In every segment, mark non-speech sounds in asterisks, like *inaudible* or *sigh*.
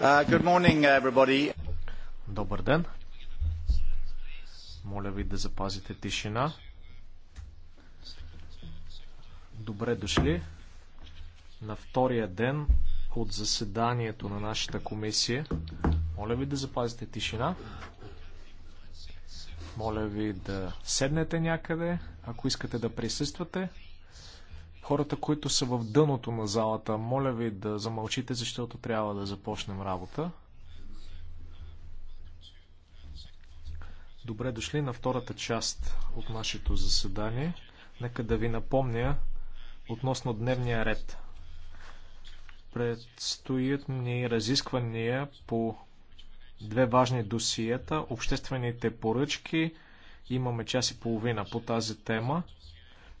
Uh, morning, Добър ден. Моля ви да запазите тишина. Добре дошли на втория ден от заседанието на нашата комисия. Моля ви да запазите тишина. Моля ви да седнете някъде, ако искате да присъствате хората, които са в дъното на залата, моля ви да замълчите, защото трябва да започнем работа. Добре дошли на втората част от нашето заседание. Нека да ви напомня относно дневния ред. Предстоят ни разисквания по две важни досиета. Обществените поръчки. Имаме час и половина по тази тема.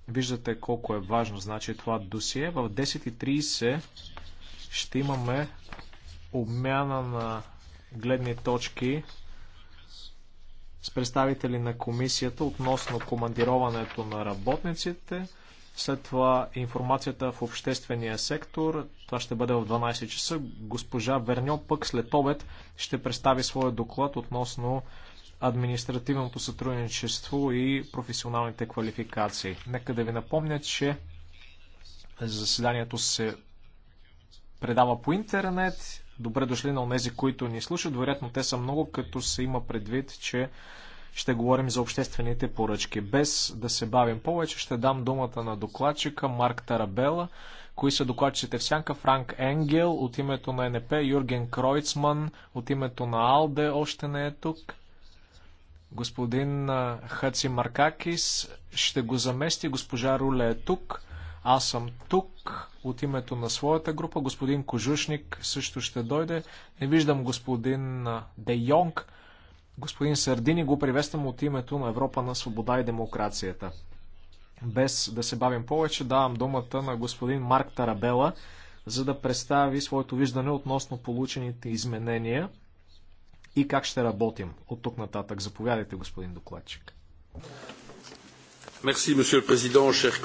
Виждате колко е важно значи това досие. В 10.30 ще имаме обмяна на гледни точки с представители на комисията относно командироването на работниците. След това информацията в обществения сектор. Това ще бъде в 12 часа. Госпожа Верньо пък след обед ще представи своя доклад относно административното сътрудничество и професионалните квалификации. Нека да ви напомня, че заседанието се предава по интернет. Добре дошли на тези, които ни слушат. Вероятно те са много, като се има предвид, че ще говорим за обществените поръчки. Без да се бавим повече, ще дам думата на докладчика Марк Тарабела, кои са докладчиците в сянка Франк Енгел от името на НП, Юрген Кройцман от името на Алде още не е тук. Господин Хаци Маркакис ще го замести. Госпожа Руле е тук. Аз съм тук от името на своята група. Господин Кожушник също ще дойде. Не виждам господин Де Йонг. Господин Сардини го приветствам от името на Европа на свобода и демокрацията. Без да се бавим повече, давам думата на господин Марк Тарабела, за да представи своето виждане относно получените изменения и как ще работим от тук нататък. Заповядайте, господин докладчик. Мерси, месье президент, шер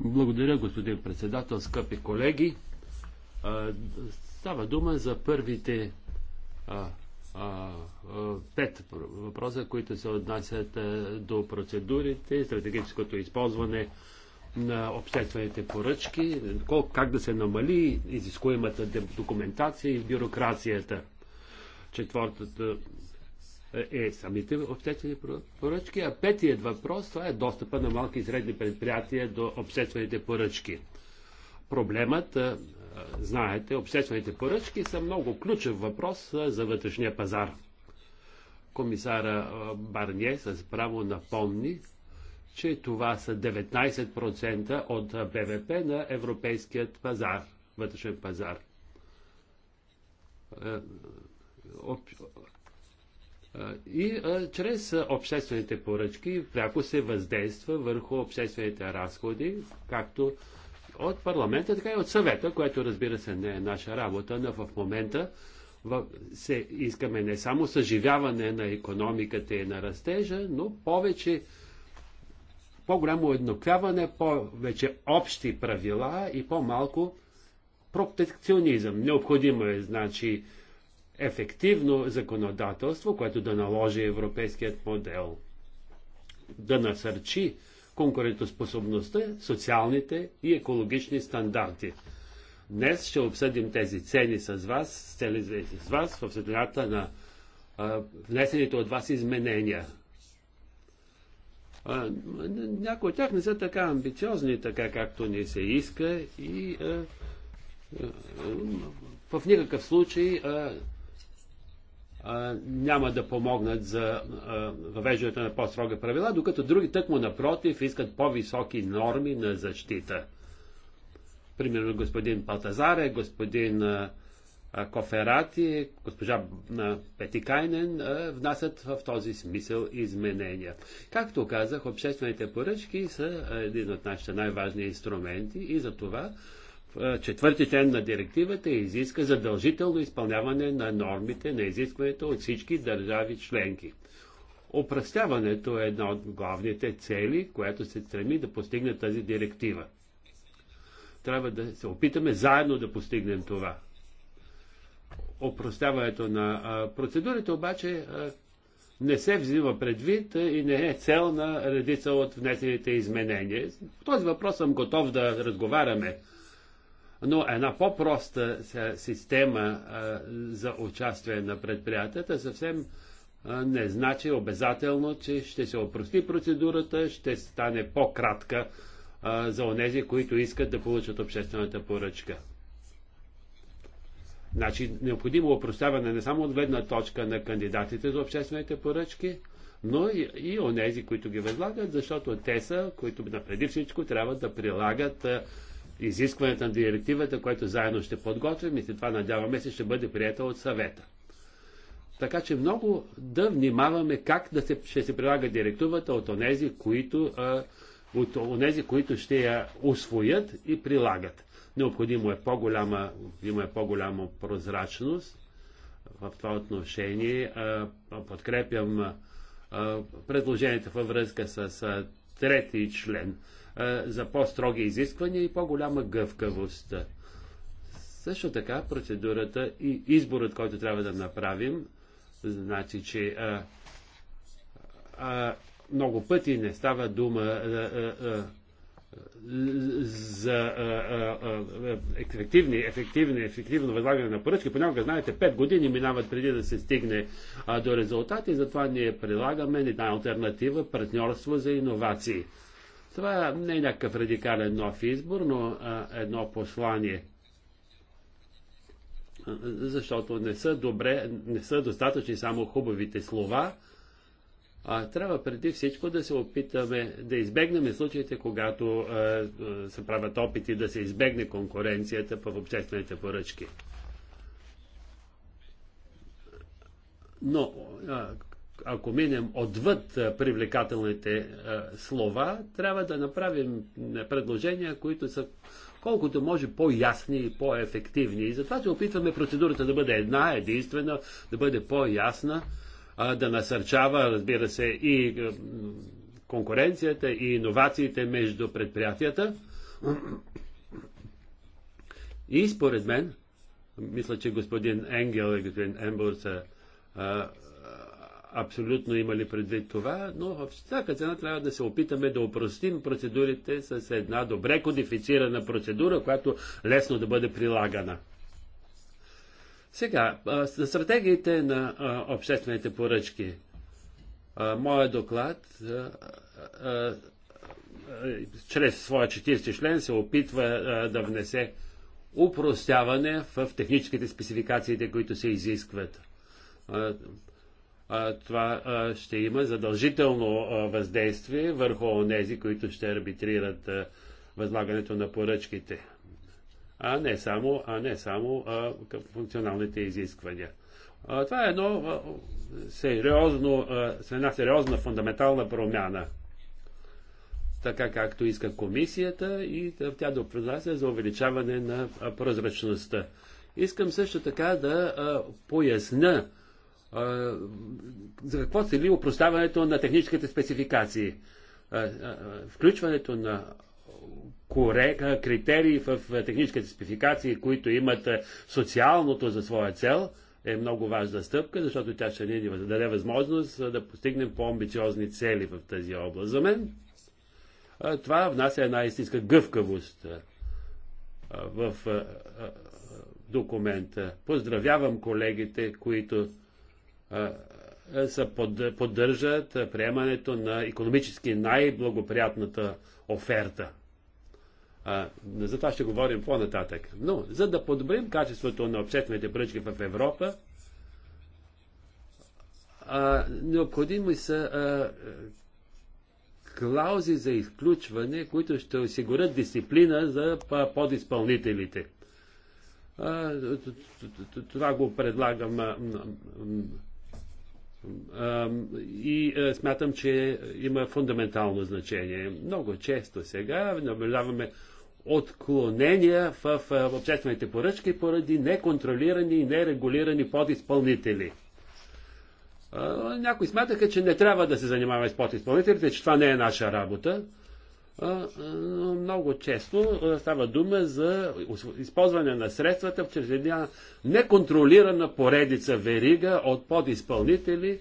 Благодаря, господин председател, скъпи колеги. Става дума за първите а, а, пет въпроса, които се отнасят до процедурите, стратегическото използване на обществените поръчки, как да се намали изискуемата документация и бюрокрацията. Четвъртата е, е самите обществени поръчки, а петият въпрос това е достъпа на малки и средни предприятия до обществените поръчки. Проблемът, знаете, обществените поръчки са много ключов въпрос за вътрешния пазар. Комисара Барние с право напомни, че това са 19% от БВП на европейският пазар, вътрешен пазар и чрез обществените поръчки пряко се въздейства върху обществените разходи, както от парламента, така и от съвета, което разбира се не е наша работа, но в момента се искаме не само съживяване на економиката и на растежа, но повече по-голямо еднокряване, повече общи правила и по-малко протекционизъм. Необходимо е, значи, ефективно законодателство, което да наложи европейският модел, да насърчи конкурентоспособността, социалните и екологични стандарти. Днес ще обсъдим тези цени с вас, с цели с вас в светлината на а, внесените от вас изменения. някои от тях не са така амбициозни, така както ни се иска и а, в никакъв случай няма да помогнат за въвеждането на по-строга правила, докато други тъкмо напротив искат по-високи норми на защита. Примерно господин Палтазаре, господин Коферати, госпожа Петикайнен внасят в този смисъл изменения. Както казах, обществените поръчки са един от нашите най-важни инструменти и за това четвърти член на директивата изиска задължително изпълняване на нормите на изискването от всички държави членки. Опростяването е една от главните цели, която се стреми да постигне тази директива. Трябва да се опитаме заедно да постигнем това. Опростяването на процедурите обаче не се взима предвид и не е цел на редица от внесените изменения. По този въпрос съм готов да разговаряме но една по-проста система за участие на предприятията съвсем не значи обязателно, че ще се опрости процедурата, ще стане по-кратка за онези, които искат да получат обществената поръчка. Значи, необходимо опростяване не само от гледна точка на кандидатите за обществените поръчки, но и, и онези, които ги възлагат, защото те са, които преди всичко трябва да прилагат изискването на директивата, което заедно ще подготвим и след това надяваме се ще бъде прията от съвета. Така че много да внимаваме как да се, ще се прилага директивата от онези, които, а, от онези, които ще я освоят и прилагат. Необходимо е по-голяма, има е по-голяма прозрачност в това отношение. А, подкрепям а, предложението във връзка с а, трети член за по-строги изисквания и по-голяма гъвкавост. Също така процедурата и изборът, който трябва да направим, значи, че а, а, много пъти не става дума а, а, а, за а, а, ефективни, ефективни, ефективно възлагане на поръчки. Понякога, знаете, 5 години минават преди да се стигне а, до резултати, затова ние прилагаме една альтернатива партньорство за иновации. Това не е някакъв радикален нов избор, но а, едно послание. Защото не са добре, не са достатъчни само хубавите слова, а трябва преди всичко да се опитаме да избегнем случаите, когато а, а, се правят опити да се избегне конкуренцията в обществените поръчки. Но а, ако минем отвъд привлекателните слова, трябва да направим предложения, които са колкото може по-ясни и по-ефективни. И затова се опитваме процедурата да бъде една, единствена, да бъде по-ясна, да насърчава, разбира се, и конкуренцията, и иновациите между предприятията. И според мен, мисля, че господин Енгел и господин Ембурс, са абсолютно имали предвид това, но в всяка цена трябва да се опитаме да упростим процедурите с една добре кодифицирана процедура, която лесно да бъде прилагана. Сега, за стратегиите на обществените поръчки. Моя доклад чрез своя 40 член се опитва да внесе упростяване в техническите спецификациите, които се изискват това ще има задължително въздействие върху онези, които ще арбитрират възлагането на поръчките, а не само, а не само а, функционалните изисквания. Това е едно сериозно, една сериозна фундаментална промяна така както иска комисията и тя допринася за увеличаване на прозрачността. Искам също така да поясня за какво цели упростяването на техническите спецификации? Включването на критерии в техническите спецификации, които имат социалното за своя цел, е много важна стъпка, защото тя ще ни даде възможност да постигнем по-амбициозни цели в тази област. За мен това внася една истинска гъвкавост в документа. Поздравявам колегите, които са поддържат приемането на економически най-благоприятната оферта. А, за това ще говорим по-нататък. Но, за да подобрим качеството на обществените поръчки в Европа, а, необходими са а, клаузи за изключване, които ще осигурят дисциплина за подизпълнителите. Това го предлагам и е, смятам, че има фундаментално значение. Много често сега наблюдаваме отклонения в е, обществените поръчки поради неконтролирани и нерегулирани подизпълнители. Някои смятаха, че не трябва да се занимаваме с подизпълнителите, че това не е наша работа много често става дума за използване на средствата чрез една неконтролирана поредица верига от подизпълнители,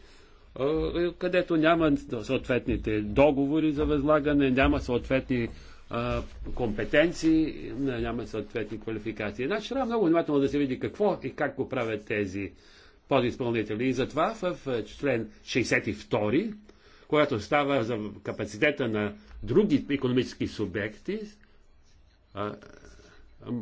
където няма съответните договори за възлагане, няма съответни компетенции, няма съответни квалификации. Значи трябва много внимателно да се види какво и как го правят тези подизпълнители. И затова в член 62 която става за капацитета на други економически субекти,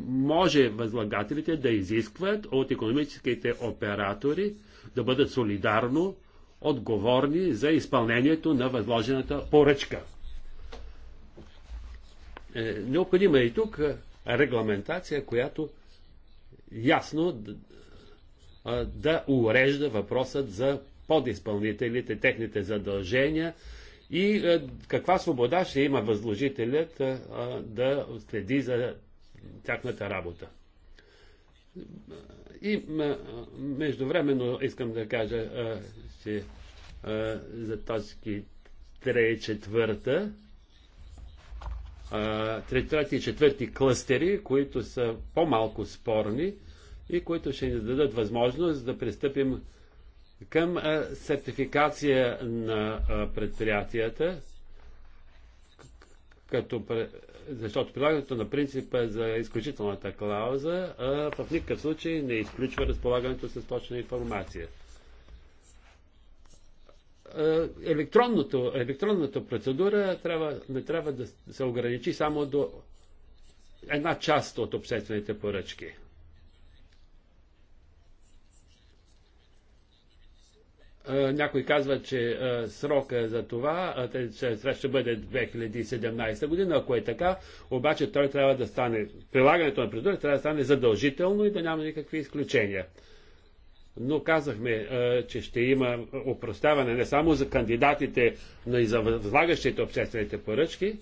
може възлагателите да изискват от економическите оператори да бъдат солидарно отговорни за изпълнението на възложената поръчка. Е, необходима е и тук регламентация, която ясно да урежда въпросът за подизпълнителите, техните задължения и е, каква свобода ще има възложителят е, е, да следи за тяхната работа. И междувременно искам да кажа, че за точки 3 и 4, трети и четвърти клъстери, които са по-малко спорни и които ще ни дадат възможност да пристъпим към сертификация на предприятията, като, защото прилагането на принципа за изключителната клауза в никакъв случай не изключва разполагането с точна информация. Електронното, електронната процедура трябва, не трябва да се ограничи само до една част от обществените поръчки. Някой казва, че срока за това ще бъде 2017 година, ако е така, обаче той трябва да стане, прилагането на процедура трябва да стане задължително и да няма никакви изключения. Но казахме, че ще има опростяване не само за кандидатите, но и за възлагащите обществените поръчки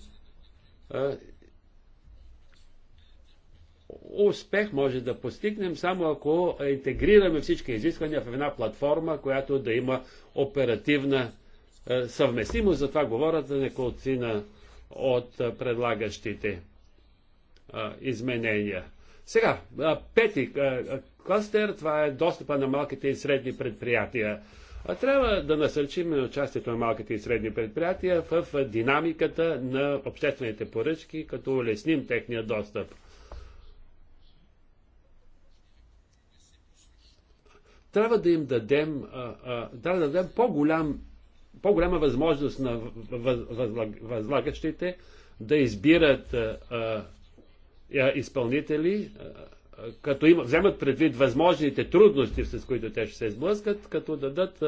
успех може да постигнем само ако интегрираме всички изисквания в една платформа, която да има оперативна е, съвместимост. За това говорят за неколцина от е, предлагащите е, изменения. Сега, пети кластер, това е достъпа на малките и средни предприятия. А трябва да насърчим участието на малките и средни предприятия в динамиката на обществените поръчки, като улесним техния достъп. трябва да им дадем, да дадем по-голям, по-голяма възможност на възлагащите да избират изпълнители, като им, вземат предвид възможните трудности, с които те ще се сблъскат, като дадат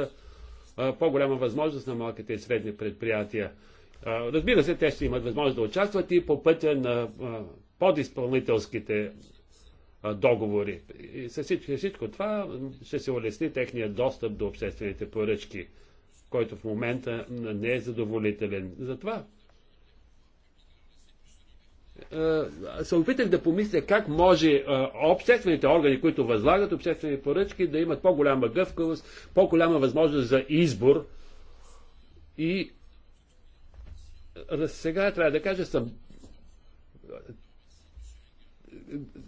по-голяма възможност на малките и средни предприятия. Разбира се, те ще имат възможност да участват и по пътя на подизпълнителските договори. И с всичко, всичко това ще се улесни техния достъп до обществените поръчки, който в момента не е задоволителен. Затова се опитах да помисля как може обществените органи, които възлагат обществени поръчки, да имат по-голяма гъвкавост, по-голяма възможност за избор. И сега трябва да кажа, съм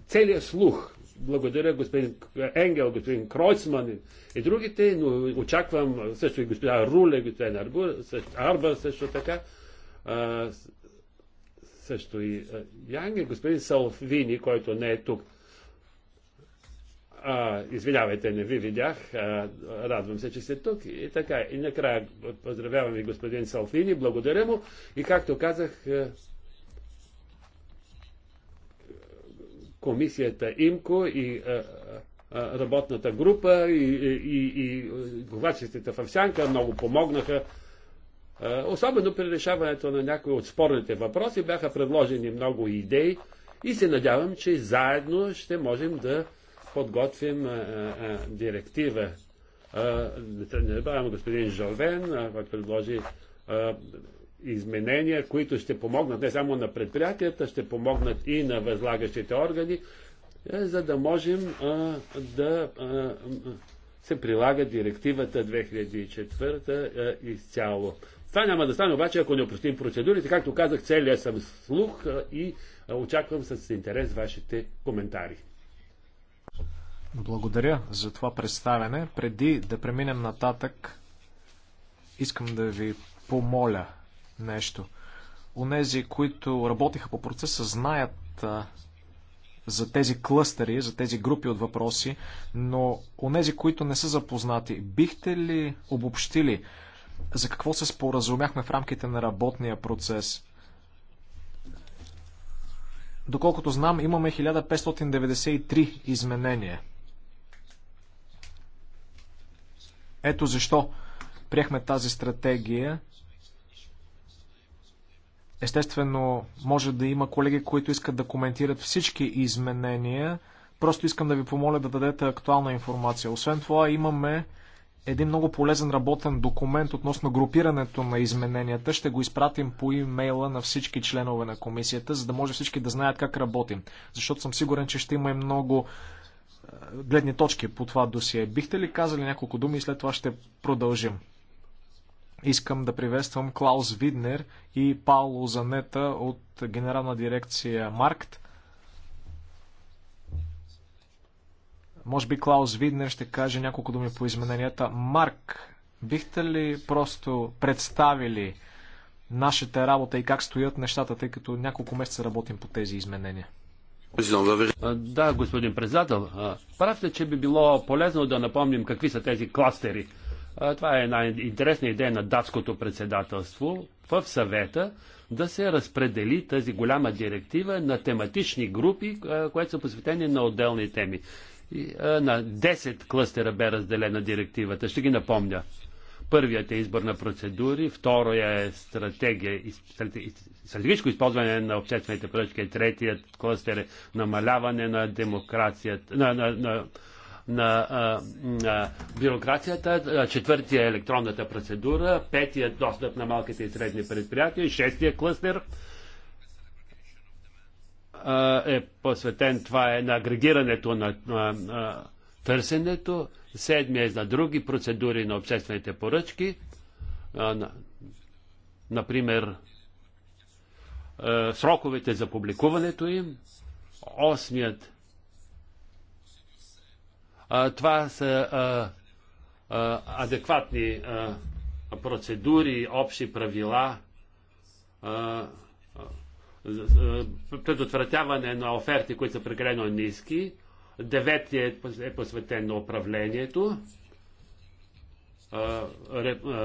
целият слух. Благодаря господин Енгел, господин Кройцман и другите, но очаквам също и господа Руле, господин Арбур, също, Арба също така, а, също и Янг и господин Салвини, който не е тук. А, извинявайте, не ви видях. А, радвам се, че сте тук. И така, и накрая поздравявам и господин Салфини, благодаря му. И както казах, комисията ИМКО и работната група и, и, и говачистите в Сянка много помогнаха. особено при решаването на някои от спорните въпроси бяха предложени много идеи и се надявам, че заедно ще можем да подготвим а, а, директива. Не забравям господин Жовен, който предложи изменения, които ще помогнат не само на предприятията, ще помогнат и на възлагащите органи, е, за да можем а, да а, се прилага директивата 2004 а, изцяло. Това няма да стане обаче, ако не опростим процедурите. Както казах, целия съм слух а, и а, очаквам с интерес вашите коментари. Благодаря за това представяне. Преди да преминем нататък, искам да ви помоля нещо. Онези, които работиха по процеса, знаят за тези клъстери, за тези групи от въпроси, но онези, които не са запознати, бихте ли обобщили за какво се споразумяхме в рамките на работния процес? Доколкото знам, имаме 1593 изменения. Ето защо приехме тази стратегия Естествено, може да има колеги, които искат да коментират всички изменения. Просто искам да ви помоля да дадете актуална информация. Освен това, имаме един много полезен работен документ относно групирането на измененията. Ще го изпратим по имейла на всички членове на комисията, за да може всички да знаят как работим. Защото съм сигурен, че ще има и много е, гледни точки по това досие. Бихте ли казали няколко думи и след това ще продължим? Искам да приветствам Клаус Виднер и Пауло Занета от Генерална дирекция Маркт. Може би Клаус Виднер ще каже няколко думи по измененията. Марк, бихте ли просто представили нашата работа и как стоят нещата, тъй като няколко месеца работим по тези изменения? Да, господин председател, прав че би било полезно да напомним какви са тези кластери – това е една интересна идея на датското председателство в съвета да се разпредели тази голяма директива на тематични групи, които са посветени на отделни теми. И, на 10 клъстера бе разделена директивата. Ще ги напомня. Първият е избор на процедури, вторият е стратегия, стратегическо използване на обществените поръчки, третият клъстер е намаляване на демокрацията, на, на, на на, а, на бюрокрацията, четвъртия е електронната процедура, петия достъп на малките и средни предприятия, шестия клъстер е посветен, това е на агрегирането на, на, на търсенето, седмия е за други процедури на обществените поръчки, а, на, например сроковете за публикуването им, осмият а, това са а, а, адекватни а, процедури, общи правила, а, а, предотвратяване на оферти, които са прекалено ниски. Деветият е, е посветен на управлението,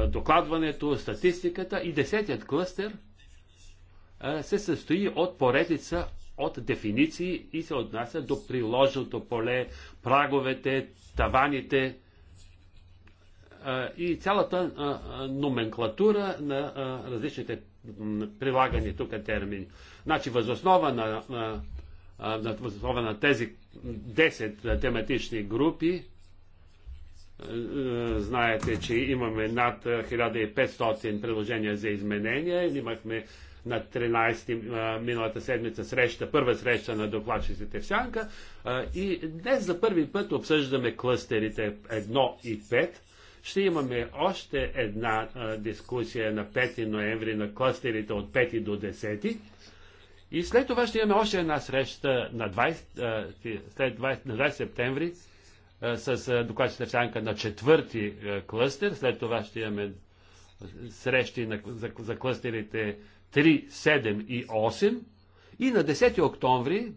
докладването, статистиката и десетият клъстер се състои от поредица от дефиниции и се отнася до приложното поле, праговете, таваните и цялата номенклатура на различните прилагани тук термини. Значи, възоснова на, на, на, възоснова на тези 10 тематични групи, знаете, че имаме над 1500 приложения за изменения, имахме на 13 миналата седмица среща, първа среща на докладчиците в Сянка. И днес за първи път обсъждаме клъстерите 1 и 5. Ще имаме още една дискусия на 5 ноември на клъстерите от 5 до 10. И след това ще имаме още една среща на 20, след 20, на 20 септември с докладчите в сянка на четвърти клъстер. След това ще имаме срещи на, за, за клъстерите 3, 7 и 8 и на 10 октомври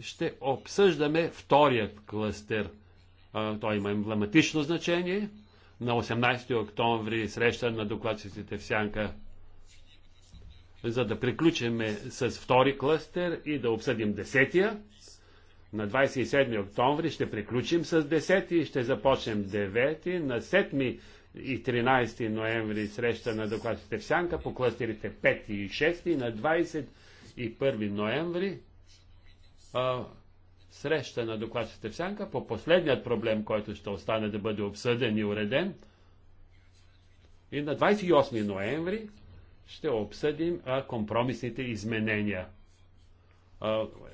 ще обсъждаме вторият кластер. Той има емблематично значение. На 18 октомври среща на докладчиците в Сянка за да приключим с втори клъстер и да обсъдим десетия. На 27 октомври ще приключим с 10 и ще започнем 9. На 7 и 13 ноември среща на докладчите в Сянка по кластерите 5 и 6 и на 21 ноември а, среща на докладчите в Сянка по последният проблем, който ще остане да бъде обсъден и уреден. И на 28 ноември ще обсъдим а, компромисните изменения.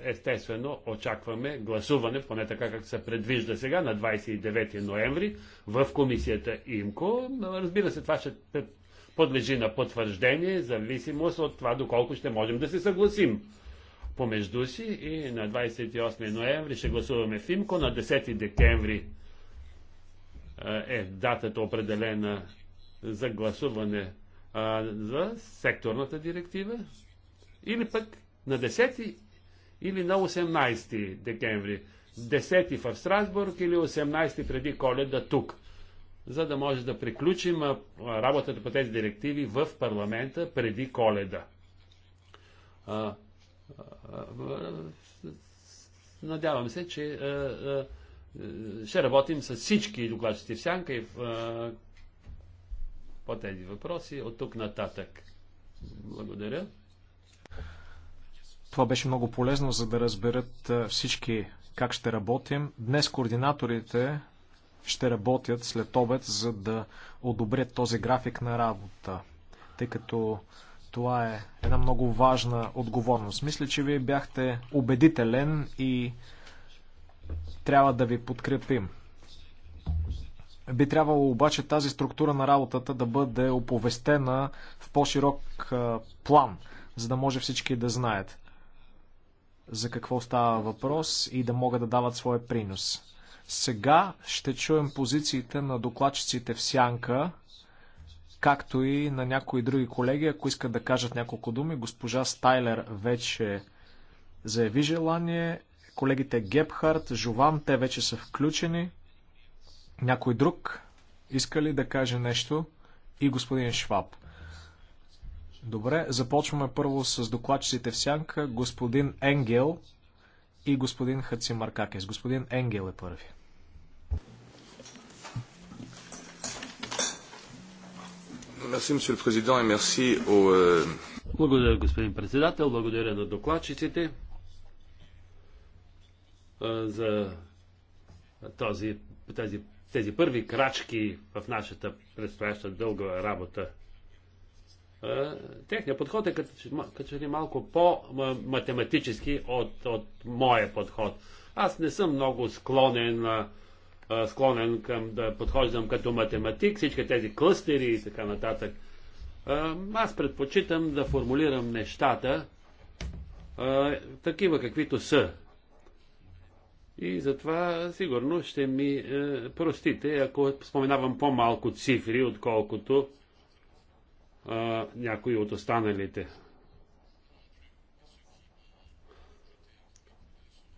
Естествено, очакваме гласуване, поне така как се предвижда сега, на 29 ноември в комисията ИМКО. Разбира се, това ще подлежи на потвърждение, зависимост от това доколко ще можем да се съгласим помежду си и на 28 ноември ще гласуваме в ИМКО, на 10 декември е, е датата определена за гласуване за секторната директива или пък на 10 или на 18 декември. 10 ти в Страсбург или 18 ти преди коледа тук, за да може да приключим работата по тези директиви в парламента преди коледа. Надявам се, че ще работим с всички докладчици в сянка и по тези въпроси от тук нататък. Благодаря. Това беше много полезно, за да разберат всички как ще работим. Днес координаторите ще работят след обед, за да одобрят този график на работа, тъй като това е една много важна отговорност. Мисля, че вие бяхте убедителен и трябва да ви подкрепим. Би трябвало обаче тази структура на работата да бъде оповестена в по-широк план, за да може всички да знаят за какво става въпрос и да могат да дават своя принос. Сега ще чуем позициите на докладчиците в Сянка, както и на някои други колеги, ако искат да кажат няколко думи. Госпожа Стайлер вече заяви желание, колегите Гепхарт, Жован, те вече са включени. Някой друг иска ли да каже нещо? И господин Шваб. Добре, започваме първо с докладчиците в сянка, господин Енгел и господин Хацимаркакес. Господин Енгел е първи. Euh, Благодаря, господин председател. Благодаря на докладчиците за тези, тези първи крачки в нашата предстояща дълга работа Техният подход е като, ли малко по-математически от, от моя подход. Аз не съм много склонен, склонен към да подхождам като математик, всички тези клъстери и така нататък. Аз предпочитам да формулирам нещата такива каквито са. И затова сигурно ще ми е, простите, ако споменавам по-малко цифри, отколкото а, някои от останалите.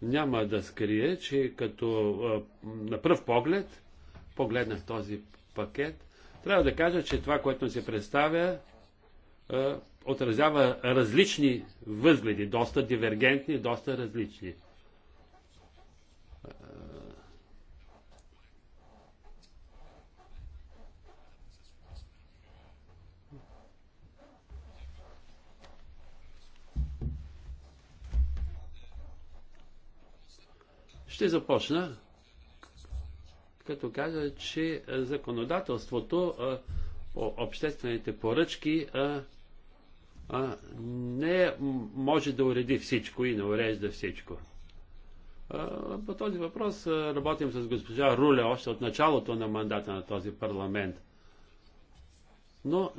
Няма да скрие, че като а, на пръв поглед погледнах този пакет, трябва да кажа, че това, което се представя, а, отразява различни възгледи, доста дивергентни, доста различни. Ще започна като каза, че законодателството по обществените поръчки не може да уреди всичко и не урежда всичко. По този въпрос работим с госпожа Руле още от началото на мандата на този парламент. Но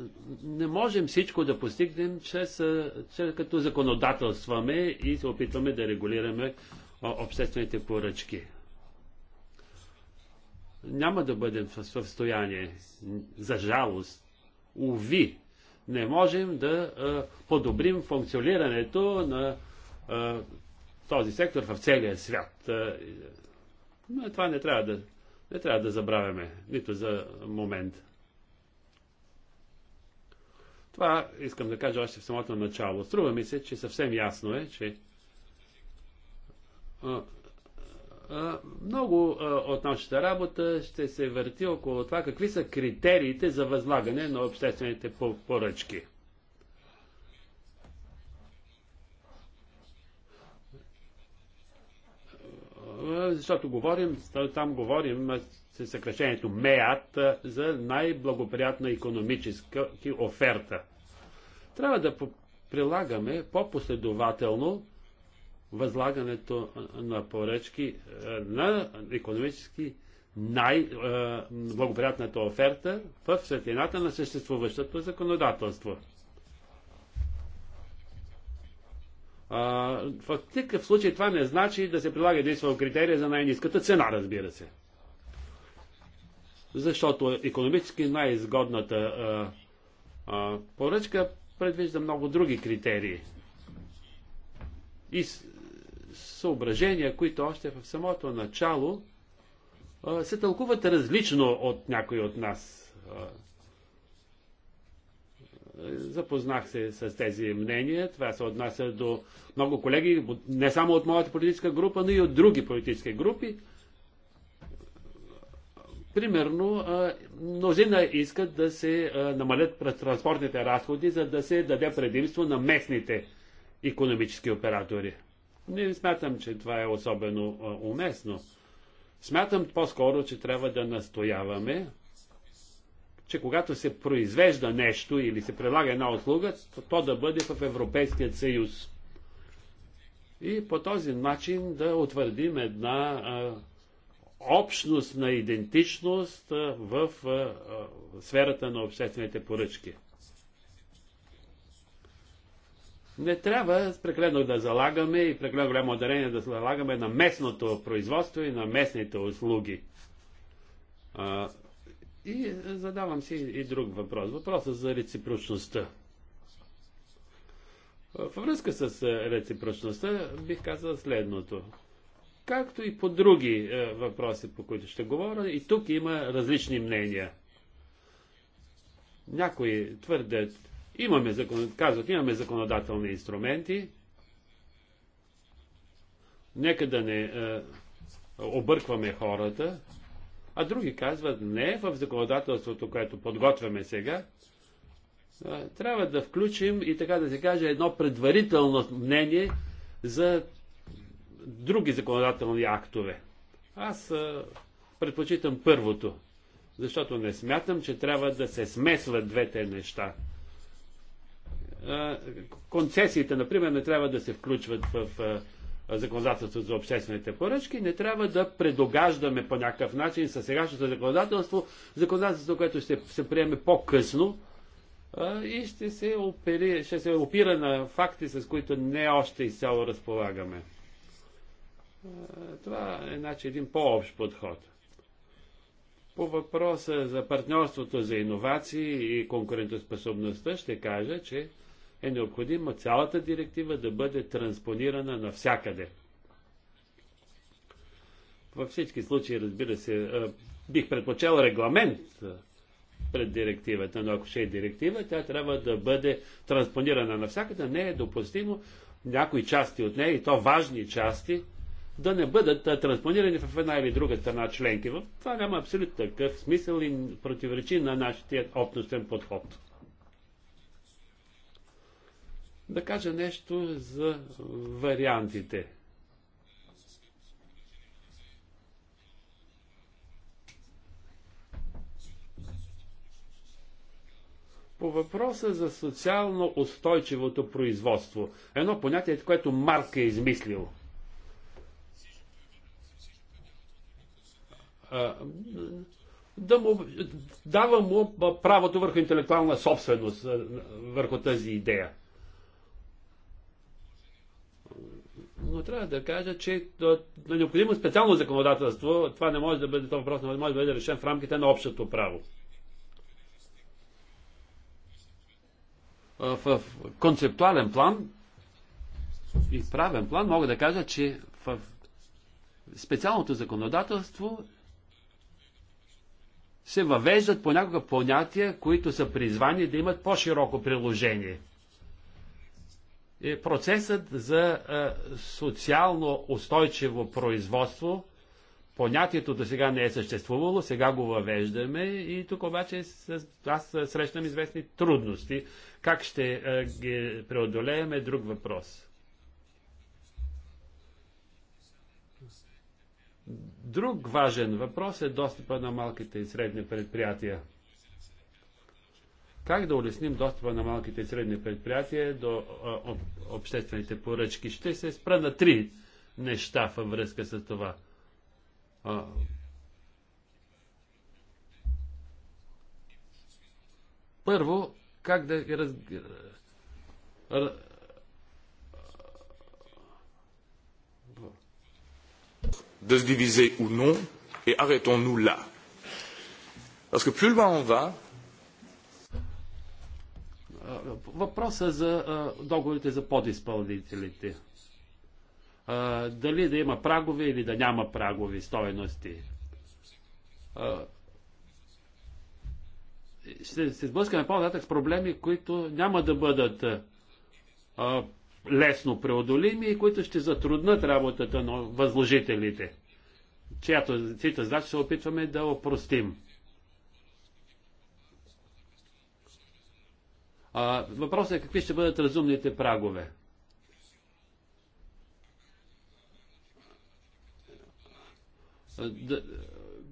не можем всичко да постигнем чрез, като законодателстваме и се опитваме да регулираме обществените поръчки. Няма да бъдем в състояние, за жалост, уви, не можем да подобрим функционирането на този сектор в целия свят. Но това не трябва да, не трябва да забравяме, нито за момент. Това искам да кажа още в самото начало. Струва ми се, че съвсем ясно е, че много от нашата работа ще се върти около това какви са критериите за възлагане на обществените поръчки. Защото говорим, там говорим с съкрещението МЕАТ за най-благоприятна економическа оферта. Трябва да прилагаме по-последователно възлагането на поръчки на економически най-благоприятната оферта в светлината на съществуващото законодателство. В такъв случай това не значи да се прилага единствено критерия за най-низката цена, разбира се. Защото економически най-изгодната поръчка предвижда много други критерии. И съображения, които още в самото начало се тълкуват различно от някой от нас. Запознах се с тези мнения. Това се отнася до много колеги, не само от моята политическа група, но и от други политически групи. Примерно, мнозина искат да се намалят транспортните разходи, за да се даде предимство на местните економически оператори. Не смятам, че това е особено уместно. Смятам по-скоро, че трябва да настояваме, че когато се произвежда нещо или се прилага една услуга, то, то да бъде в Европейския съюз. И по този начин да утвърдим една а, общност на идентичност а, в а, сферата на обществените поръчки. Не трябва прекалено да залагаме и прекалено голямо ударение да залагаме на местното производство и на местните услуги. А, и задавам си и друг въпрос. Въпросът за реципрочността. Във връзка с реципрочността бих казал следното. Както и по други въпроси, по които ще говоря, и тук има различни мнения. Някои твърдят, Имаме, закон... казват, имаме законодателни инструменти. Нека да не е, объркваме хората. А други казват, не, в законодателството, което подготвяме сега, е, трябва да включим и така да се каже едно предварително мнение за други законодателни актове. Аз е, предпочитам първото, защото не смятам, че трябва да се смесват двете неща концесиите, например, не трябва да се включват в законодателството за обществените поръчки, не трябва да предогаждаме по някакъв начин със сегашното законодателство, законодателство, което ще се приеме по-късно и ще се, опери, ще се опира на факти, с които не още изцяло разполагаме. Това е значи, един по-общ подход. По въпроса за партньорството за иновации и конкурентоспособността ще кажа, че е необходимо цялата директива да бъде транспонирана навсякъде. Във всички случаи, разбира се, бих предпочел регламент пред директивата, но ако ще е директива, тя трябва да бъде транспонирана навсякъде. Не е допустимо някои части от нея, и то важни части, да не бъдат транспонирани в една или друга страна членки. това няма абсолютно такъв смисъл и противоречи на нашия общностен подход. Да кажа нещо за вариантите. по въпроса за социално устойчивото производство. Едно понятие, което Марк е измислил. Да му, дава му правото върху интелектуална собственост, върху тази идея. но трябва да кажа, че е необходимо специално законодателство. Това не може да бъде, това въпрос не може да бъде решен в рамките на общото право. В концептуален план и правен план мога да кажа, че в специалното законодателство се въвеждат понякога понятия, които са призвани да имат по-широко приложение – е процесът за социално устойчиво производство. Понятието до сега не е съществувало, сега го въвеждаме и тук обаче аз срещам известни трудности. Как ще ги преодолеем е друг въпрос. Друг важен въпрос е достъпа на малките и средни предприятия – как да улесним достъпа на малките и средни предприятия до об, обществените поръчки? Ще се спра на три неща във връзка с това. първо, как да раз... de se diviser ou non, et arrêtons-nous là. Parce que plus loin on va, Въпроса за договорите за подизпълнителите. Дали да има прагове или да няма прагови стоености. Ще се сблъскаме по-нататък с проблеми, които няма да бъдат лесно преодолими и които ще затруднат работата на възложителите, чиято, задача се опитваме да опростим. въпросът е какви ще бъдат разумните прагове.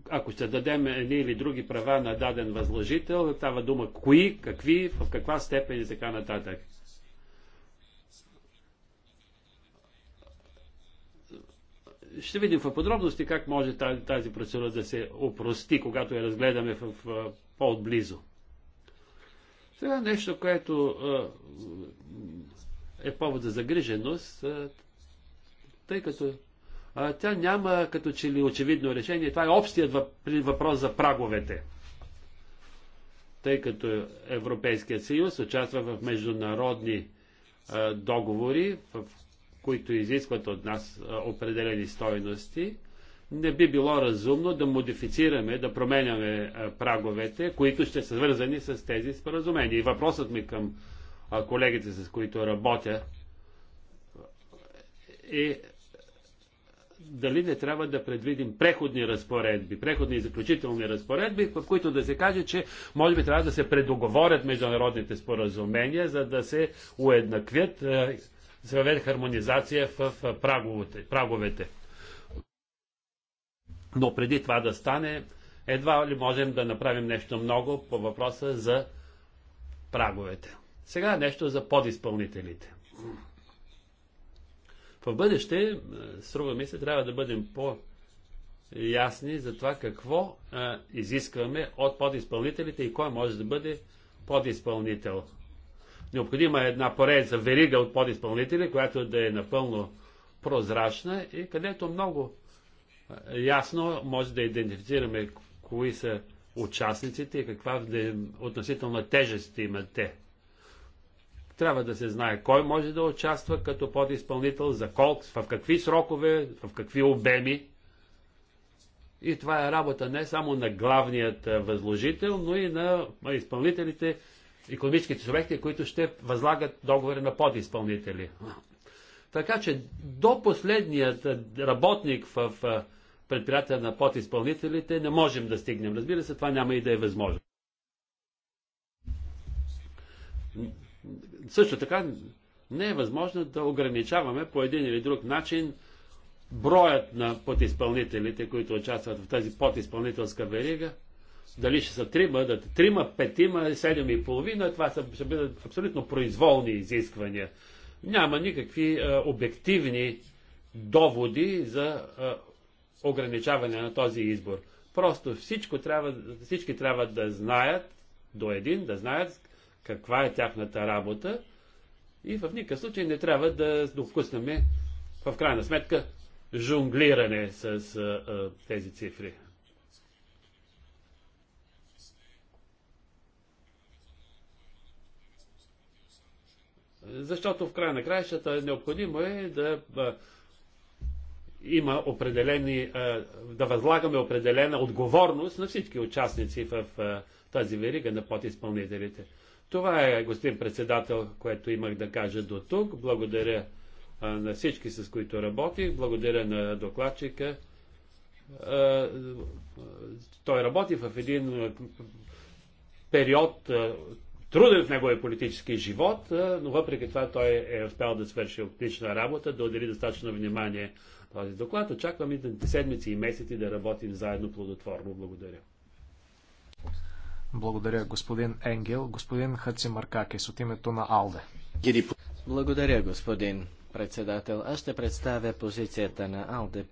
Ако ще дадем едни или други права на даден възложител, става дума кои, какви, в каква степен и така нататък. ще видим в подробности как може тази, процедура да се опрости, когато я разгледаме в, в по-отблизо. Сега нещо, което е повод за загриженост, тъй като тя няма като че ли очевидно решение. Това е общият въпрос за праговете. Тъй като Европейският съюз участва в международни договори, в които изискват от нас определени стойности, не би било разумно да модифицираме, да променяме праговете, които ще са свързани с тези споразумения. И въпросът ми към колегите, с които работя, е дали не трябва да предвидим преходни разпоредби, преходни и заключителни разпоредби, в които да се каже, че може би трябва да се предоговорят международните споразумения, за да се уеднаквят, да се въведе хармонизация в праговете. Но преди това да стане, едва ли можем да направим нещо много по въпроса за праговете. Сега нещо за подизпълнителите. В бъдеще, е, струва ми се, трябва да бъдем по-ясни за това какво а, е, изискваме от подизпълнителите и кой може да бъде подизпълнител. Необходима е една поредица верига от подиспълнители, която да е напълно прозрачна и където много ясно може да идентифицираме кои са участниците и каква е относителна тежест имат те. Трябва да се знае кой може да участва като подизпълнител, за колко, в какви срокове, в какви обеми. И това е работа не само на главният възложител, но и на изпълнителите, економическите субекти, които ще възлагат договори на подизпълнители. Така че до последният работник в предприятия на подизпълнителите не можем да стигнем. Разбира се, това няма и да е възможно. Също така не е възможно да ограничаваме по един или друг начин броят на подизпълнителите, които участват в тази подизпълнителска верига. Дали ще са трима, да, трима, петима, седем и половина, това са, ще бъдат абсолютно произволни изисквания. Няма никакви а, обективни доводи за ограничаване на този избор. Просто всичко трябва, всички трябва да знаят, до един, да знаят каква е тяхната работа и в никакъв случай не трябва да допуснем в крайна сметка жонглиране с а, а, тези цифри. Защото в края на краищата необходимо е да има определени, е, да възлагаме определена отговорност на всички участници в е, тази верига на подизпълнителите. Това е, господин председател, което имах да кажа до тук. Благодаря е, на всички, с които работих. Благодаря на докладчика. Той работи в един период, труден в неговия политически живот, но въпреки това той е успял да свърши отлична работа, да отдели достатъчно внимание този доклад. Очаквам и седмици и месеци да работим заедно плодотворно. Благодаря. Благодаря, господин Енгел. Господин Хаци Маркакес от името на Алде. Благодаря, господин председател. Аз ще представя позицията на Алде.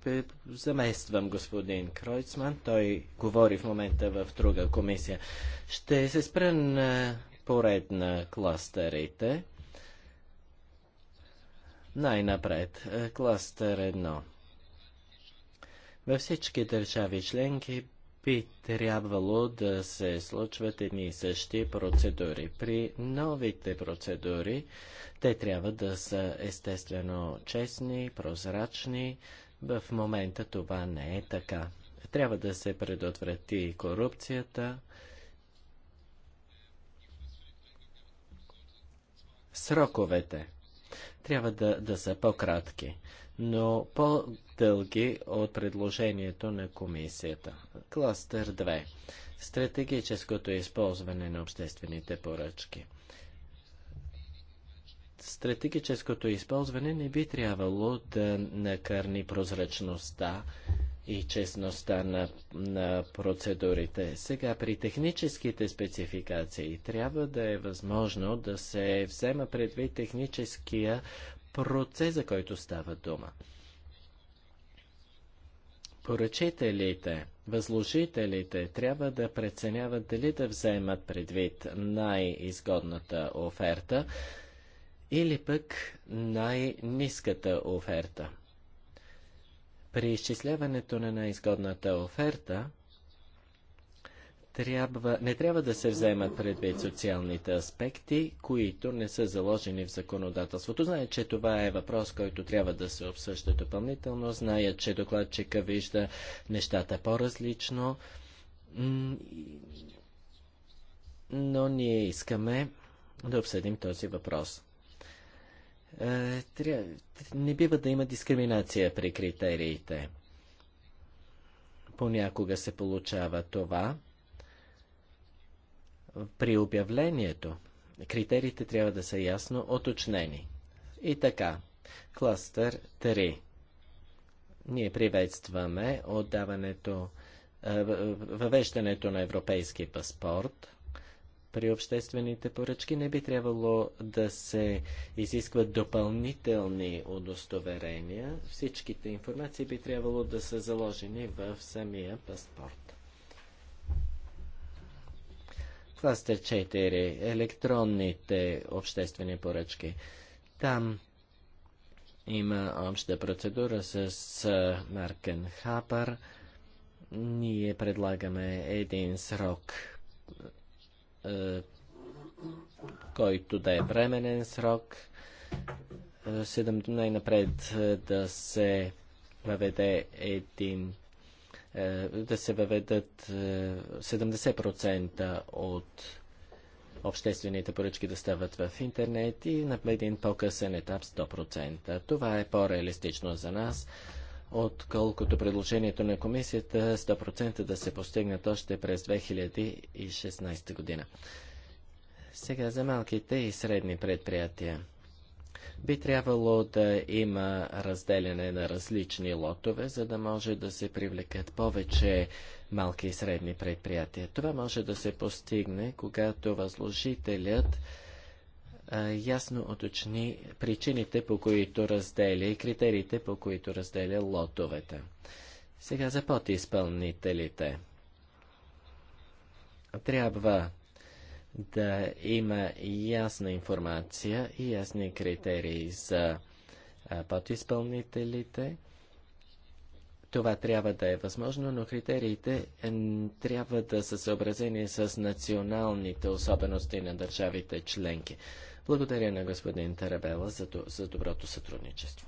Замествам господин Кройцман. Той говори в момента в друга комисия. Ще се спра на поред на кластерите. Най-напред, е, кластър 1. Във всички държави членки би трябвало да се случват едни и същи процедури. При новите процедури те трябва да са естествено честни, прозрачни. В момента това не е така. Трябва да се предотврати корупцията. Сроковете – трябва да, да са по-кратки, но по-дълги от предложението на комисията. Кластер 2. Стратегическото използване на обществените поръчки. Стратегическото използване не би трябвало да накърни прозрачността и честността на, на процедурите. Сега при техническите спецификации трябва да е възможно да се взема предвид техническия процес, за който става дума. Поръчителите, възложителите трябва да преценяват дали да вземат предвид най-изгодната оферта или пък най-низката оферта. При изчисляването на най-изгодната оферта трябва, не трябва да се вземат предвид социалните аспекти, които не са заложени в законодателството. Зная, че това е въпрос, който трябва да се обсъжда допълнително. Зная, че докладчика вижда нещата по-различно. Но ние искаме да обсъдим този въпрос. Е, не бива да има дискриминация при критериите. Понякога се получава това при обявлението. Критериите трябва да са ясно оточнени. И така, кластър 3. Ние приветстваме отдаването, е, въвеждането на европейски паспорт – при обществените поръчки не би трябвало да се изискват допълнителни удостоверения. Всичките информации би трябвало да са заложени в самия паспорт. Това сте 4. Електронните обществени поръчки. Там има обща процедура с Маркен Хапър. Ние предлагаме един срок е, който да е временен срок, е, най-напред е, да се въведе един да се въведат 70% от обществените поръчки да стават в интернет и на един по-късен етап 100%. Това е по-реалистично за нас отколкото предложението на комисията 100% да се постигнат още през 2016 година. Сега за малките и средни предприятия. Би трябвало да има разделяне на различни лотове, за да може да се привлекат повече малки и средни предприятия. Това може да се постигне, когато възложителят ясно уточни причините, по които разделя и критериите, по които разделя лотовете. Сега за подизпълнителите. Трябва да има ясна информация и ясни критерии за подизпълнителите. Това трябва да е възможно, но критериите трябва да са съобразени с националните особености на държавите членки. Благодаря на господин Тарабела за, за доброто сътрудничество.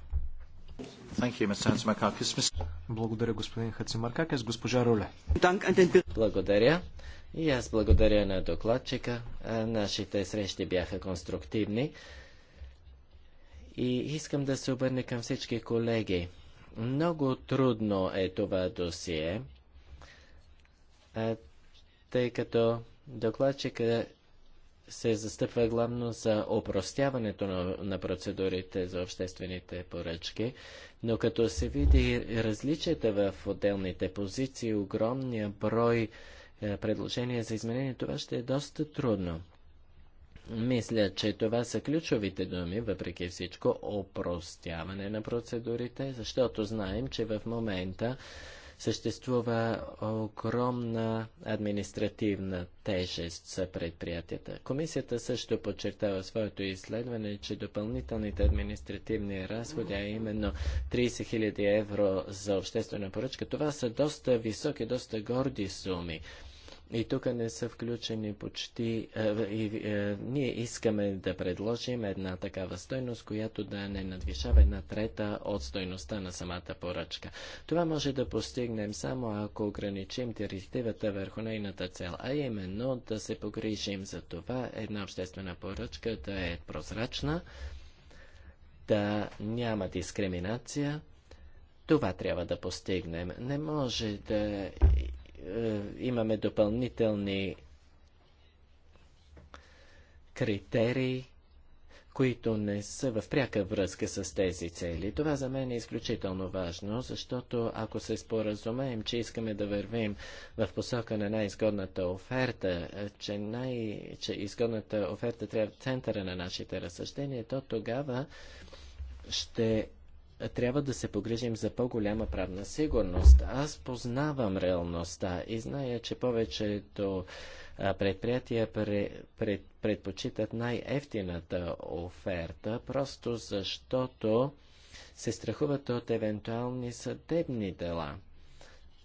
Благодаря, господин Хацимаркакес. Госпожа Руле. Благодаря. И аз благодаря на докладчика. Нашите срещи бяха конструктивни. И искам да се обърне към всички колеги. Много трудно е това досие, тъй като докладчика се застъпва главно за опростяването на, на процедурите за обществените поръчки, но като се види различията в отделните позиции, огромния брой е, предложения за изменение, това ще е доста трудно. Мисля, че това са ключовите думи, въпреки всичко, опростяване на процедурите, защото знаем, че в момента съществува огромна административна тежест за предприятията. Комисията също подчертава своето изследване, че допълнителните административни разходи, а именно 30 000 евро за обществена поръчка, това са доста високи, доста горди суми. И тук не са включени почти... Е, е, е, ние искаме да предложим една такава стойност, която да не надвишава една трета от стойността на самата поръчка. Това може да постигнем само ако ограничим директивата върху нейната цел, а именно да се погрижим за това една обществена поръчка да е прозрачна, да няма дискриминация. Това трябва да постигнем. Не може да е, имаме допълнителни критерии, които не са в пряка връзка с тези цели. Това за мен е изключително важно, защото ако се споразумеем, че искаме да вървим в посока на най-изгодната оферта, е, че, най- че изгодната оферта трябва в центъра на нашите разсъждения, то тогава ще трябва да се погрижим за по-голяма правна сигурност. Аз познавам реалността и зная, че повечето предприятия предпочитат най-ефтината оферта, просто защото се страхуват от евентуални съдебни дела.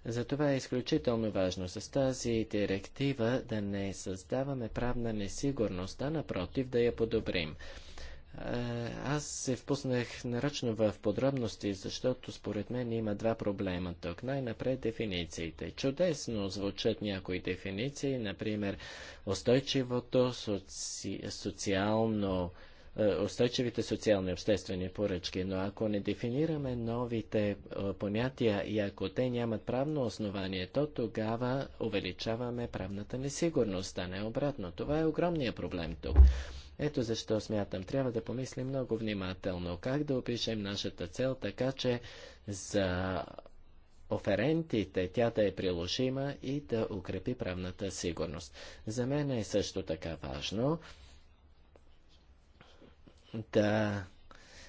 Затова е изключително важно с тази директива да не създаваме правна несигурност, а напротив да я подобрим. Е, аз се впуснах нарочно в подробности, защото според мен има два проблема тук. Най-напред дефинициите. Чудесно звучат някои дефиниции, например устойчивото соци... социално е, устойчивите социални и обществени поръчки, но ако не дефинираме новите е, понятия и ако те нямат правно основание, то тогава увеличаваме правната несигурност, а не обратно. Това е огромният проблем тук. Ето защо смятам, трябва да помислим много внимателно как да опишем нашата цел, така че за оферентите тя да е приложима и да укрепи правната сигурност. За мен е също така важно да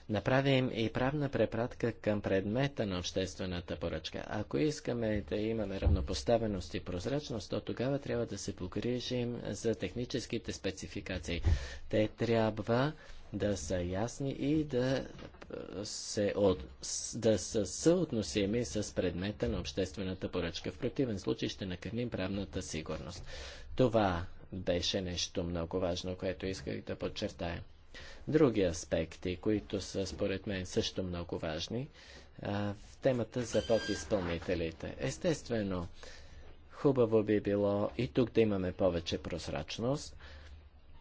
направим и правна препратка към предмета на обществената поръчка. Ако искаме да имаме равнопоставеност и прозрачност, то тогава трябва да се погрижим за техническите спецификации. Те трябва да са ясни и да, е, се от, да са съотносими с предмета на обществената поръчка. В противен случай ще накърним правната сигурност. Това беше нещо много важно, което исках да подчертая други аспекти, които са според мен също много важни в темата за подизпълнителите. Естествено, хубаво би било и тук да имаме повече прозрачност,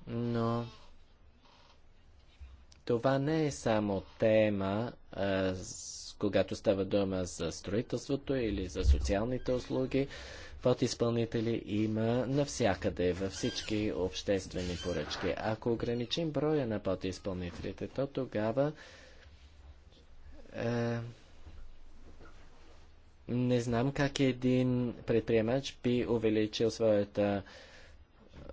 но това не е само тема, а, с, когато става дума за строителството или за социалните услуги подизпълнители има навсякъде, във всички обществени поръчки. Ако ограничим броя на подизпълнителите, то тогава е, не знам как един предприемач би увеличил своята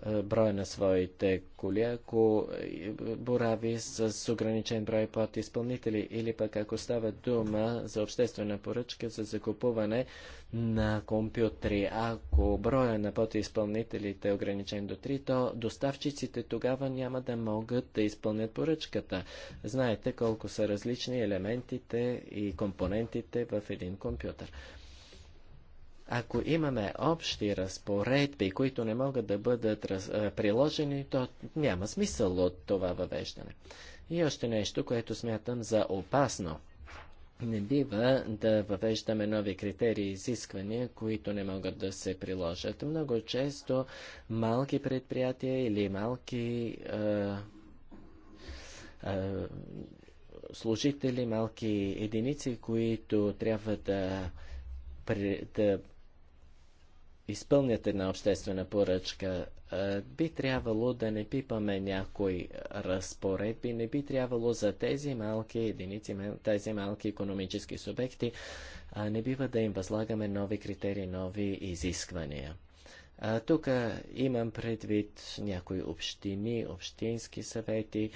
е, броя на своите коли, ако е, борави с ограничен брой под изпълнители или пък ако става дума за обществена поръчка за закупуване на компютри. Ако броя на подизпълнителите е ограничен до 3, то доставчиците тогава няма да могат да изпълнят поръчката. Знаете колко са различни елементите и компонентите в един компютър. Ако имаме общи разпоредби, които не могат да бъдат раз, приложени, то няма смисъл от това въвеждане. И още нещо, което смятам за опасно. Не бива да въвеждаме нови критерии и изисквания, които не могат да се приложат. Много често малки предприятия или малки а, а, служители, малки единици, които трябва да, да изпълнят една обществена поръчка, би трябвало да не пипаме някои разпоредби, не би трябвало за тези малки единици, тези малки економически субекти, не бива да им възлагаме нови критерии, нови изисквания. Тук имам предвид някои общини, общински съвети,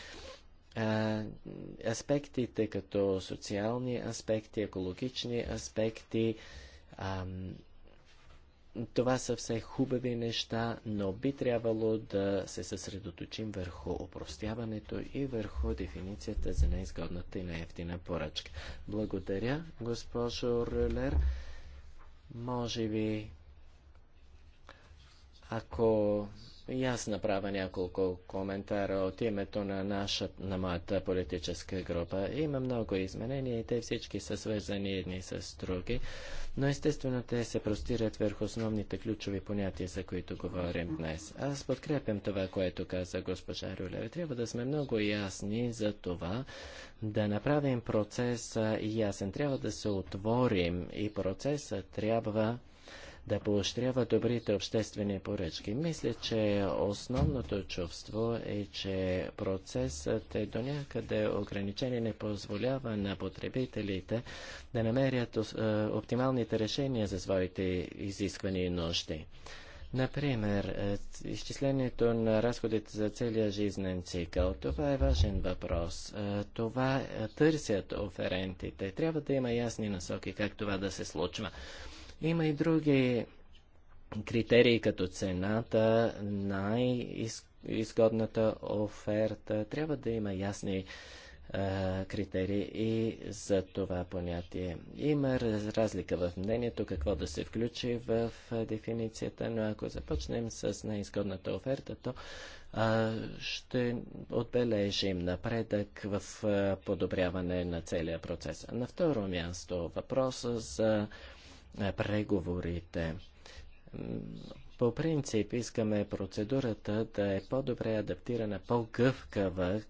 аспектите като социални аспекти, екологични аспекти, това са все хубави неща, но би трябвало да се съсредоточим върху опростяването и върху дефиницията за неизгодната и неефтина поръчка. Благодаря, госпожо Рюлер. Може би, ако и аз направя няколко коментара от името на, наша, на моята политическа група. Има много изменения и те всички са свързани едни с други но естествено те се простират върху основните ключови понятия, за които говорим днес. Аз подкрепям това, което каза госпожа Рулева. Трябва да сме много ясни за това, да направим процеса ясен. Трябва да се отворим и процеса трябва да поощрява добрите обществени поръчки. Мисля, че основното чувство е, че процесът е до някъде ограничен и не позволява на потребителите да намерят е, оптималните решения за своите изисквания и нужди. Например, е, изчислението на разходите за целия жизнен цикъл. Това е важен въпрос. Е, това търсят оферентите. Трябва да има ясни насоки как това да се случва. Има и други критерии, като цената, най-изгодната оферта. Трябва да има ясни е, критерии и за това понятие. Има разлика в мнението какво да се включи в е, дефиницията, но ако започнем с най-изгодната оферта, то а, ще отбележим напредък в а, е, подобряване на целия процес. На второ място въпроса за е, преговорите. По принцип искаме процедурата да е по-добре адаптирана, по-гъвкава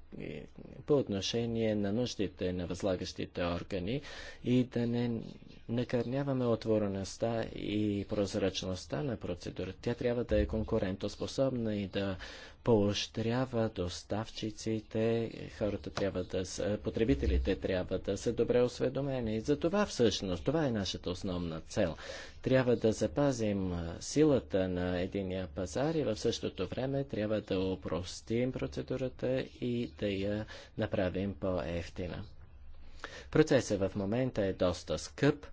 по отношение на нуждите на възлагащите органи и да не накърняваме отвореността и прозрачността на процедурата. Тя трябва да е конкурентоспособна и да поощрява доставчиците, хората трябва да са, потребителите трябва да са добре осведомени. И за това всъщност, това е нашата основна цел. Трябва да запазим силата на единия пазар и в същото време трябва да упростим процедурата и да я направим по-ефтина. Процесът в момента е доста скъп,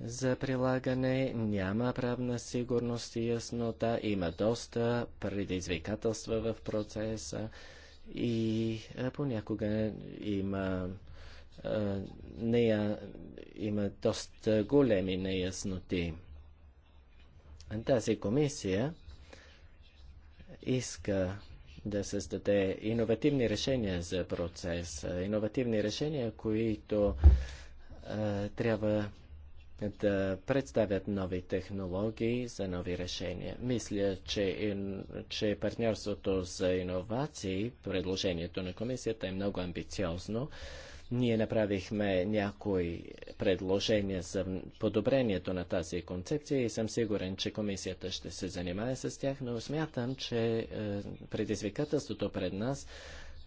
за прилагане, няма правна сигурност и яснота, има доста предизвикателства в процеса и понякога има, а, нея, има доста големи неясноти. Тази комисия иска да създаде иновативни решения за процес, иновативни решения, които а, трябва да представят нови технологии за нови решения. Мисля, че, ин, че партньорството за иновации, предложението на комисията е много амбициозно. Ние направихме някои предложения за подобрението на тази концепция и съм сигурен, че комисията ще се занимае с тях, но смятам, че е, предизвикателството пред нас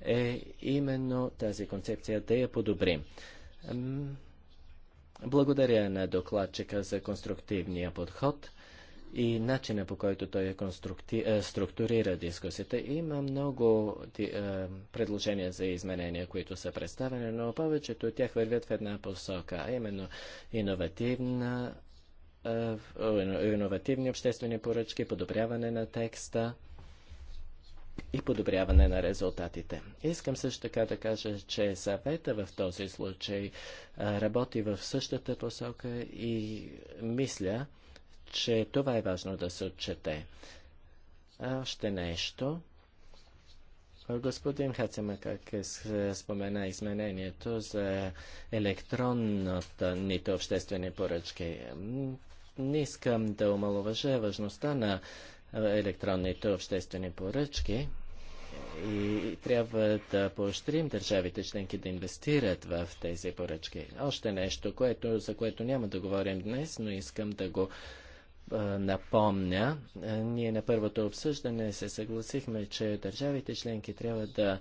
е именно тази концепция да я подобрим. Благодаря на докладчика за конструктивния подход и начина по който той е конструкти... Е, структурира дискусията. Има много е, предложения за изменения, които са представени, но повечето от тях вървят в една посока, а именно иновативна е, иновативни обществени поръчки, подобряване на текста и подобряване на резултатите. Искам също така да кажа, че съвета в този случай работи в същата посока и мисля, че това е важно да се отчете. Още нещо. Господин Хацемакак спомена изменението за електронната нито обществени поръчки. Не искам да омалуважа важността на електронните обществени поръчки и трябва да поощрим държавите членки да инвестират в тези поръчки. Още нещо, което, за което няма да говорим днес, но искам да го напомня. Ние на първото обсъждане се съгласихме, че държавите членки трябва да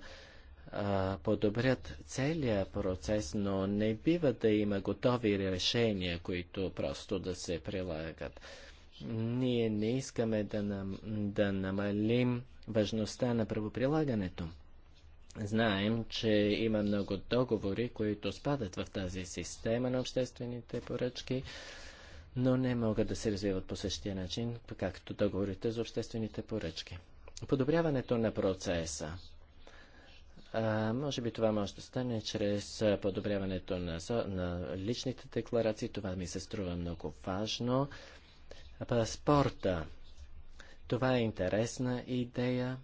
а, подобрят целия процес, но не бива да има готови решения, които просто да се прилагат. Ние не искаме да, нам, да намалим важността на правоприлагането. Знаем, че има много договори, които спадат в тази система на обществените поръчки, но не могат да се развиват по същия начин, както договорите за обществените поръчки. Подобряването на процеса. А, може би това може да стане чрез подобряването на, на личните декларации. Това ми се струва много важно. Паспорта. Това е интересна идея.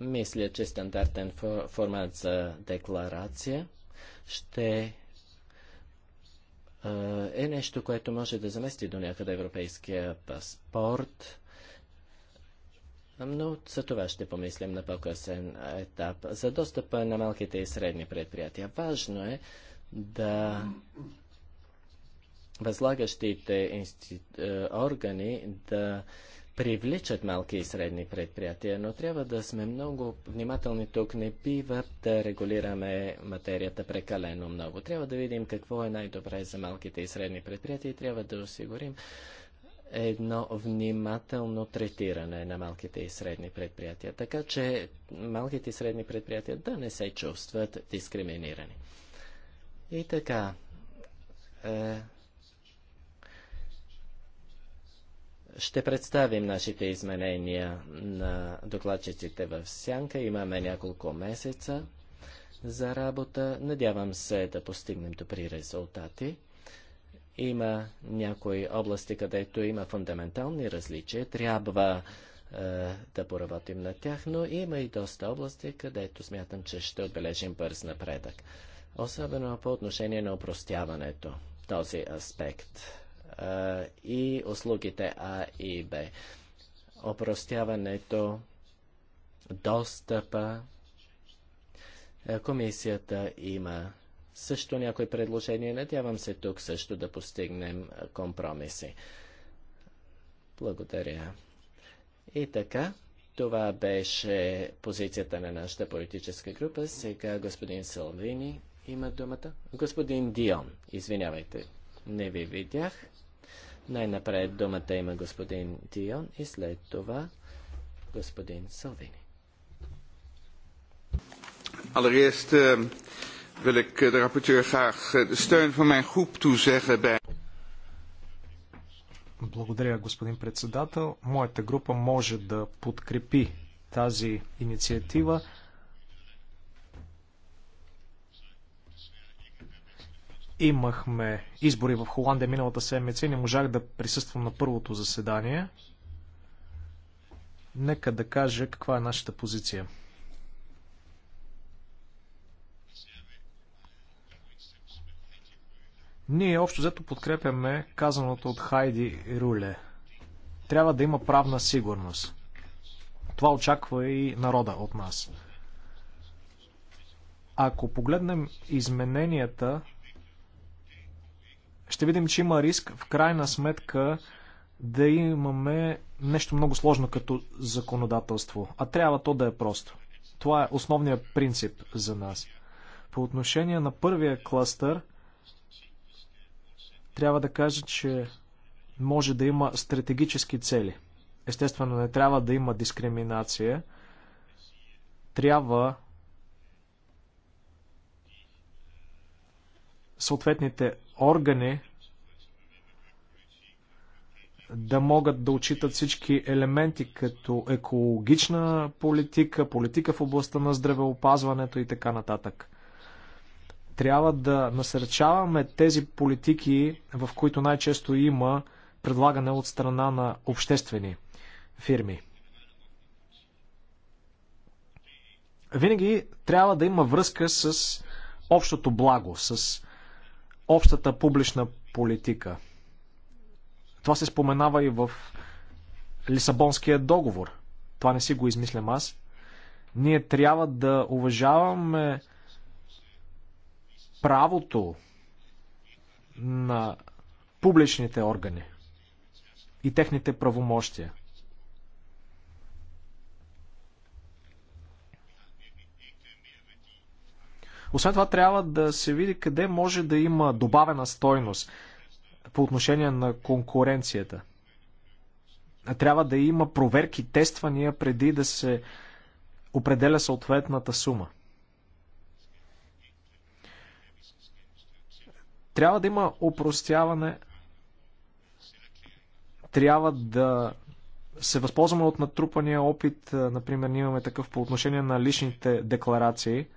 Мисля, че стандартен формат за декларация ще е нещо, което може да замести до някъде европейския паспорт. Но за това ще помислим на по-късен етап. За достъпа на малките и средни предприятия важно е да възлагащите инсти... Е, органи да привличат малки и средни предприятия, но трябва да сме много внимателни тук. Не бива да регулираме материята прекалено много. Трябва да видим какво е най-добре за малките и средни предприятия и трябва да осигурим едно внимателно третиране на малките и средни предприятия, така че малките и средни предприятия да не се чувстват дискриминирани. И така, е, Ще представим нашите изменения на докладчиците в Сянка. Имаме няколко месеца за работа. Надявам се да постигнем добри резултати. Има някои области, където има фундаментални различия. Трябва е, да поработим на тях, но има и доста области, където смятам, че ще отбележим бърз напредък. Особено по отношение на упростяването, този аспект и услугите А и Б. Опростяването, достъпа. Комисията има също някои предложения. Надявам се тук също да постигнем компромиси. Благодаря. И така, това беше позицията на нашата политическа група. Сега господин Салвини има думата. Господин Дион, извинявайте, не ви видях. Най-напред думата има господин Дион и след това господин Салвини. Allereerst uh, wil ik eh, de rapporteur graag eh, de steun van mijn groep toezeggen bij. Благодаря, господин председател. Моята група може да подкрепи тази инициатива. Имахме избори в Холандия миналата седмица и не можах да присъствам на първото заседание. Нека да кажа каква е нашата позиция. Ние общо взето подкрепяме казаното от Хайди Руле. Трябва да има правна сигурност. Това очаква и народа от нас. Ако погледнем измененията, ще видим, че има риск в крайна сметка да имаме нещо много сложно като законодателство, а трябва то да е просто. Това е основният принцип за нас. По отношение на първия кластър, трябва да кажа, че може да има стратегически цели. Естествено, не трябва да има дискриминация. Трябва съответните органи да могат да отчитат всички елементи, като екологична политика, политика в областта на здравеопазването и така нататък. Трябва да насърчаваме тези политики, в които най-често има предлагане от страна на обществени фирми. Винаги трябва да има връзка с общото благо, с общата публична политика. Това се споменава и в Лисабонския договор. Това не си го измислям аз. Ние трябва да уважаваме правото на публичните органи и техните правомощия. Освен това, трябва да се види къде може да има добавена стойност по отношение на конкуренцията. Трябва да има проверки, тествания преди да се определя съответната сума. Трябва да има опростяване. Трябва да се възползваме от натрупания опит. Например, ние имаме такъв по отношение на личните декларации –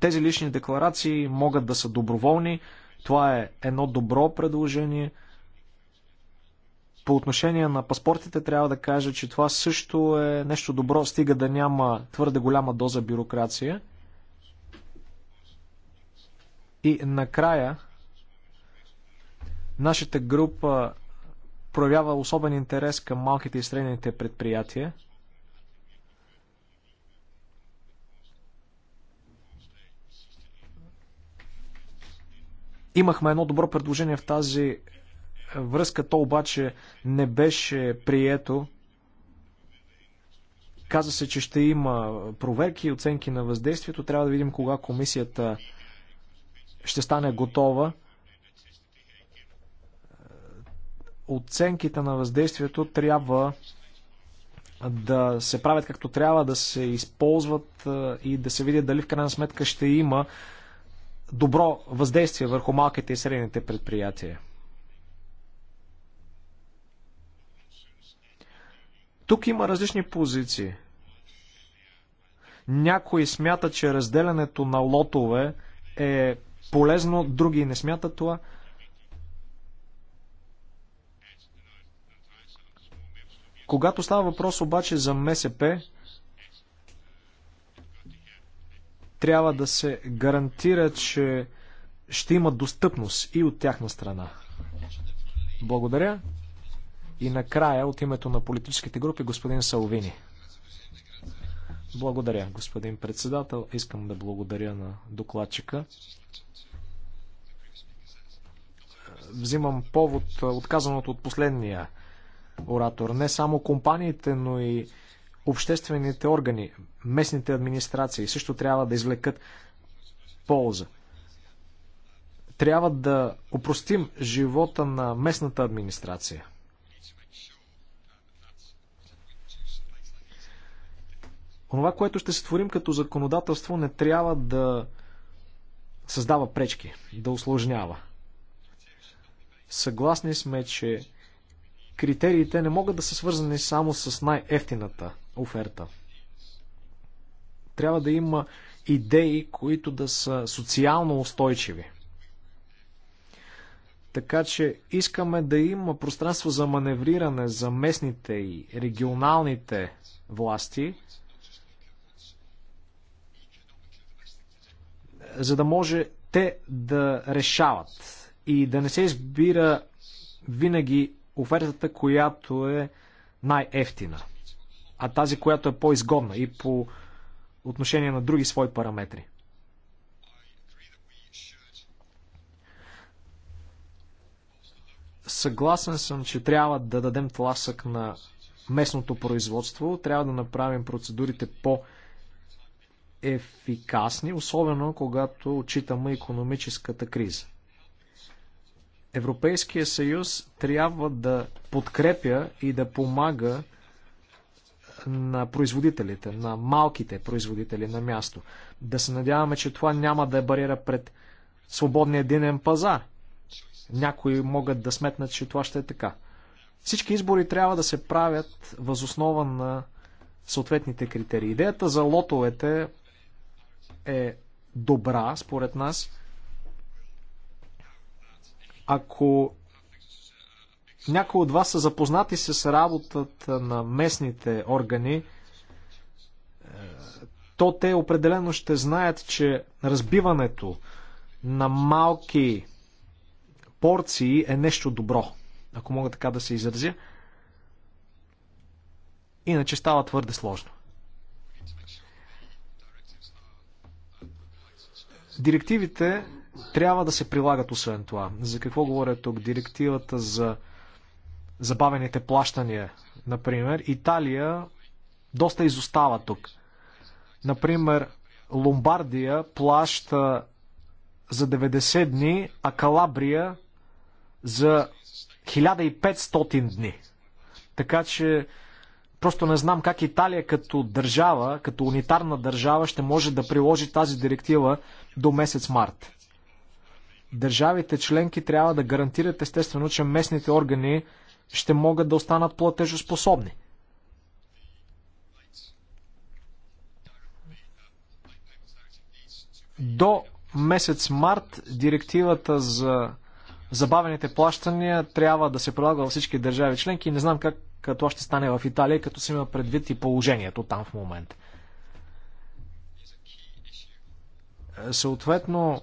Тези лични декларации могат да са доброволни. Това е едно добро предложение. По отношение на паспортите трябва да кажа, че това също е нещо добро, стига да няма твърде голяма доза бюрокрация. И накрая, нашата група проявява особен интерес към малките и средните предприятия. Имахме едно добро предложение в тази връзка, то обаче не беше прието. Каза се, че ще има проверки и оценки на въздействието. Трябва да видим кога комисията ще стане готова. Оценките на въздействието трябва да се правят както трябва, да се използват и да се видят дали в крайна сметка ще има добро въздействие върху малките и средните предприятия. Тук има различни позиции. Някои смятат, че разделянето на лотове е полезно, други не смятат това. Когато става въпрос обаче за МСП, трябва да се гарантира, че ще има достъпност и от тяхна страна. Благодаря. И накрая от името на политическите групи господин Салвини. Благодаря, господин председател. Искам да благодаря на докладчика. Взимам повод отказаното от последния оратор. Не само компаниите, но и обществените органи, местните администрации също трябва да извлекат полза. Трябва да опростим живота на местната администрация. Онова, което ще сътворим като законодателство, не трябва да създава пречки, да усложнява. Съгласни сме, че критериите не могат да са свързани само с най-ефтината оферта. Трябва да има идеи, които да са социално устойчиви. Така че искаме да има пространство за маневриране за местните и регионалните власти, за да може те да решават и да не се избира винаги офертата, която е най-ефтина, а тази, която е по-изгодна и по отношение на други свои параметри. Съгласен съм, че трябва да дадем тласък на местното производство, трябва да направим процедурите по- ефикасни, особено когато отчитаме економическата криза. Европейския съюз трябва да подкрепя и да помага на производителите, на малките производители на място. Да се надяваме, че това няма да е бариера пред свободния единен пазар. Някои могат да сметнат, че това ще е така. Всички избори трябва да се правят възоснова на съответните критерии. Идеята за лотовете е добра, според нас. Ако някои от вас са запознати с работата на местните органи, е, то те определено ще знаят, че разбиването на малки порции е нещо добро, ако мога така да се изразя. Иначе става твърде сложно. Директивите трябва да се прилагат освен това. За какво говоря тук? Директивата за забавените плащания, например, Италия доста изостава тук. Например, Ломбардия плаща за 90 дни, а Калабрия за 1500 дни. Така че просто не знам как Италия като държава, като унитарна държава ще може да приложи тази директива до месец март. Държавите членки трябва да гарантират естествено, че местните органи ще могат да останат платежоспособни. До месец март директивата за забавените плащания трябва да се прилага във всички държави членки. Не знам как това ще стане в Италия, като се има предвид и положението там в момента. Съответно,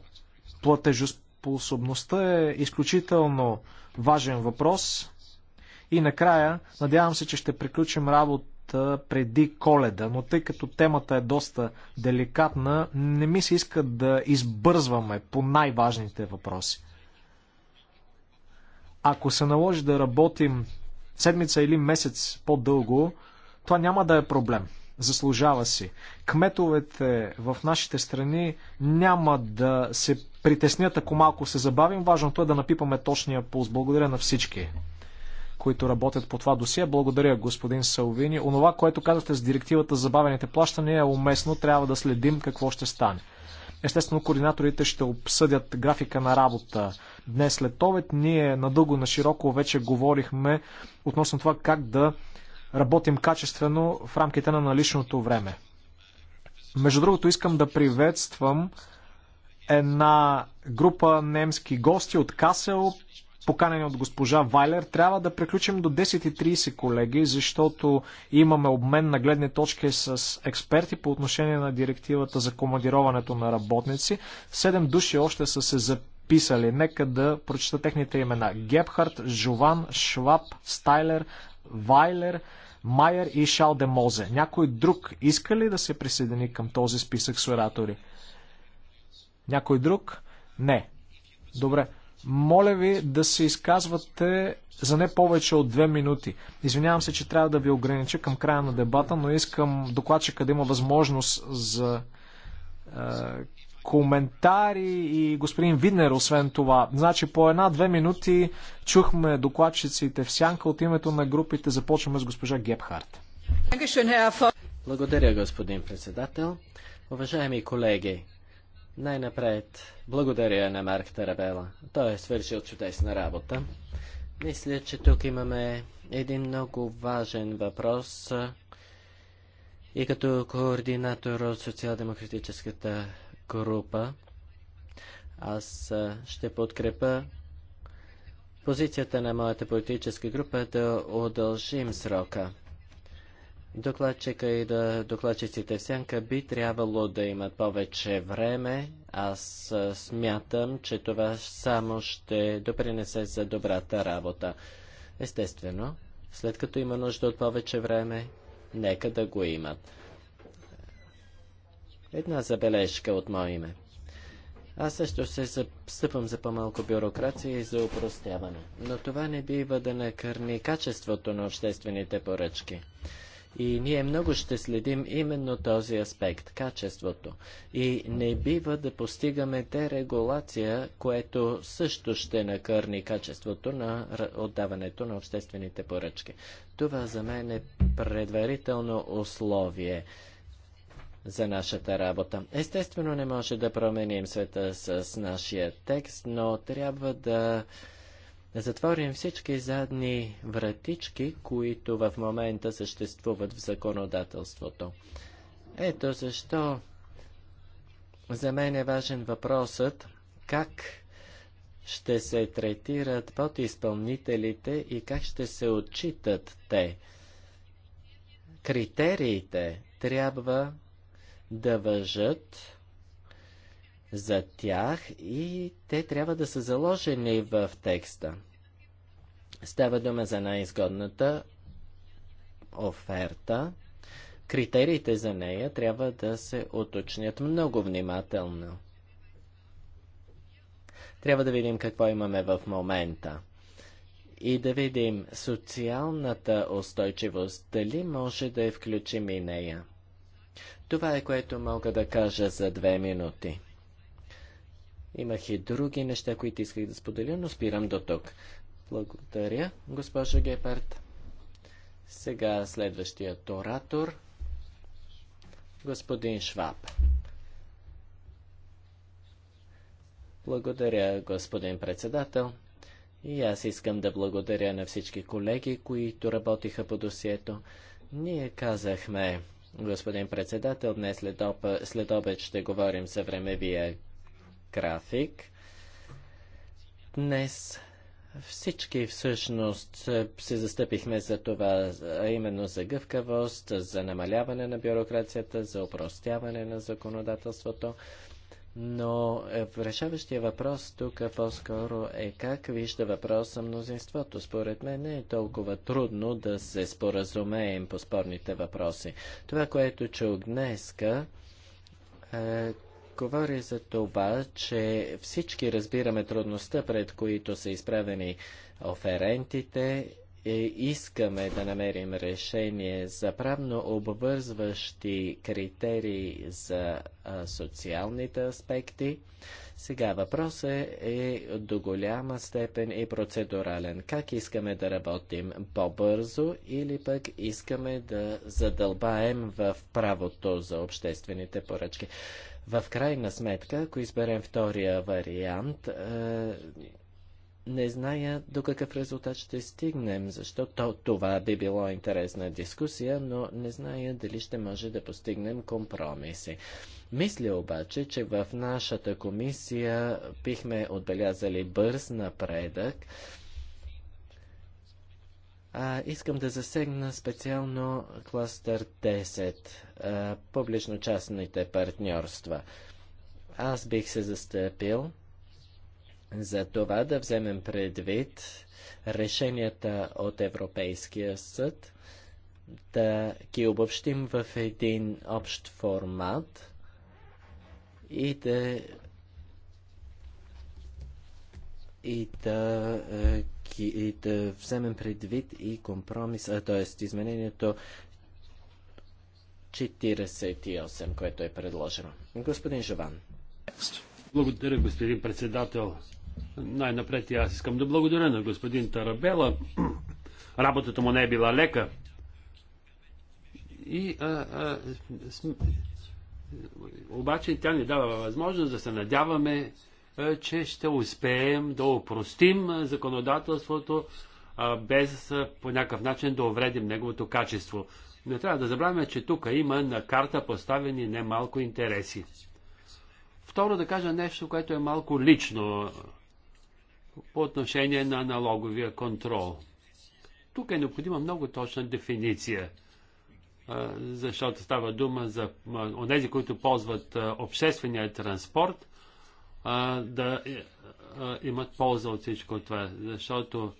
платежоспособността способността е изключително важен въпрос. И накрая, надявам се, че ще приключим работа преди коледа, но тъй като темата е доста деликатна, не ми се иска да избързваме по най-важните въпроси. Ако се наложи да работим седмица или месец по-дълго, това няма да е проблем. Заслужава си. Кметовете в нашите страни няма да се притеснят, ако малко се забавим. Важното е да напипаме точния пулс. Благодаря на всички, които работят по това досие. Благодаря, господин Салвини. Онова, което казвате с директивата за забавените плащания е уместно. Трябва да следим какво ще стане. Естествено, координаторите ще обсъдят графика на работа днес след обед. Ние надълго, на широко вече говорихме относно това как да работим качествено в рамките на наличното време. Между другото, искам да приветствам една група немски гости от Касел, поканени от госпожа Вайлер. Трябва да приключим до 10.30, колеги, защото имаме обмен на гледни точки с експерти по отношение на директивата за командироването на работници. Седем души още са се записали. Нека да прочета техните имена. Гепхард, Жован, Шваб, Стайлер, Вайлер, Майер и Шалдемозе. Някой друг иска ли да се присъедини към този списък с оратори? Някой друг? Не. Добре. Моля ви да се изказвате за не повече от две минути. Извинявам се, че трябва да ви огранича към края на дебата, но искам докладчика да има възможност за е, коментари и господин Виднер, освен това. Значи по една-две минути чухме докладчиците в сянка от името на групите. Започваме с госпожа Гепхарт. Благодаря, господин председател. Уважаеми колеги, най-напред, благодаря на Марк Тарабела. Той е свършил чудесна работа. Мисля, че тук имаме един много важен въпрос. И като координатор от социал-демократическата група, аз ще подкрепа позицията на моята политическа група да удължим срока. Докладчика и да докладчиците Сянка би трябвало да имат повече време. Аз смятам, че това само ще допринесе за добрата работа. Естествено, след като има нужда от повече време, нека да го имат. Една забележка от мое име. Аз също се стъпвам за по-малко бюрокрация и за упростяване. Но това не бива да накърни качеството на обществените поръчки. И ние много ще следим именно този аспект, качеството. И не бива да постигаме дерегулация, което също ще накърни качеството на отдаването на обществените поръчки. Това за мен е предварително условие за нашата работа. Естествено не може да променим света с нашия текст, но трябва да да затворим всички задни вратички, които в момента съществуват в законодателството. Ето защо за мен е важен въпросът как ще се третират подизпълнителите и как ще се отчитат те. Критериите трябва да въжат за тях и те трябва да са заложени в текста. Става дума за най-изгодната оферта. Критериите за нея трябва да се уточнят много внимателно. Трябва да видим какво имаме в момента и да видим социалната устойчивост, дали може да я включим и нея. Това е което мога да кажа за две минути. Имах и други неща, които исках да споделя, но спирам до тук. Благодаря, госпожа Гепард. Сега следващият оратор, господин Шваб. Благодаря, господин председател. И аз искам да благодаря на всички колеги, които работиха по досието. Ние казахме, господин председател, днес след, след обед ще говорим за времевия график. Днес всички всъщност се застъпихме за това, а именно за гъвкавост, за намаляване на бюрокрацията, за упростяване на законодателството. Но решаващия въпрос тук по-скоро е как вижда въпроса мнозинството. Според мен не е толкова трудно да се споразумеем по спорните въпроси. Това, което чух днеска, е, говори за това, че всички разбираме трудността, пред които са изправени оферентите. И е, искаме да намерим решение за правно обвързващи критерии за а, социалните аспекти. Сега въпросът е, е до голяма степен и процедурален. Как искаме да работим по-бързо или пък искаме да задълбаем в правото за обществените поръчки? В крайна сметка, ако изберем втория вариант, е, не зная до какъв резултат ще стигнем, защото това би било интересна дискусия, но не зная дали ще може да постигнем компромиси. Мисля обаче, че в нашата комисия бихме отбелязали бърз напредък а, искам да засегна специално кластър 10 публично-частните партньорства. Аз бих се застъпил за това да вземем предвид решенията от Европейския съд, да ги обобщим в един общ формат и да и да е, всички и да вземем предвид и компромис, т.е. изменението 48, което е предложено. Господин Жован. Благодаря, господин председател. Най-напред и аз искам да благодаря на господин Тарабела. Работата му не е била лека. И, а, а, см... Обаче тя ни дава възможност да се надяваме, е, че ще успеем да опростим законодателството е, без е, по някакъв начин да увредим неговото качество. Не трябва да забравяме, че тук има на карта поставени немалко интереси. Второ да кажа нещо, което е малко лично по отношение на налоговия контрол. Тук е необходима много точна дефиниция, защото става дума за онези, които ползват обществения транспорт а, да е, а, имат полза от всичко това, защото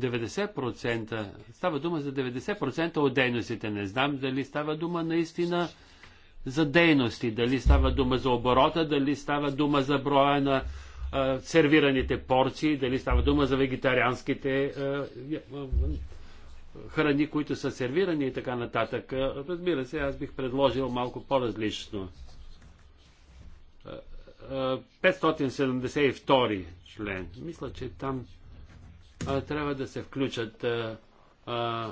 90%, става дума за 90% от дейностите. Не знам дали става дума наистина за дейности, дали става дума за оборота, дали става дума за броя на а, сервираните порции, дали става дума за вегетарианските а, а, храни, които са сервирани и така нататък. Разбира се, аз бих предложил малко по-различно. 572 член. Мисля, че там а, трябва да се включат а, а,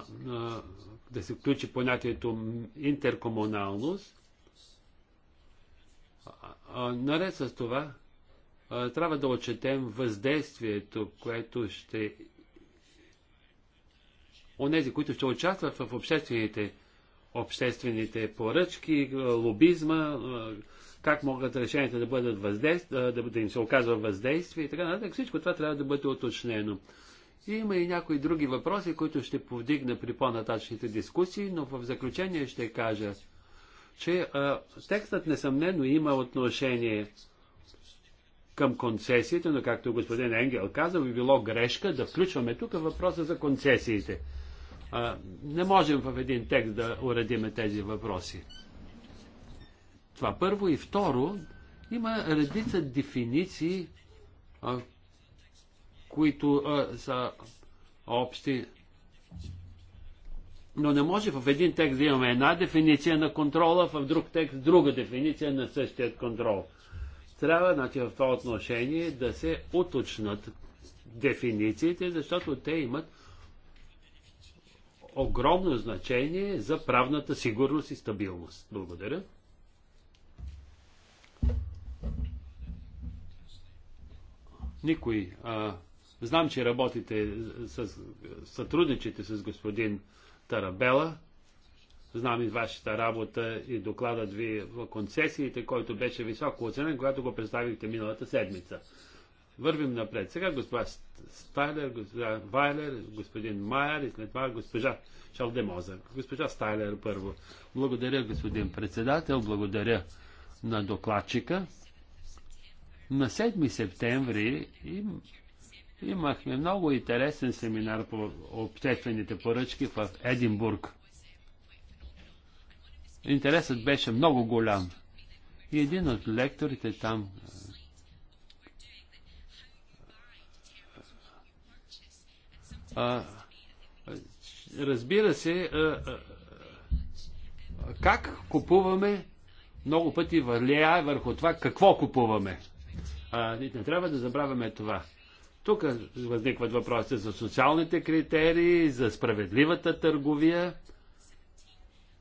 да се включи понятието интеркомуналност. Наред с това трябва да отчетем въздействието, което ще онези, които ще участват в обществените, обществените поръчки, лобизма, как могат решенията да бъдат въздействия, да, да им се оказва въздействие и така нататък. Всичко това трябва да бъде уточнено. И има и някои други въпроси, които ще повдигна при по-нататъчните дискусии, но в заключение ще кажа, че а, текстът несъмнено има отношение към концесиите, но както господин Енгел каза, би било грешка да включваме тук въпроса за концесиите. А, не можем в един текст да уредиме тези въпроси. Това първо и второ, има редица дефиниции, а, които а, са общи. Но не може в един текст да имаме една дефиниция на контрола, в друг текст друга дефиниция на същия контрол. Трябва значи, в това отношение да се уточнат дефинициите, защото те имат огромно значение за правната сигурност и стабилност. Благодаря. никой. А, знам, че работите с, сътрудничите с господин Тарабела. Знам и вашата работа и докладът ви в концесиите, който беше високо оценен, когато го представихте миналата седмица. Вървим напред. Сега госпожа Стайлер, госпожа Вайлер, господин Майер и след това госпожа Шалдемоза. Госпожа Стайлер първо. Благодаря, господин председател, благодаря на докладчика. На 7 септември им, имахме много интересен семинар по обществените поръчки в Единбург. Интересът беше много голям. И един от лекторите там а, разбира се, а, а, как купуваме, много пъти влияе върху това какво купуваме. А, не трябва да забравяме това. Тук възникват въпроси за социалните критерии, за справедливата търговия,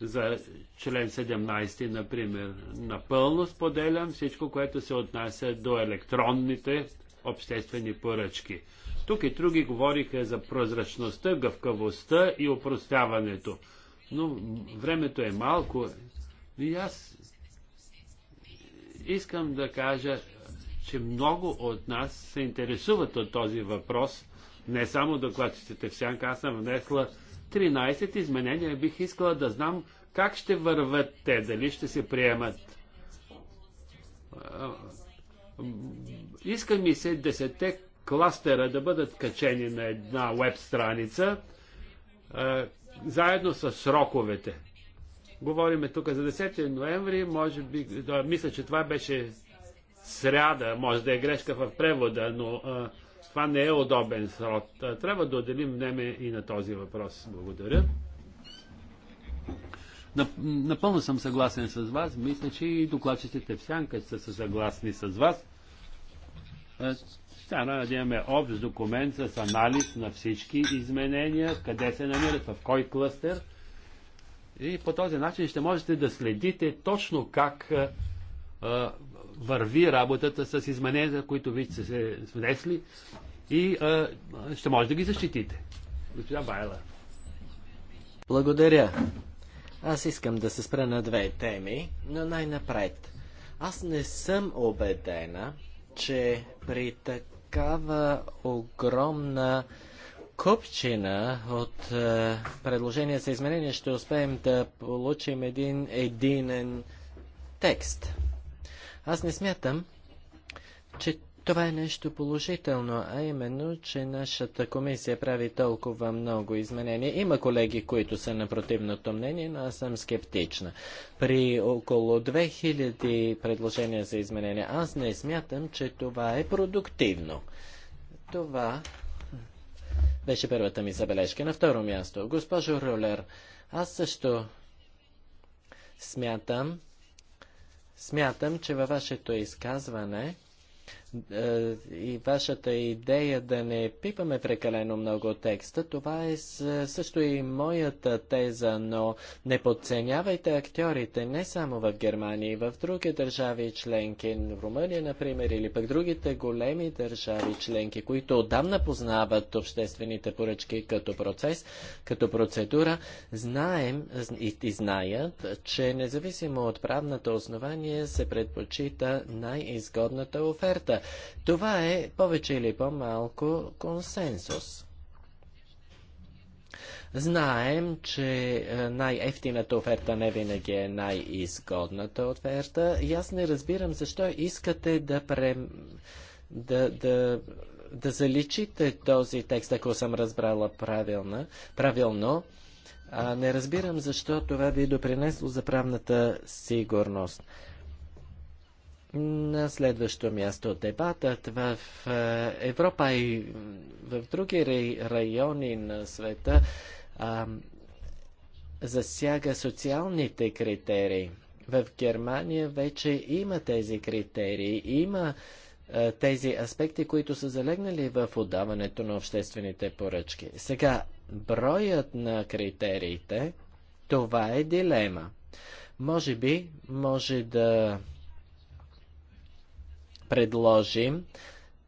за член 17, например. Напълно споделям всичко, което се отнася до електронните обществени поръчки. Тук и други говориха за прозрачността, гъвкавостта и опростяването. Но времето е малко и аз искам да кажа че много от нас се интересуват от този въпрос. Не само докладчиците в сянка, аз съм внесла 13 изменения. Бих искала да знам как ще върват те, дали ще се приемат. Иска ми се 10 кластера да бъдат качени на една веб страница, заедно с сроковете. Говориме тук за 10 ноември, може би, да, мисля, че това беше сряда, може да е грешка в превода, но а, това не е удобен срок. Трябва да отделим време и на този въпрос. Благодаря. Напълно съм съгласен с вас. Мисля, че и докладчиците в Сянка са съгласни с вас. трябва да имаме общ документ с анализ на всички изменения, къде се намират, в кой клъстер. И по този начин ще можете да следите точно как върви работата с измененията, които ви сте се внесли и а, ще може да ги защитите. Госпожа Байла. Благодаря. Аз искам да се спра на две теми, но най-напред. Аз не съм убедена, че при такава огромна копчина от е, предложения за изменение ще успеем да получим един единен текст. Аз не смятам, че това е нещо положително, а именно, че нашата комисия прави толкова много изменения. Има колеги, които са на противното мнение, но аз съм скептична. При около 2000 предложения за изменения, аз не смятам, че това е продуктивно. Това беше първата ми забележка. На второ място, госпожо Рулер, аз също смятам, Смятам, че във вашето изказване е, и вашата идея да не пипаме прекалено много текста, това е също и моята теза, но не подценявайте актьорите не само в Германия, и в други държави членки, в Румъния, например, или пък другите големи държави членки, които отдавна познават обществените поръчки като процес, като процедура, знаем и, и знаят, че независимо от правната основание се предпочита най-изгодната оферта. Това е повече или по-малко консенсус. Знаем, че е, най-ефтината оферта не винаги е най-изгодната оферта и аз не разбирам защо искате да, прем... да, да, да заличите този текст, ако съм разбрала правилна, правилно. А не разбирам защо това би допринесло за правната сигурност. На следващо място дебатът в е, Европа и в други райони на света а, засяга социалните критерии. В Германия вече има тези критерии, има а, е, тези аспекти, които са залегнали в отдаването на обществените поръчки. Сега, броят на критериите, това е дилема. Може би, може да предложим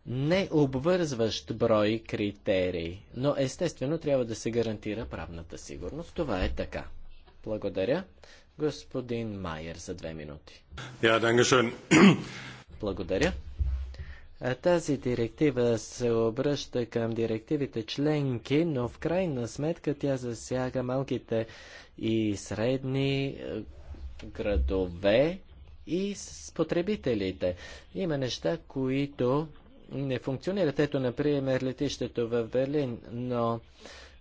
не обвързващ брой критерии, но естествено трябва да се гарантира правната сигурност. Това е така. Благодаря. Господин Майер за две минути. Ja, yeah, Благодаря. А тази директива се обръща към директивите членки, но в крайна сметка тя засяга малките и средни градове и с потребителите. Има неща, които не функционират. Ето, например, летището в Берлин, но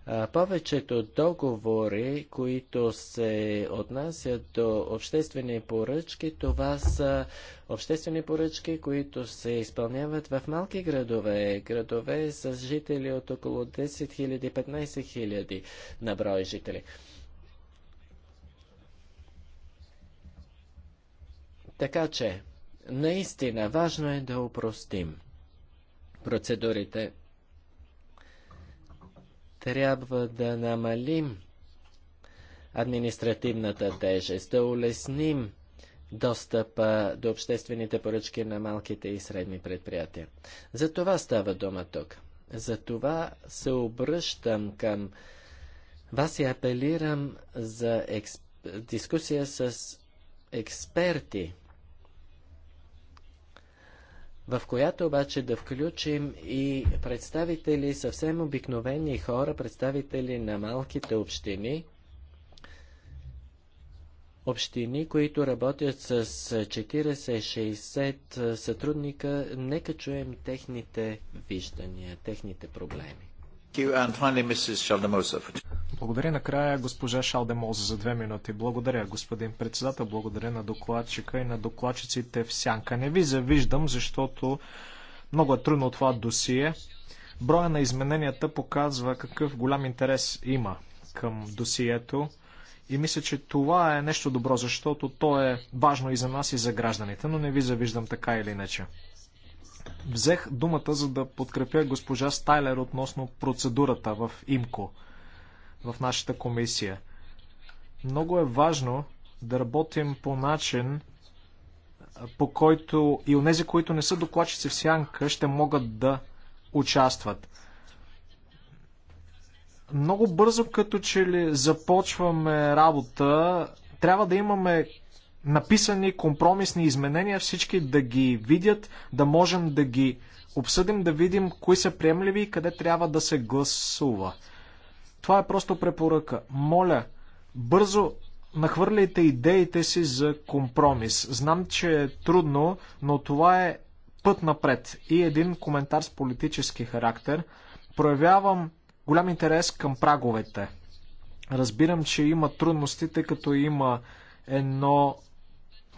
а, повечето договори, които се отнасят до обществени поръчки, това са обществени поръчки, които се изпълняват в малки градове, градове с жители от около 10 000-15 000 на брой жители. Така че, наистина важно е да упростим процедурите. Трябва да намалим административната тежест, да улесним достъпа до обществените поръчки на малките и средни предприятия. За това става дума тук. За това се обръщам към вас и апелирам за експ... дискусия с експерти в която обаче да включим и представители, съвсем обикновени хора, представители на малките общини, общини, които работят с 40-60 сътрудника, нека чуем техните виждания, техните проблеми. Благодаря накрая госпожа Шалдемоз за две минути. Благодаря, господин председател. Благодаря на докладчика и на докладчиците в сянка. Не ви завиждам, защото много е трудно това досие. Броя на измененията показва какъв голям интерес има към досието. И мисля, че това е нещо добро, защото то е важно и за нас, и за гражданите, но не ви завиждам така или иначе. Взех думата, за да подкрепя госпожа Стайлер относно процедурата в ИМКО, в нашата комисия. Много е важно да работим по начин, по който и онези, които не са докладчици в сянка, ще могат да участват. Много бързо, като че ли започваме работа, трябва да имаме написани компромисни изменения, всички да ги видят, да можем да ги обсъдим, да видим кои са приемливи и къде трябва да се гласува. Това е просто препоръка. Моля, бързо нахвърляйте идеите си за компромис. Знам, че е трудно, но това е път напред. И един коментар с политически характер. Проявявам голям интерес към праговете. Разбирам, че има трудности, тъй като има едно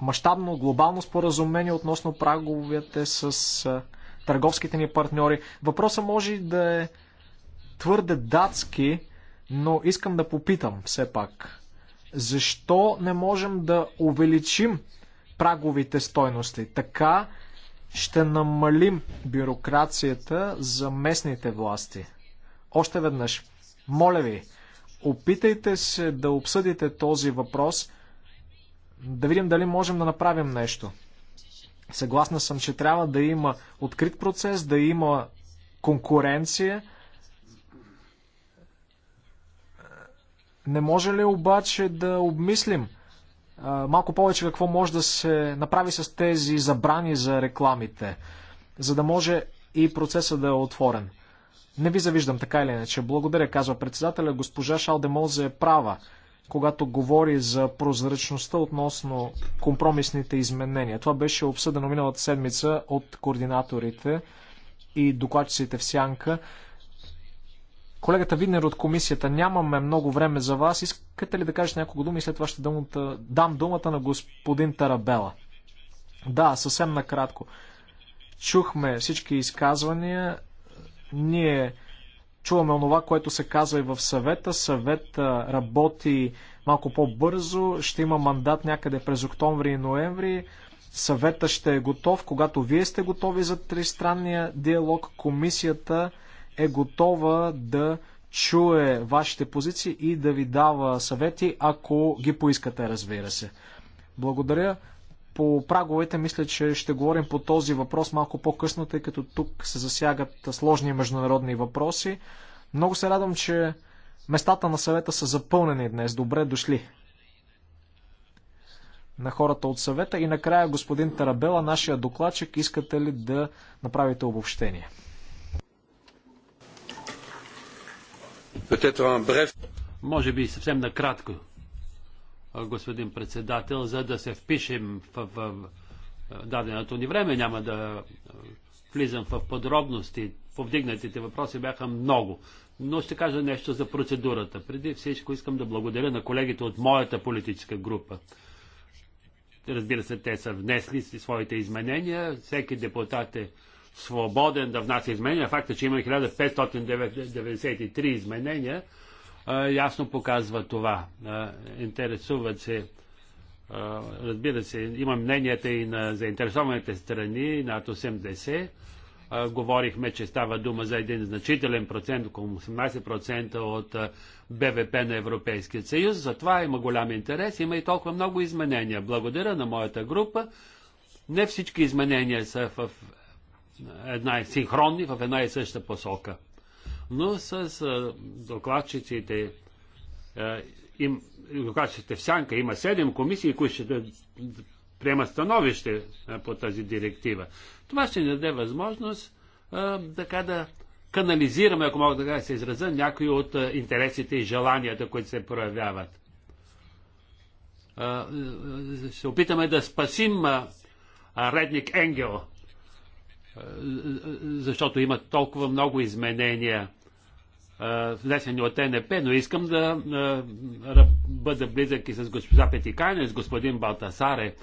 мащабно глобално споразумение относно праговете с търговските ни партньори. Въпросът може да е твърде датски, но искам да попитам все пак. Защо не можем да увеличим праговите стойности? Така ще намалим бюрокрацията за местните власти. Още веднъж, моля ви, опитайте се да обсъдите този въпрос – да видим дали можем да направим нещо. Съгласна съм, че трябва да има открит процес, да има конкуренция. Не може ли обаче да обмислим малко повече какво може да се направи с тези забрани за рекламите, за да може и процесът да е отворен? Не ви завиждам така или иначе. Благодаря, казва председателя. Госпожа Шалдемолзе е права когато говори за прозрачността относно компромисните изменения. Това беше обсъдено миналата седмица от координаторите и докладчиците в Сянка. Колегата Виднер от комисията, нямаме много време за вас. Искате ли да кажете няколко думи и след това ще думата, дам думата на господин Тарабела? Да, съвсем накратко. Чухме всички изказвания. Ние чуваме онова, което се казва и в съвета. Съвет работи малко по-бързо, ще има мандат някъде през октомври и ноември. Съвета ще е готов, когато вие сте готови за тристранния диалог, комисията е готова да чуе вашите позиции и да ви дава съвети, ако ги поискате, разбира се. Благодаря по праговете мисля, че ще говорим по този въпрос малко по-късно, тъй като тук се засягат сложни международни въпроси. Много се радвам, че местата на съвета са запълнени днес. Добре дошли на хората от съвета. И накрая, господин Тарабела, нашия докладчик, искате ли да направите обобщение? Може би съвсем накратко господин председател, за да се впишем в, в, в даденото ни време. Няма да влизам в подробности. Повдигнатите въпроси бяха много. Но ще кажа нещо за процедурата. Преди всичко искам да благодаря на колегите от моята политическа група. Разбира се, те са внесли своите изменения. Всеки депутат е свободен да внася изменения. Факта, е, че има 1593 изменения, ясно показва това. Интересуват се, разбира се, има мненията и на заинтересованите страни, над 80. Говорихме, че става дума за един значителен процент, около 18% от БВП на Европейския съюз. Затова има голям интерес. Има и толкова много изменения. Благодаря на моята група. Не всички изменения са в една синхронни, в една и съща посока но с докладчиците им, докладчиците в сянка има седем комисии, които ще да приемат становище по тази директива. Това ще ни даде възможност така да канализираме, ако мога да се израза, някои от интересите и желанията, които се проявяват. Се опитаме да спасим редник Енгел, защото има толкова много изменения внесени е от НП, но искам да бъда близък и с госпожа Петикане, с господин Балтасаре.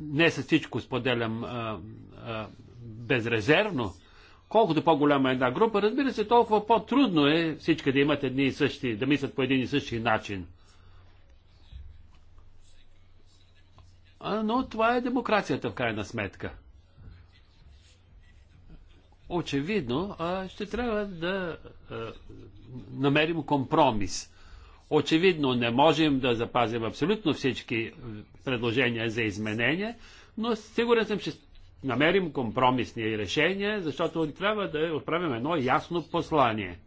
Не с всичко споделям безрезервно. Колкото по-голяма е една група, разбира се, толкова по-трудно е всички да имат едни и същи, да мислят по един и същи начин. Но това е демокрацията в крайна сметка очевидно ще трябва да намерим компромис. Очевидно не можем да запазим абсолютно всички предложения за изменения, но сигурен съм, че намерим компромисни решения, защото трябва да отправим едно ясно послание.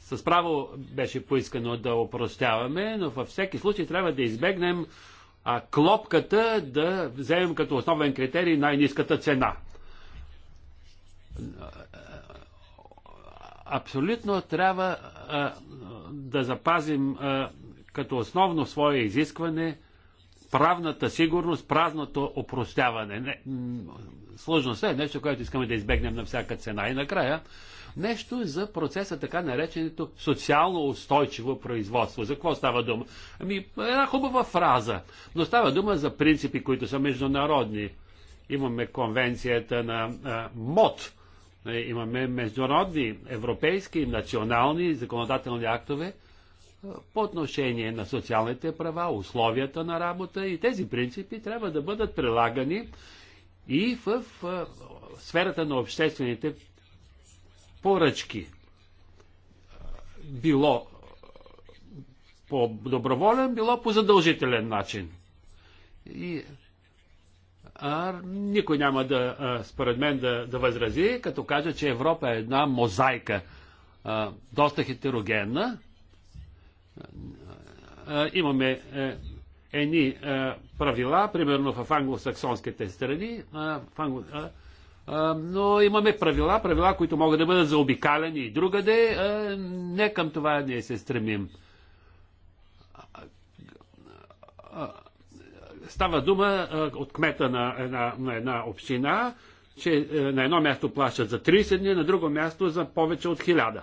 С право беше поискано да опростяваме, но във всеки случай трябва да избегнем а, клопката да вземем като основен критерий най-низката цена абсолютно трябва а, да запазим а, като основно свое изискване правната сигурност, празното опростяване. Не, сложността е нещо, което искаме да избегнем на всяка цена. И накрая нещо за процеса така нареченото социално устойчиво производство. За какво става дума? Ами, една хубава фраза, но става дума за принципи, които са международни. Имаме конвенцията на а, МОД, е, имаме международни, европейски, национални законодателни актове е, по отношение на социалните права, условията на работа и тези принципи трябва да бъдат прилагани и в е, сферата на обществените поръчки. Било по доброволен, било по задължителен начин. И а, никой няма да, а, според мен, да, да възрази, като кажа, че Европа е една мозайка, а, доста хетерогенна. А, имаме е, едни е, правила, примерно в англосаксонските страни, а, в англ... а, а, но имаме правила, правила, които могат да бъдат заобикалени и другаде. А, не към това ние се стремим. Става дума от кмета на една, на една община, че е, на едно място плащат за 30 дни, на друго място за повече от 1000.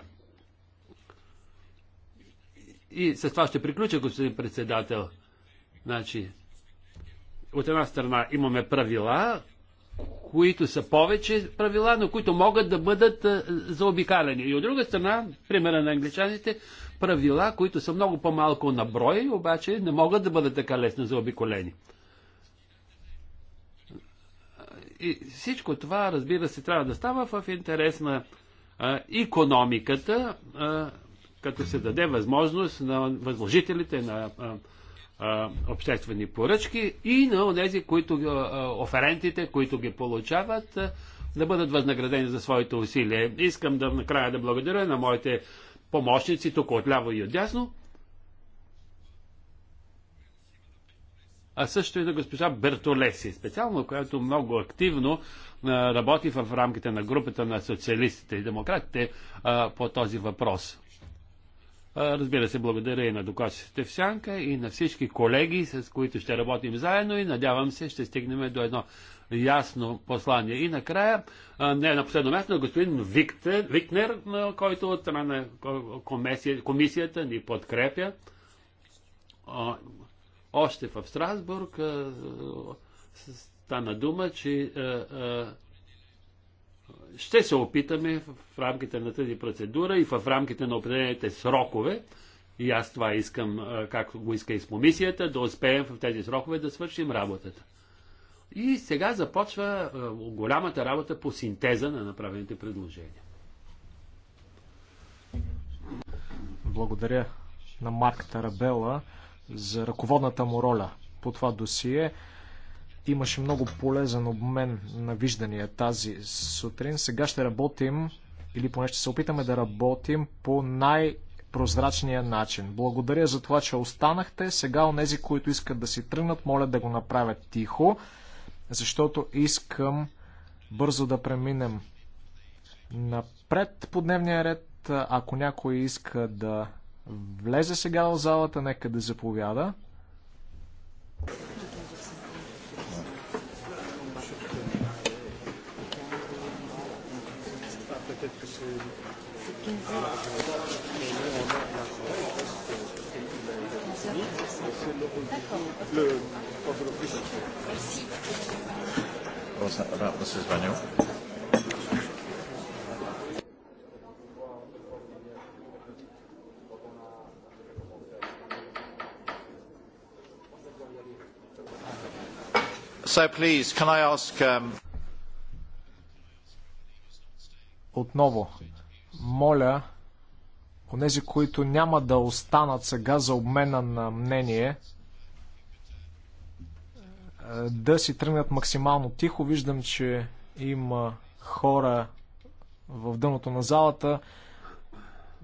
И с това ще приключа, господин председател. Значи, от една страна имаме правила, които са повече правила, но които могат да бъдат е, заобикалени. И от друга страна, примера на англичаните, правила, които са много по-малко на брой, обаче не могат да бъдат така лесно заобиколени и всичко това, разбира се, трябва да става в интерес на а, економиката, а, като се даде възможност на възложителите на а, а, обществени поръчки и на тези, които а, оферентите, които ги получават, а, да бъдат възнаградени за своите усилия. Искам да накрая да благодаря на моите помощници тук отляво и отдясно, а също и на госпожа Бертолеси, специално която много активно работи в рамките на групата на социалистите и демократите по този въпрос. Разбира се, благодаря и на докладчиците в Сянка и на всички колеги, с които ще работим заедно и надявам се ще стигнем до едно ясно послание. И накрая, не на последно място, господин Виктер, Викнер, който от страна на комисията, комисията ни подкрепя още в Страсбург а, стана дума, че а, а, ще се опитаме в рамките на тази процедура и в рамките на определените срокове, и аз това искам, както го иска и с комисията, да успеем в тези срокове да свършим работата. И сега започва голямата работа по синтеза на направените предложения. Благодаря на Марк Тарабела за ръководната му роля по това досие. Имаше много полезен обмен на виждания тази сутрин. Сега ще работим, или поне ще се опитаме да работим по най- прозрачния начин. Благодаря за това, че останахте. Сега онези, които искат да си тръгнат, моля да го направят тихо, защото искам бързо да преминем напред по дневния ред. Ако някой иска да влезе сега в залата, нека да заповяда. D'accord. Merci. please, can I ask, um... Отново, моля, онези, които няма да останат сега за обмена на мнение, е, да си тръгнат максимално тихо. Виждам, че има хора в дъното на залата.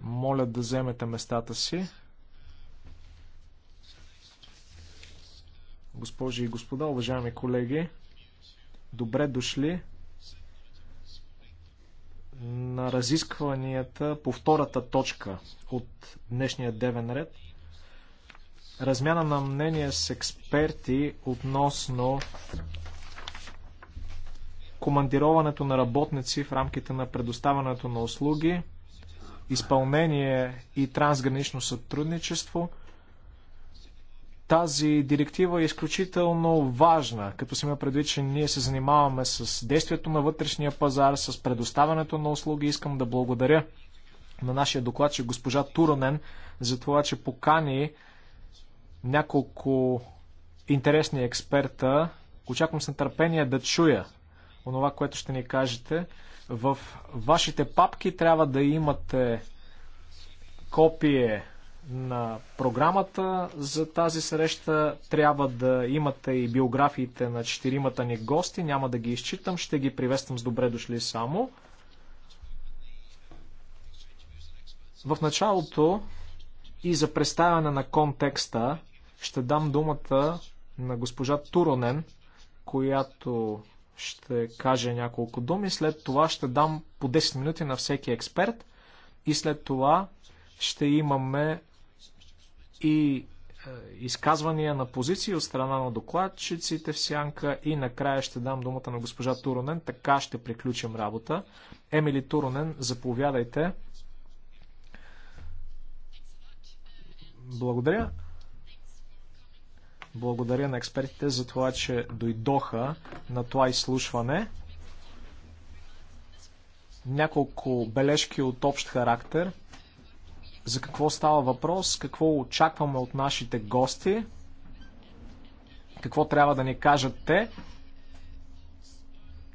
Моля да вземете местата си. госпожи и господа, уважаеми колеги. Добре дошли на разискванията по втората точка от днешния девен ред. Размяна на мнение с експерти относно командироването на работници в рамките на предоставянето на услуги, изпълнение и трансгранично сътрудничество – тази директива е изключително важна, като се има предвид, че ние се занимаваме с действието на вътрешния пазар, с предоставянето на услуги. Искам да благодаря на нашия доклад, че госпожа Туранен, за това, че покани няколко интересни експерта. Очаквам с нетърпение да чуя онова, което ще ни кажете. В вашите папки трябва да имате копие на програмата за тази среща. Трябва да имате и биографиите на четиримата ни гости. Няма да ги изчитам. Ще ги приветствам с добре дошли само. В началото и за представяне на контекста ще дам думата на госпожа Туронен, която ще каже няколко думи. След това ще дам по 10 минути на всеки експерт и след това ще имаме и е, изказвания на позиции от страна на докладчиците в сянка и накрая ще дам думата на госпожа Туронен. Така ще приключим работа. Емили Туронен, заповядайте. Благодаря. Благодаря на експертите за това, че дойдоха на това изслушване. Няколко бележки от общ характер – за какво става въпрос, какво очакваме от нашите гости, какво трябва да ни кажат те.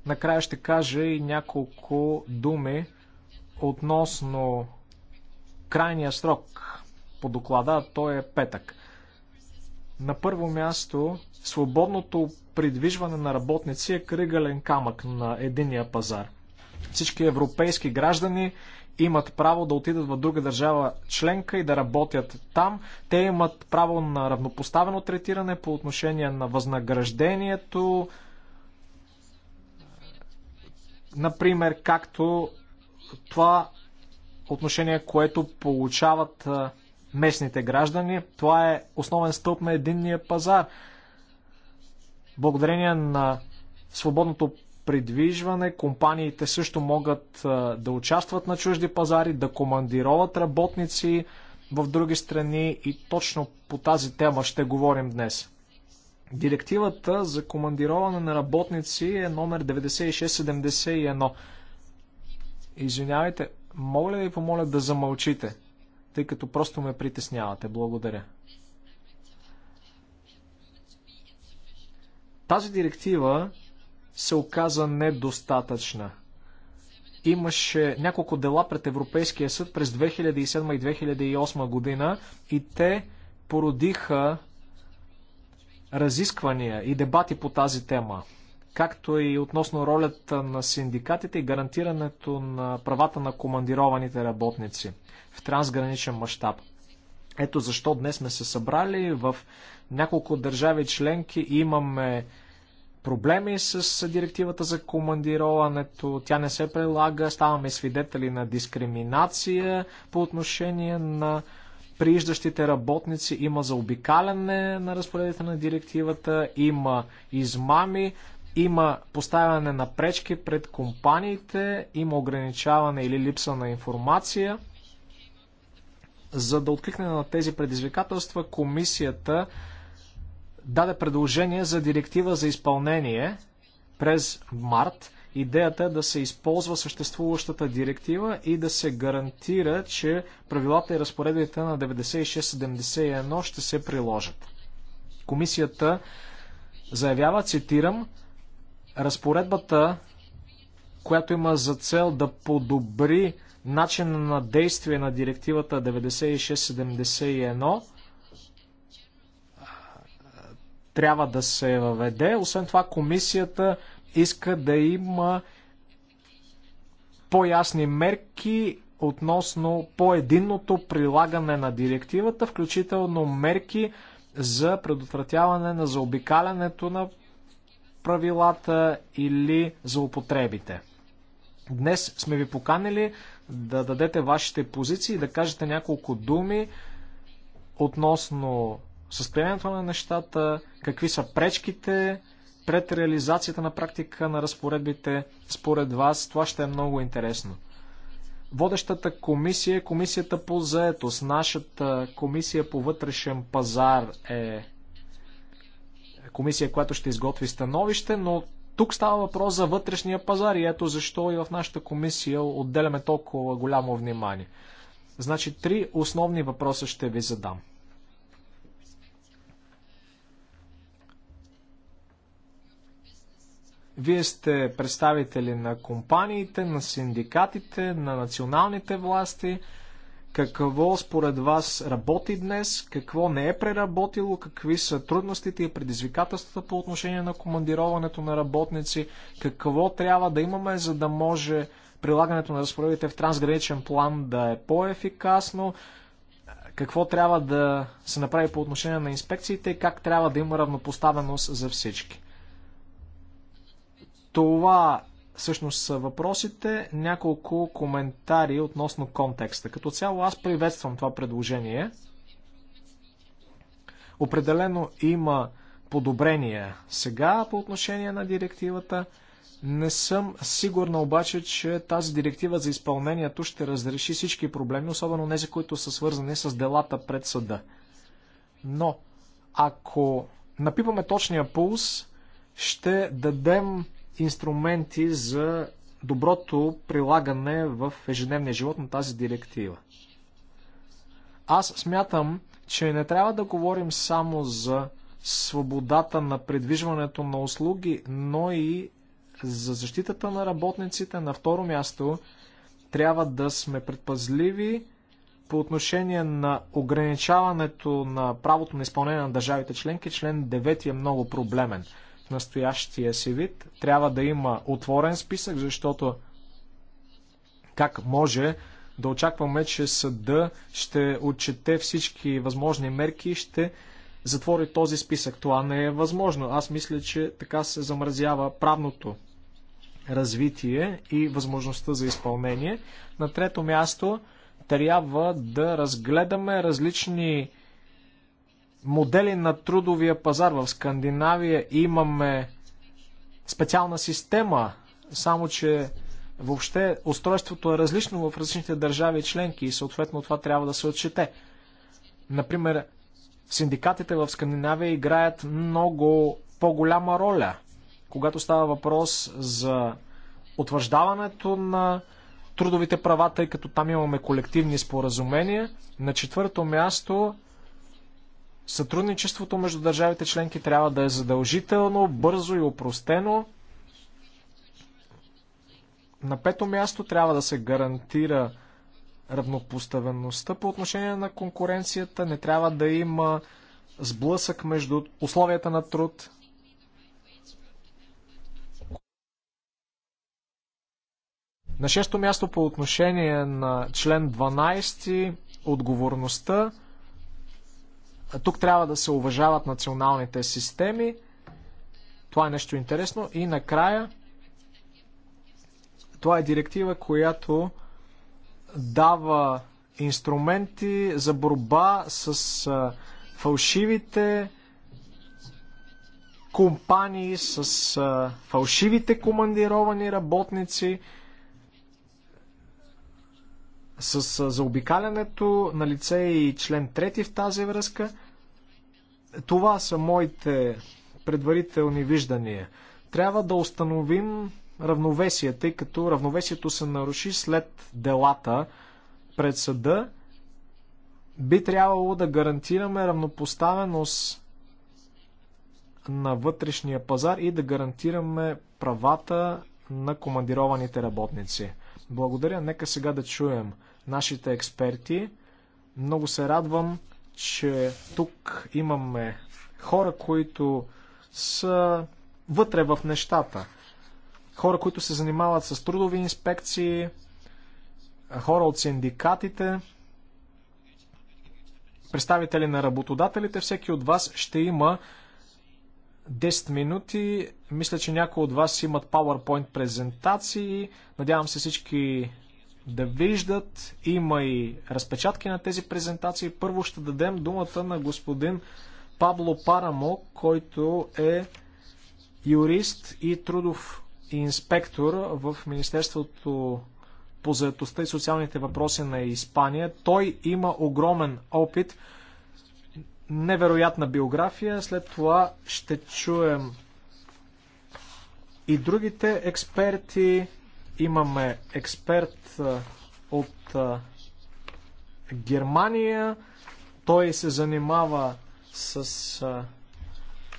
Накрая ще кажа и няколко думи относно крайния срок по доклада, то е петък. На първо място, свободното придвижване на работници е кръгален камък на единия пазар. Всички европейски граждани имат право да отидат в друга държава членка и да работят там. Те имат право на равнопоставено третиране по отношение на възнаграждението, например, както това отношение, което получават местните граждани. Това е основен стълб на единния пазар. Благодарение на свободното придвижване. Компаниите също могат да участват на чужди пазари, да командироват работници в други страни и точно по тази тема ще говорим днес. Директивата за командироване на работници е номер 9671. Извинявайте, мога ли да ви помоля да замълчите, тъй като просто ме притеснявате. Благодаря. Тази директива се оказа недостатъчна. Имаше няколко дела пред Европейския съд през 2007 и 2008 година и те породиха разисквания и дебати по тази тема, както и относно ролята на синдикатите и гарантирането на правата на командированите работници в трансграничен мащаб. Ето защо днес сме се събрали в няколко държави членки имаме проблеми с директивата за командироването. Тя не се прилага. Ставаме свидетели на дискриминация по отношение на прииждащите работници. Има заобикаляне на разпоредите на директивата. Има измами. Има поставяне на пречки пред компаниите. Има ограничаване или липса на информация. За да откликне на тези предизвикателства, комисията даде предложение за директива за изпълнение през март. Идеята е да се използва съществуващата директива и да се гарантира, че правилата и разпоредбите на 96-71 ще се приложат. Комисията заявява, цитирам, разпоредбата, която има за цел да подобри начина на действие на директивата 9671, трябва да се въведе. Освен това, комисията иска да има по-ясни мерки относно по-единното прилагане на директивата, включително мерки за предотвратяване на заобикалянето на правилата или злоупотребите. Днес сме ви поканили да дадете вашите позиции, да кажете няколко думи относно състоянието на нещата, какви са пречките пред реализацията на практика на разпоредбите. Според вас това ще е много интересно. Водещата комисия е комисията по заетост. Нашата комисия по вътрешен пазар е комисия, която ще изготви становище, но тук става въпрос за вътрешния пазар и ето защо и в нашата комисия отделяме толкова голямо внимание. Значи три основни въпроса ще ви задам. Вие сте представители на компаниите, на синдикатите, на националните власти. Какво според вас работи днес, какво не е преработило, какви са трудностите и предизвикателствата по отношение на командироването на работници, какво трябва да имаме, за да може прилагането на разпоредите в трансграничен план да е по-ефикасно, какво трябва да се направи по отношение на инспекциите и как трябва да има равнопоставеност за всички. Това всъщност са въпросите. Няколко коментари относно контекста. Като цяло аз приветствам това предложение. Определено има подобрения сега по отношение на директивата. Не съм сигурна обаче, че тази директива за изпълнението ще разреши всички проблеми, особено тези, които са свързани с делата пред съда. Но ако напипаме точния пулс, ще дадем инструменти за доброто прилагане в ежедневния живот на тази директива. Аз смятам, че не трябва да говорим само за свободата на предвижването на услуги, но и за защитата на работниците. На второ място трябва да сме предпазливи по отношение на ограничаването на правото на изпълнение на държавите членки. Член 9 е много проблемен настоящия си вид. Трябва да има отворен списък, защото как може да очакваме, че съда ще отчете всички възможни мерки и ще затвори този списък. Това не е възможно. Аз мисля, че така се замразява правното развитие и възможността за изпълнение. На трето място трябва да разгледаме различни модели на трудовия пазар. В Скандинавия имаме специална система, само че въобще устройството е различно в различните държави и членки и съответно това трябва да се отчете. Например, синдикатите в Скандинавия играят много по-голяма роля, когато става въпрос за утвърждаването на трудовите права, тъй като там имаме колективни споразумения. На четвърто място Сътрудничеството между държавите членки трябва да е задължително, бързо и опростено. На пето място трябва да се гарантира равнопоставеността по отношение на конкуренцията. Не трябва да има сблъсък между условията на труд. На шесто място по отношение на член 12 отговорността тук трябва да се уважават националните системи. Това е нещо интересно. И накрая, това е директива, която дава инструменти за борба с фалшивите компании, с фалшивите командировани работници. С заобикалянето на лице и член 3 в тази връзка, това са моите предварителни виждания. Трябва да установим равновесие, тъй като равновесието се наруши след делата пред съда. Би трябвало да гарантираме равнопоставеност на вътрешния пазар и да гарантираме правата на командированите работници. Благодаря. Нека сега да чуем нашите експерти. Много се радвам, че тук имаме хора, които са вътре в нещата. Хора, които се занимават с трудови инспекции, хора от синдикатите, представители на работодателите. Всеки от вас ще има 10 минути. Мисля, че някои от вас имат PowerPoint презентации. Надявам се всички да виждат. Има и разпечатки на тези презентации. Първо ще дадем думата на господин Пабло Парамо, който е юрист и трудов инспектор в Министерството по заедостта и социалните въпроси на Испания. Той има огромен опит, невероятна биография. След това ще чуем и другите експерти, Имаме експерт от Германия. Той се занимава с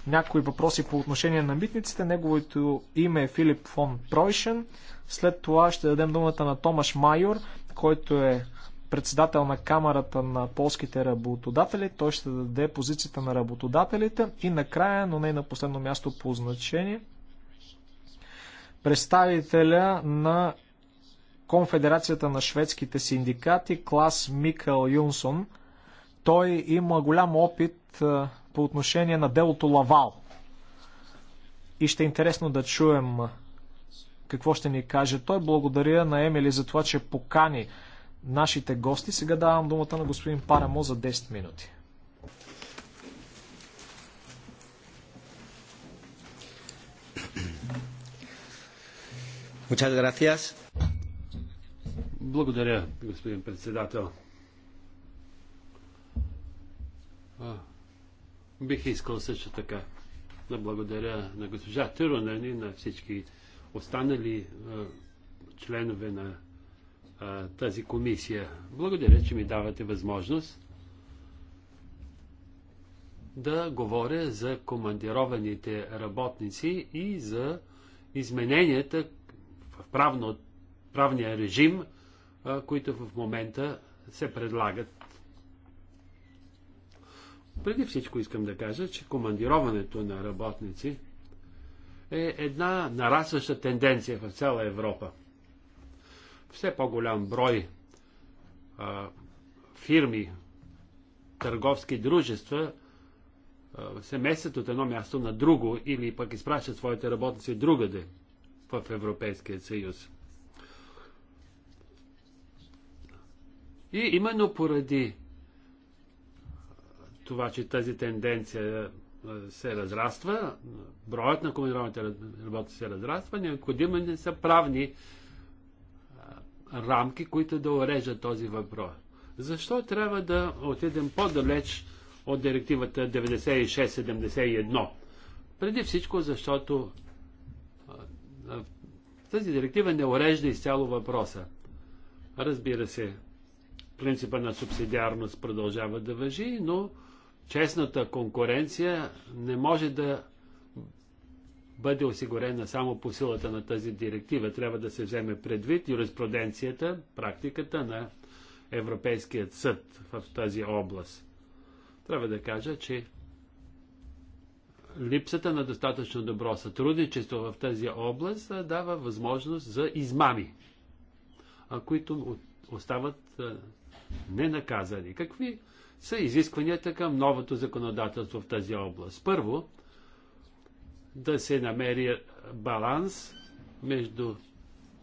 някои въпроси по отношение на митниците. Неговото име е Филип фон Пройшен. След това ще дадем думата на Томаш Майор, който е председател на Камерата на полските работодатели. Той ще даде позицията на работодателите и накрая, но не на последно място по значение, представителя на Конфедерацията на шведските синдикати Клас Микъл Юнсон. Той има голям опит по отношение на делото Лавал. И ще е интересно да чуем какво ще ни каже той. Благодаря на Емили за това, че покани нашите гости. Сега давам думата на господин Парамо за 10 минути. *clears throat* *clears throat* Благодаря, господин председател. бих искал също така да благодаря на госпожа Тиронен и на всички останали членове на тази комисия. Благодаря, че ми давате възможност да говоря за командированите работници и за измененията, правно, правния режим, които в момента се предлагат. Преди всичко искам да кажа, че командироването на работници е една нарастваща тенденция в цяла Европа. Все по-голям брой а, фирми, търговски дружества а, се местят от едно място на друго или пък изпращат своите работници другаде в Европейския съюз. И именно поради това, че тази тенденция се разраства, броят на командированите работи се разраства, необходимо не са правни рамки, които да урежат този въпрос. Защо трябва да отидем по-далеч от директивата 96-71? Преди всичко, защото тази директива не урежда изцяло въпроса. Разбира се, принципа на субсидиарност продължава да въжи, но честната конкуренция не може да бъде осигурена само по силата на тази директива. Трябва да се вземе предвид юриспруденцията, практиката на Европейският съд в тази област. Трябва да кажа, че липсата на достатъчно добро сътрудничество в тази област дава възможност за измами, които остават ненаказани. Какви са изискванията към новото законодателство в тази област? Първо, да се намери баланс между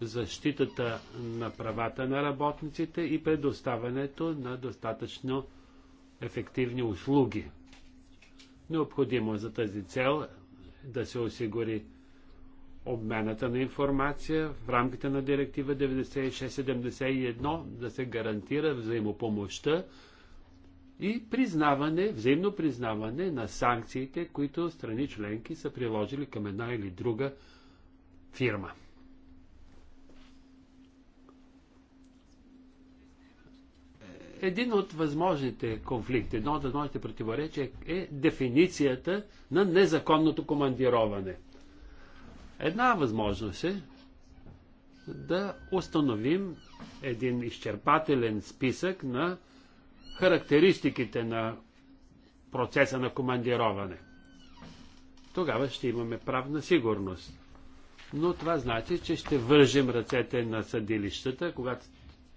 защитата на правата на работниците и предоставянето на достатъчно ефективни услуги Необходимо е за тази цел да се осигури обмената на информация в рамките на директива 9671, да се гарантира взаимопомощта и признаване, взаимно признаване на санкциите, които страни членки са приложили към една или друга фирма. един от възможните конфликти, едно от възможните противоречия е дефиницията на незаконното командироване. Една възможност е да установим един изчерпателен списък на характеристиките на процеса на командироване. Тогава ще имаме правна сигурност. Но това значи, че ще вържем ръцете на съдилищата, когато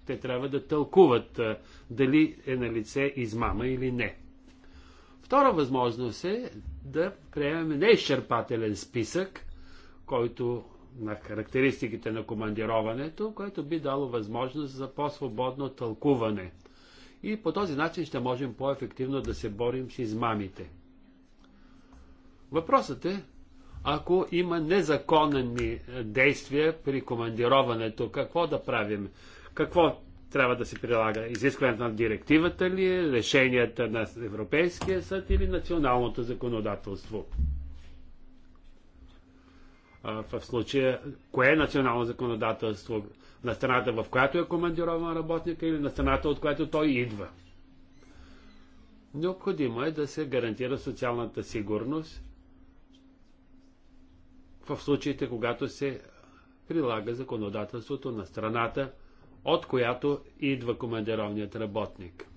те трябва да тълкуват дали е на лице измама или не. Втора възможност е да приемем неизчерпателен списък, който на характеристиките на командироването, което би дало възможност за по-свободно тълкуване. И по този начин ще можем по-ефективно да се борим с измамите. Въпросът е, ако има незаконни действия при командироването, какво да правим? Какво трябва да се прилага? Изискването на директивата ли е, решенията на Европейския съд или националното законодателство? в случая, кое е национално законодателство? На страната, в която е командирован работника или на страната, от която той идва? Необходимо е да се гарантира социалната сигурност в случаите, когато се прилага законодателството на страната, от която идва командировният работник.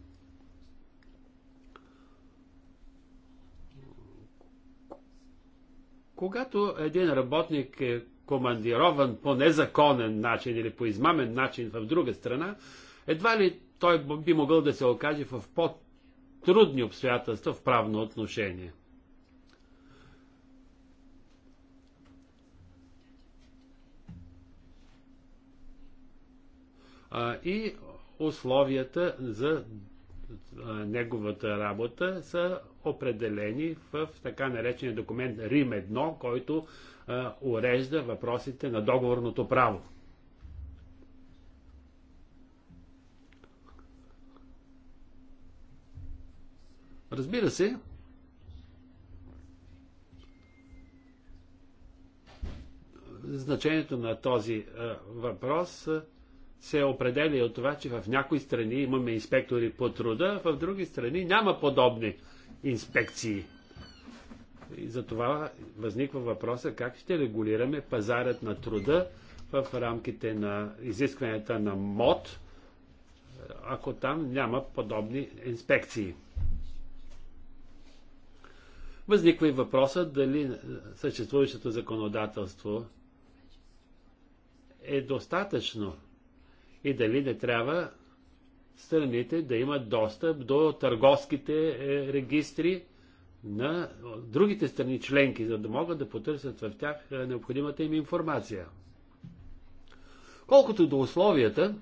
Когато един работник е командирован по незаконен начин или по измамен начин в друга страна, едва ли той би могъл да се окаже в по-трудни обстоятелства в правно отношение – и условията за неговата работа са определени в така наречения документ Рим 1, който а, урежда въпросите на договорното право. Разбира се, значението на този а, въпрос а, се определя от това, че в някои страни имаме инспектори по труда, в други страни няма подобни инспекции. И това възниква въпроса как ще регулираме пазарът на труда в рамките на изискванията на МОД, ако там няма подобни инспекции. Възниква и въпроса дали съществуващото законодателство е достатъчно и дали не трябва страните да имат достъп до търговските е, регистри на другите страни членки, за да могат да потърсят в тях е, необходимата им информация. Колкото до условията,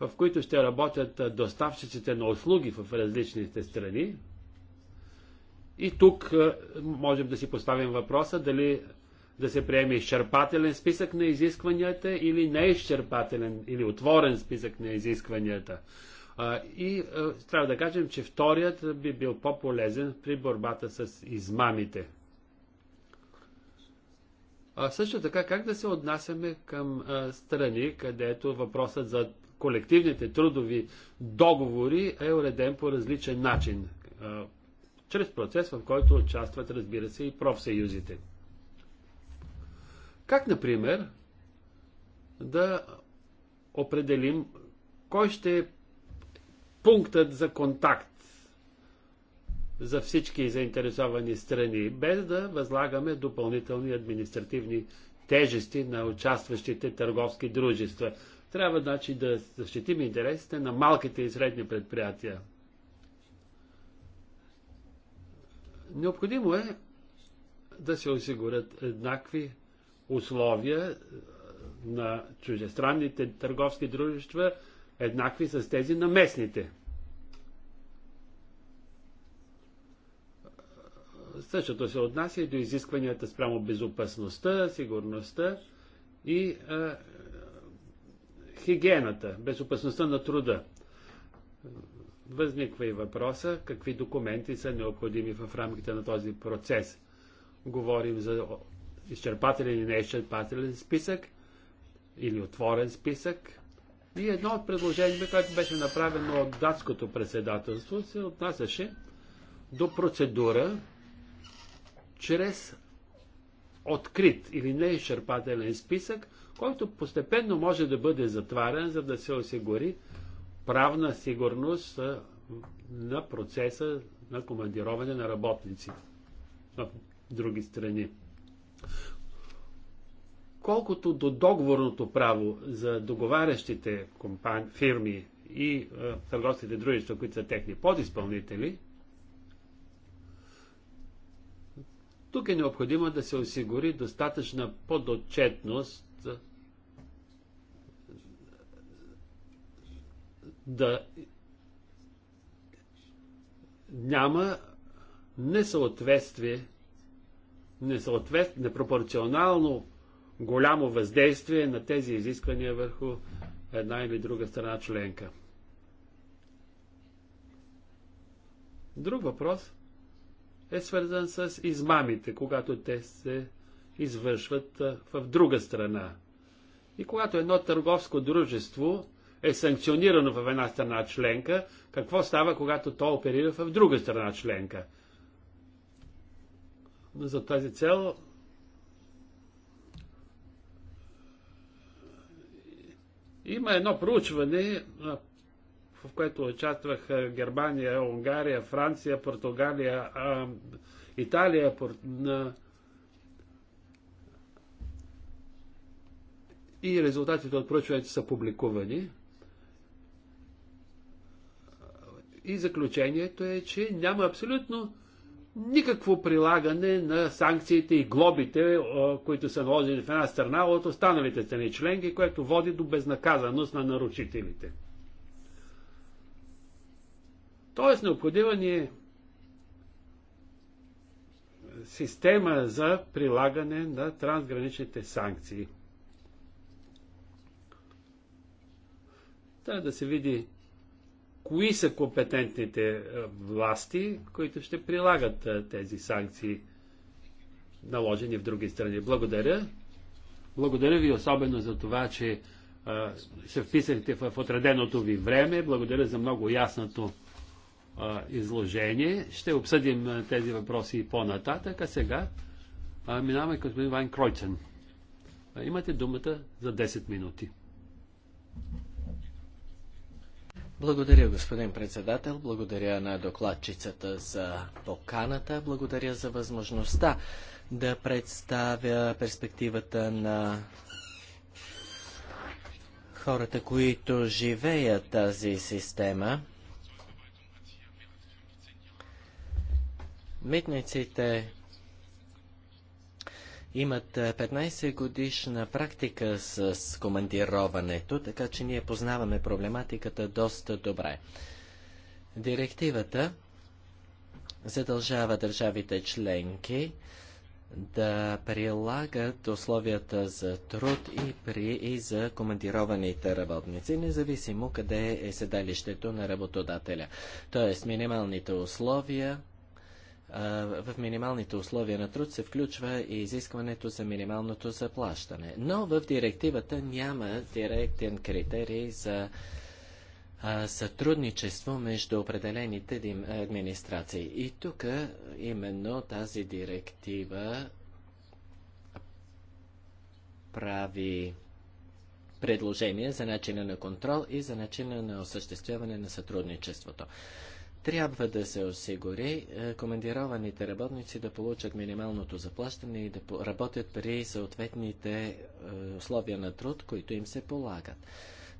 в които ще работят е, доставчиците на услуги в различните страни. И тук можем да си поставим въпроса дали да се приеме изчерпателен списък на изискванията или неизчерпателен или отворен списък на изискванията. и трябва да кажем, че вторият би бил по-полезен при борбата с измамите. А също така, как да се отнасяме към страни, където въпросът за колективните трудови договори е уреден по различен начин, чрез процес, в който участват, разбира се, и профсъюзите. Как, например, да определим кой ще е пунктът за контакт за всички заинтересовани страни, без да възлагаме допълнителни административни тежести на участващите търговски дружества. Трябва значи да защитим интересите на малките и средни предприятия. Необходимо е да се осигурят еднакви условия на чужестранните търговски дружества еднакви с тези на местните. Същото се отнася и до изискванията спрямо безопасността, сигурността и а, хигиената, безопасността на труда. Възниква и въпроса какви документи са необходими в рамките на този процес. Говорим за изчерпателен и неизчерпателен списък или отворен списък. И едно от предложението, което беше направено от датското председателство, се отнасяше до процедура чрез открит или неизчерпателен списък, който постепенно може да бъде затварен, за да се осигури правна сигурност на процеса на командироване на работници в други страни. Колкото до договорното право за договарящите компани... фирми и е, търговските дружества, които са техни подизпълнители, тук е необходимо да се осигури достатъчна подотчетност е, да няма несъответствие несъответ, непропорционално голямо въздействие на тези изисквания върху една или друга страна членка. Друг въпрос е свързан с измамите, когато те се извършват в друга страна. И когато едно търговско дружество е санкционирано в една страна членка, какво става, когато то оперира в друга страна членка? за тази цел има едно проучване, в което участвах Германия, Унгария, Франция, Португалия, Италия, и резултатите от проучването са публикувани. И заключението е, че няма абсолютно никакво прилагане на санкциите и глобите, които са наложени в една страна от останалите страни членки, което води до безнаказаност на нарушителите. Тоест необходима ни е система за прилагане на трансграничните санкции. Трябва да се види кои са компетентните е, власти, които ще прилагат е, тези санкции, наложени в други страни. Благодаря. Благодаря ви особено за това, че е, се вписахте в отреденото ви време. Благодаря за много ясното изложение. Ще обсъдим тези въпроси и по-нататък, а сега минаваме към господин Вайн Кройцен. Имате думата за 10 минути. Благодаря, господин председател. Благодаря на докладчицата за поканата. Благодаря за възможността да представя перспективата на хората, които живеят тази система. Митниците имат 15 е, годишна практика с командироването, така че ние познаваме проблематиката доста добре. Директивата задължава държавите членки да прилагат условията за труд и при и за командированите работници, независимо къде е седалището на работодателя. Тоест минималните условия в минималните условия на труд се включва и изискването за минималното заплащане. Но в директивата няма директен критерий за сътрудничество между определените администрации. И тук именно тази директива прави предложения за начина на контрол и за начина на осъществяване на сътрудничеството. Трябва да се осигури е, командированите работници да получат минималното заплащане и да работят при съответните е, условия на труд, които им се полагат.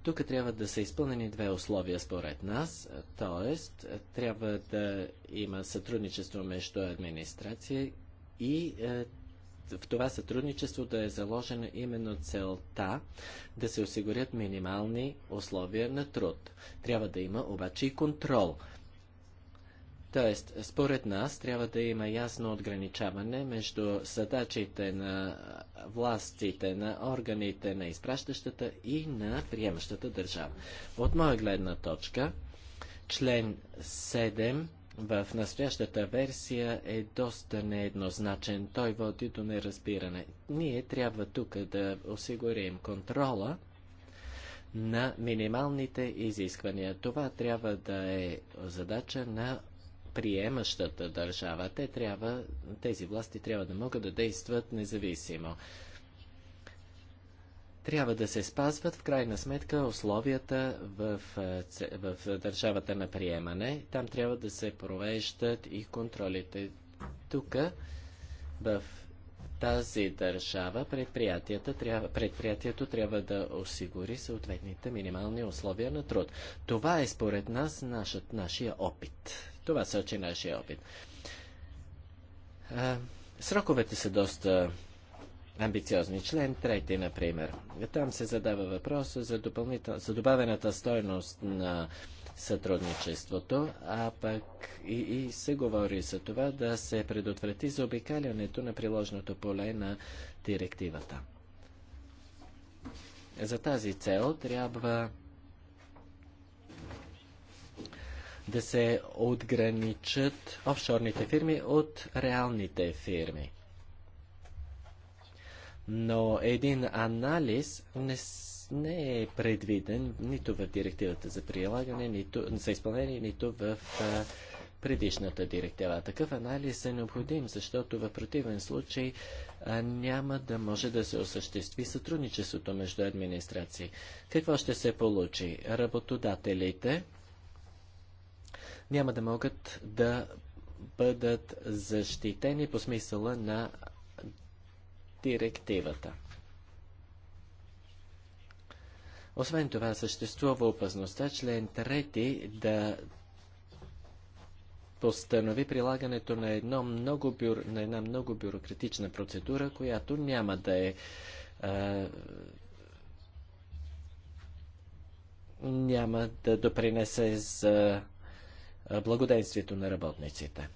Тук трябва да са изпълнени две условия според нас, т.е. Е, трябва да има сътрудничество между администрация и в това сътрудничество да е заложена именно целта да се осигурят минимални условия на труд. Трябва да има обаче и контрол Тоест, според нас трябва да има ясно ограничаване между задачите на властите, на органите на изпращащата и на приемащата държава. От моя гледна точка, член 7 в настоящата версия е доста нееднозначен. Той води до неразбиране. Ние трябва тук да осигурим контрола на минималните изисквания. Това трябва да е задача на приемащата държава. Те трябва, тези власти трябва да могат да действат независимо. Трябва да се спазват в крайна сметка условията в, е, в държавата на приемане. Там трябва да се провеждат и контролите. Тук в тази държава предприятията трябва, предприятието трябва да осигури съответните минимални условия на труд. Това е според нас нашия опит. Това сочи нашия опит. сроковете са доста амбициозни. Член 3, например. Там се задава въпрос за, допълнител... за добавената стойност на сътрудничеството, а пък и, и се говори за това да се предотврати за обикалянето на приложното поле на директивата. За тази цел трябва да се отграничат офшорните фирми от реалните фирми. Но един анализ не, не е предвиден нито в директивата за прилагане, нито за изпълнение, нито в предишната директива. Такъв анализ е необходим, защото в противен случай а, няма да може да се осъществи сътрудничеството между администрации. Какво ще се получи? Работодателите няма да могат да бъдат защитени по смисъла на директивата. Освен това, съществува опасността член 3 да постанови прилагането на, едно много бюр... на една много бюрократична процедура, която няма да е а... няма да допринесе за благоденствието на работниците.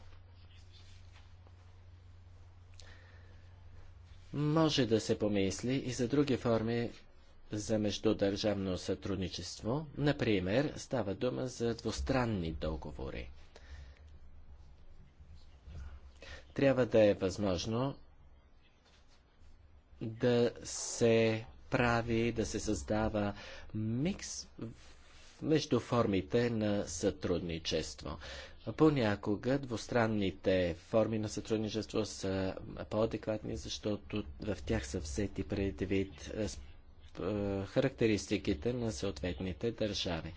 Може да се помисли и за други форми за междудържавно сътрудничество. Например, става дума за двустранни договори. Трябва да е възможно да се прави, да се създава микс между формите на сътрудничество. Понякога двустранните форми на сътрудничество са по-адекватни, защото в тях са взети предвид е, е, характеристиките на съответните държави.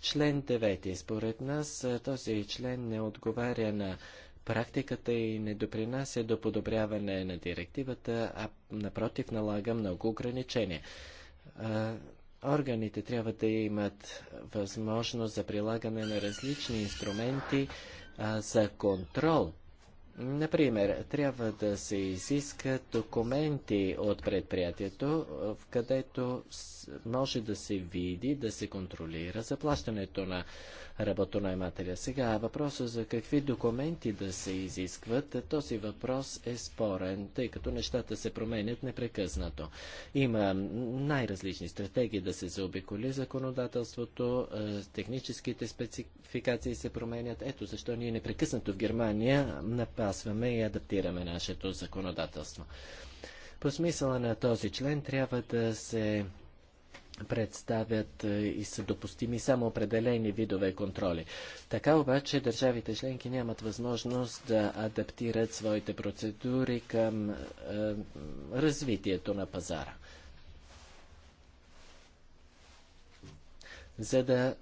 Член 9. Според нас е, този член не отговаря на практиката и не допринася до подобряване на директивата, а напротив налага много ограничения. Органите трябва да имат възможност за прилагане на различни инструменти а, за контрол. Например, трябва да се изискат документи от предприятието, в където може да се види, да се контролира заплащането на работонаймателя. Сега въпросът за какви документи да се изискват, този въпрос е спорен, тъй като нещата се променят непрекъснато. Има най-различни стратегии да се заобиколи законодателството, е, техническите спецификации се променят. Ето защо ние непрекъснато в Германия напасваме и адаптираме нашето законодателство. По смисъла на този член трябва да се представят е, и са допустими само определени видове контроли. Така обаче държавите членки нямат възможност да адаптират своите процедури към е, развитието на пазара. За да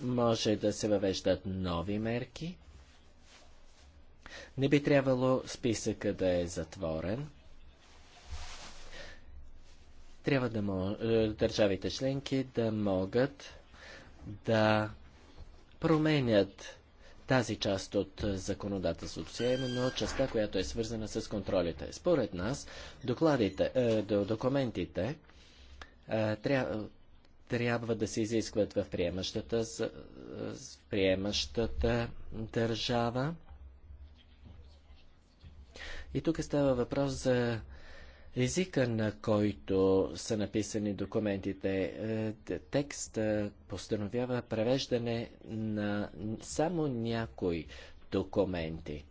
може да се въвеждат нови мерки, не би трябвало списъка да е затворен – трябва да мож... Е, държавите членки да могат да променят тази част от законодателството си, именно частта, която е свързана с контролите. Според нас, докладите, е, документите е, трябва трябва да се изискват в приемащата, в е, приемащата държава. И тук става въпрос за езика, на който са написани документите. Е, текст е, постановява превеждане на само някои документи.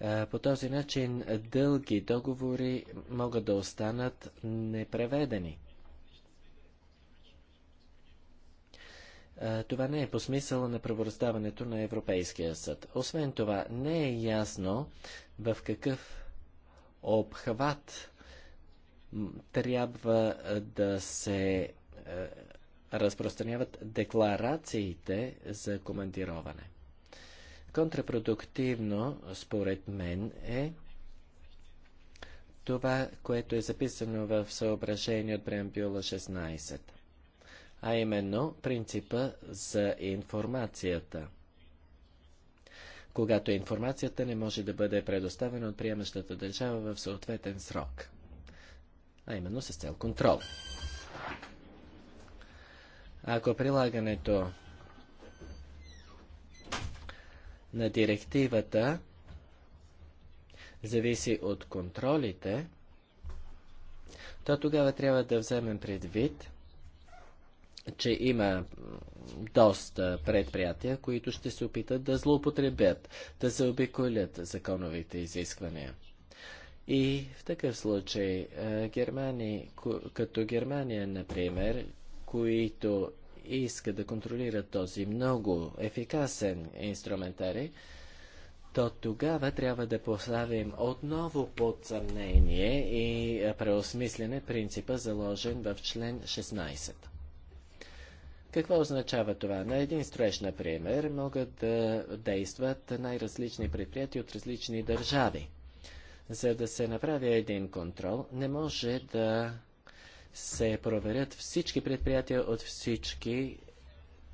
Е, по този начин дълги договори могат да останат непреведени. Това не е по смисъла на правораздаването на Европейския съд. Освен това, не е ясно в какъв обхват трябва да се разпространяват декларациите за командироване. Контрапродуктивно, според мен, е това, което е записано в съображение от преамбюла 16, а именно принципа за информацията – когато информацията не може да бъде предоставена от приемащата държава в съответен срок, а именно с цел контрол. Ако прилагането на директивата зависи от контролите, то тогава трябва да вземем предвид че има доста предприятия, които ще се опитат да злоупотребят, да заобиколят законовите изисквания. И в такъв случай Германия, като Германия, например, които иска да контролира този много ефикасен инструментарий, то тогава трябва да поставим отново под съмнение и преосмислене принципа заложен в член 16. Какво означава това? На един строеж, например, могат да действат най-различни предприятия от различни държави. За да се направи един контрол, не може да се проверят всички предприятия от всички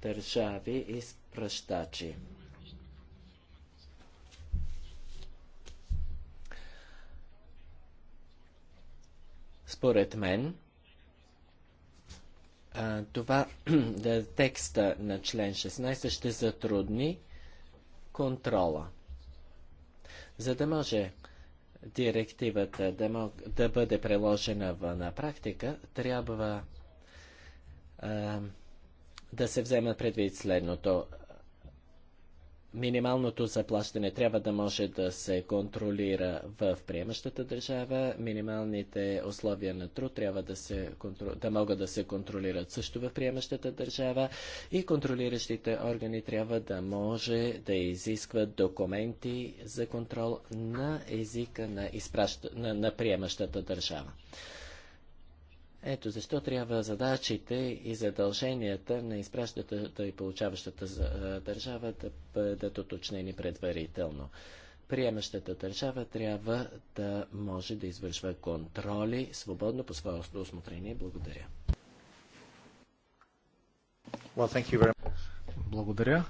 държави и пращачи. Според мен, това *clears throat* текста на член 16 ще затрудни контрола. За да може директивата да, мог, да бъде приложена на практика, трябва а, да се вземат предвид следното. Минималното заплащане трябва да може да се контролира в приемащата държава. Минималните условия на труд трябва да, се, да могат да се контролират също в приемащата държава. И контролиращите органи трябва да може да изискват документи за контрол на езика на, изпращ... на, на приемащата държава. Ето защо трябва задачите и задълженията на изпращата и получаващата държава да бъдат уточнени предварително. Приемащата държава трябва да може да извършва контроли свободно по своя осмотрение. Благодаря. Well, Благодаря.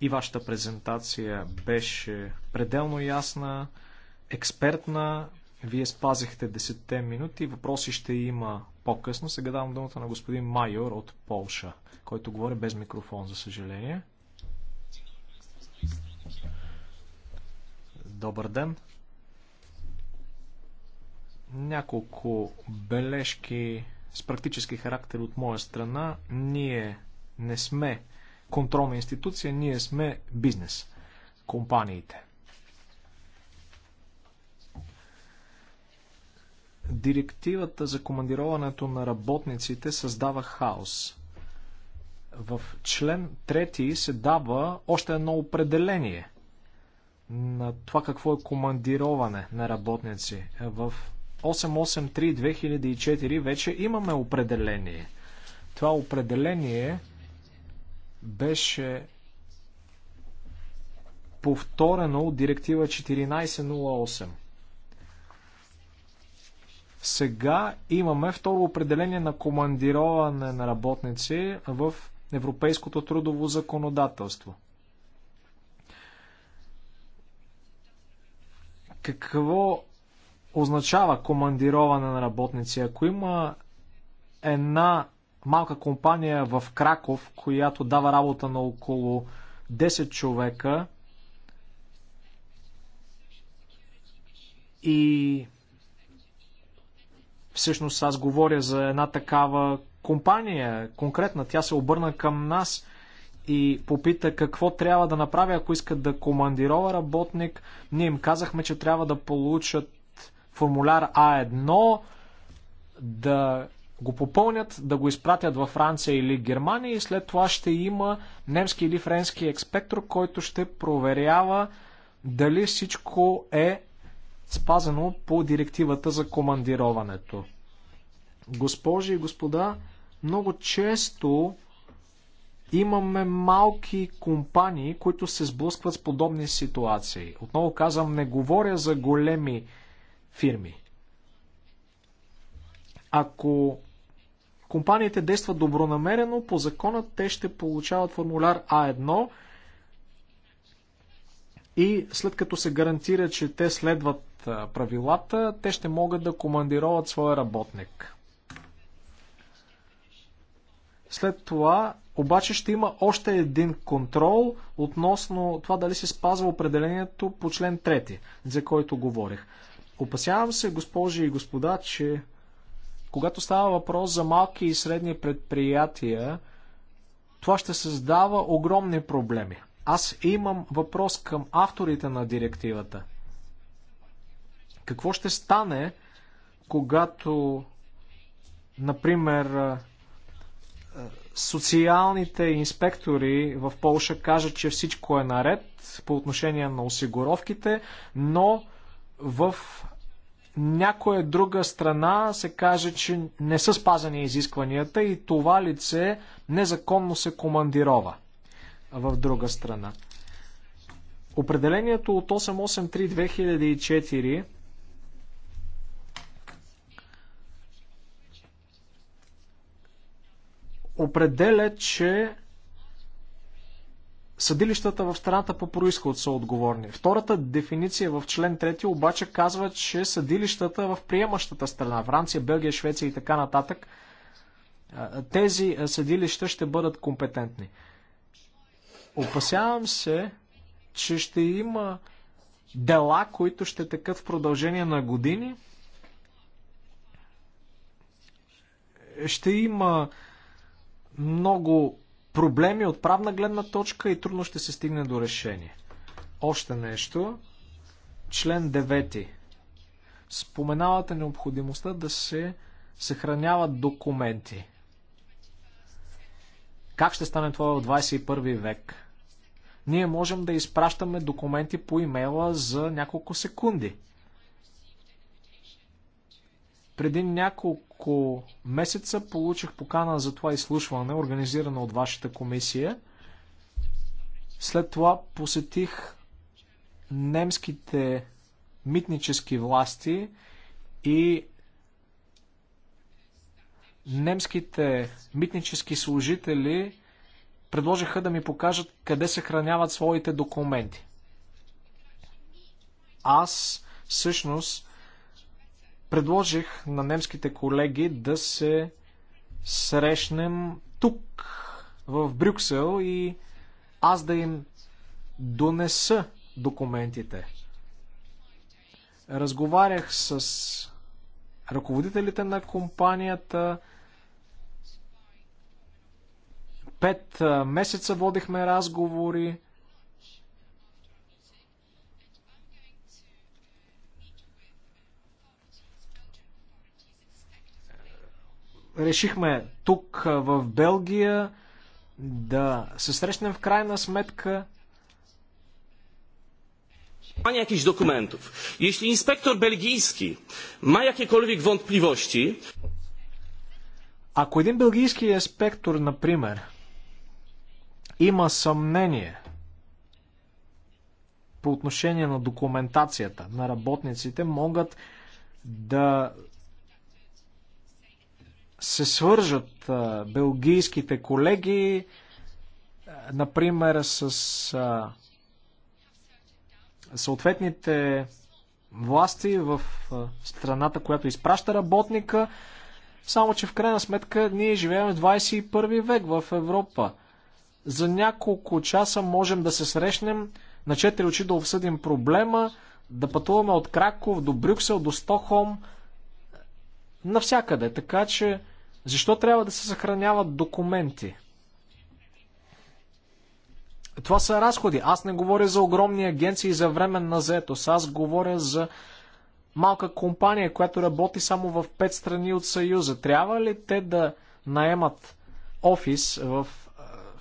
И вашата презентация беше пределно ясна, експертна, вие спазихте 10 минути. Въпроси ще има по-късно. Сега давам думата на господин Майор от Полша, който говори без микрофон, за съжаление. Добър ден! Няколко бележки с практически характер от моя страна. Ние не сме контролна институция, ние сме бизнес компаниите. Директивата за командироването на работниците създава хаос. В член 3 се дава още едно определение на това какво е командироване на работници. В 883-2004 вече имаме определение. Това определение беше повторено от директива 1408. Сега имаме второ определение на командироване на работници в европейското трудово законодателство. Какво означава командироване на работници? Ако има една малка компания в Краков, която дава работа на около 10 човека и Всъщност аз говоря за една такава компания, конкретна. Тя се обърна към нас и попита какво трябва да направя, ако искат да командирова работник. Ние им казахме, че трябва да получат формуляр А1, да го попълнят, да го изпратят във Франция или Германия и след това ще има немски или френски експектор, който ще проверява дали всичко е спазено по директивата за командироването. Госпожи и господа, много често имаме малки компании, които се сблъскват с подобни ситуации. Отново казвам, не говоря за големи фирми. Ако компаниите действат добронамерено, по закона те ще получават формуляр А1, и след като се гарантира, че те следват правилата, те ще могат да командироват своя работник. След това обаче ще има още един контрол относно това дали се спазва определението по член 3, за който говорих. Опасявам се, госпожи и господа, че когато става въпрос за малки и средни предприятия, това ще създава огромни проблеми. Аз имам въпрос към авторите на директивата. Какво ще стане, когато, например, социалните инспектори в Полша кажат, че всичко е наред по отношение на осигуровките, но в някоя друга страна се каже, че не са спазени изискванията и това лице незаконно се командирова в друга страна. Определението от 883-2004 определя, че съдилищата в страната по происход са отговорни. Втората дефиниция в член 3 обаче казва, че съдилищата в приемащата страна, Франция, Белгия, Швеция и така нататък, тези съдилища ще бъдат компетентни. Опасявам се, че ще има дела, които ще текат в продължение на години. Ще има много проблеми от правна гледна точка и трудно ще се стигне до решение. Още нещо. Член 9. Споменавате необходимостта да се съхраняват документи. Как ще стане това в 21 век? Ние можем да изпращаме документи по имейла за няколко секунди. Преди няколко месеца получих покана за това изслушване, организирано от вашата комисия. След това посетих немските митнически власти и немските митнически служители предложиха да ми покажат къде се храняват своите документи. Аз всъщност предложих на немските колеги да се срещнем тук, в Брюксел и аз да им донеса документите. Разговарях с ръководителите на компанията, Пет месеца водихме разговори. Решихме тук в Белгия да се срещнем в крайна сметка Pani jakichś dokumentów. Jeśli inspektor belgijski ma jakiekolwiek wątpliwości... A Ако belgijski inspektor, na przykład има съмнение по отношение на документацията на работниците, могат да се свържат белгийските колеги, например, с съответните власти в страната, която изпраща работника. Само, че в крайна сметка ние живеем в 21 век в Европа. За няколко часа можем да се срещнем, на четири очи да обсъдим проблема, да пътуваме от Краков до Брюксел, до Стохолм, навсякъде. Така че, защо трябва да се съхраняват документи? Това са разходи. Аз не говоря за огромни агенции за време на заетост. Аз говоря за малка компания, която работи само в пет страни от Съюза. Трябва ли те да наемат офис в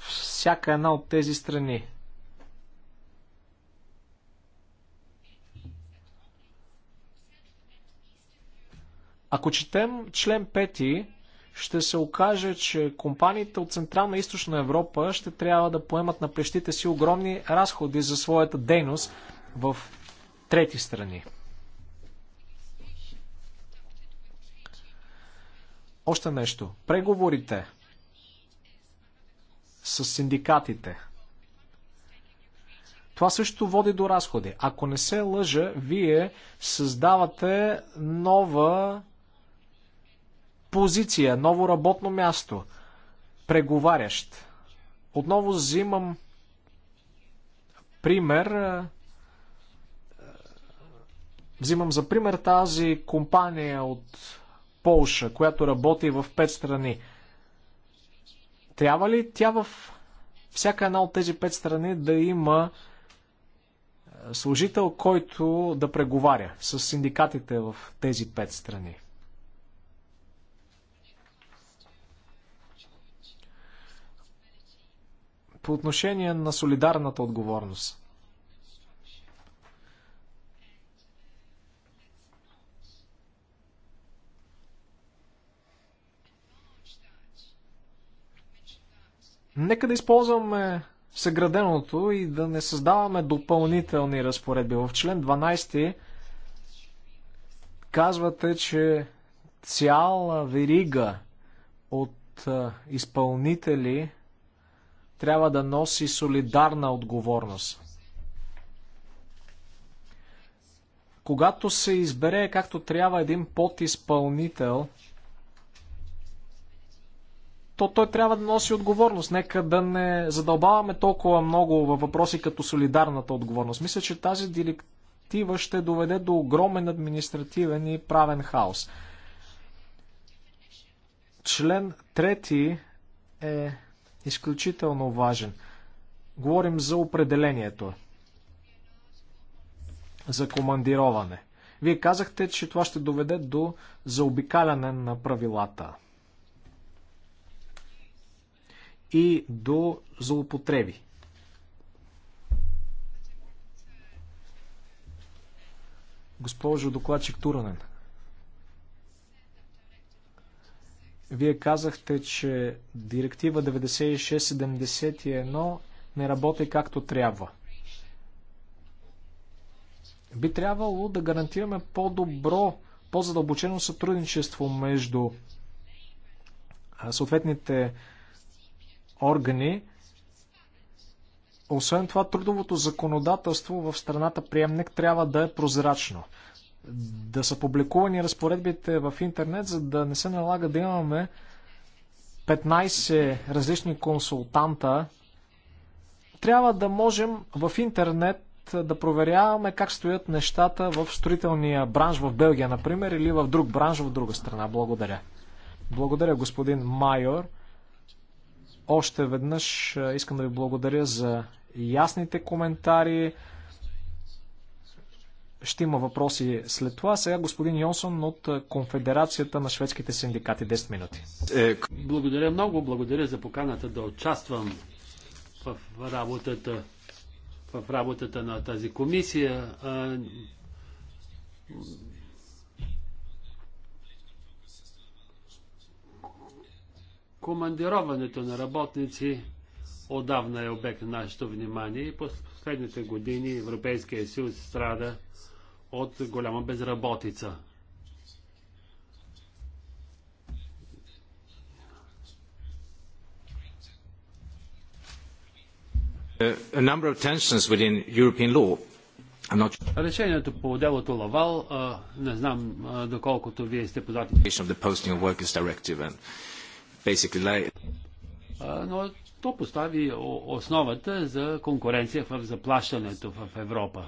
всяка една от тези страни. Ако четем член 5, ще се окаже, че компаниите от Централна и Източна Европа ще трябва да поемат на плещите си огромни разходи за своята дейност в трети страни. Още нещо. Преговорите с синдикатите. Това също води до разходи. Ако не се лъжа, вие създавате нова позиция, ново работно място, преговарящ. Отново взимам пример, взимам за пример тази компания от Полша, която работи в пет страни – трябва ли тя в всяка една от тези пет страни да има е, служител, който да преговаря с синдикатите в тези пет страни? По отношение на солидарната отговорност. Нека да използваме съграденото и да не създаваме допълнителни разпоредби. В член 12 казвате, че цяла верига от изпълнители трябва да носи солидарна отговорност. Когато се избере както трябва един подизпълнител, то той трябва да носи отговорност. Нека да не задълбаваме толкова много във въпроси като солидарната отговорност. Мисля, че тази директива ще доведе до огромен административен и правен хаос. Член трети е изключително важен. Говорим за определението за командироване. Вие казахте, че това ще доведе до заобикаляне на правилата и до злоупотреби. Госпожо докладчик Туранен, Вие казахте, че директива 9671 не работи както трябва. Би трябвало да гарантираме по-добро, по-задълбочено сътрудничество между съответните органи. Освен това, трудовото законодателство в страната приемник трябва да е прозрачно. Да са публикувани разпоредбите в интернет, за да не се налага да имаме 15 различни консултанта. Трябва да можем в интернет да проверяваме как стоят нещата в строителния бранш в Белгия, например, или в друг бранш в друга страна. Благодаря. Благодаря, господин Майор. Още веднъж искам да ви благодаря за ясните коментари. Ще има въпроси след това. Сега господин Йонсон от Конфедерацията на шведските синдикати. 10 минути. Е, благодаря много. Благодаря за поканата да участвам в работата, в работата на тази комисия. Командироването на работници отдавна е обект на нашето внимание и последните години Европейския съюз страда от голяма безработица. Not... Решението по делото Лавал, не знам доколкото вие сте познати basically lay... Но то постави основата за конкуренция в заплащането в Европа.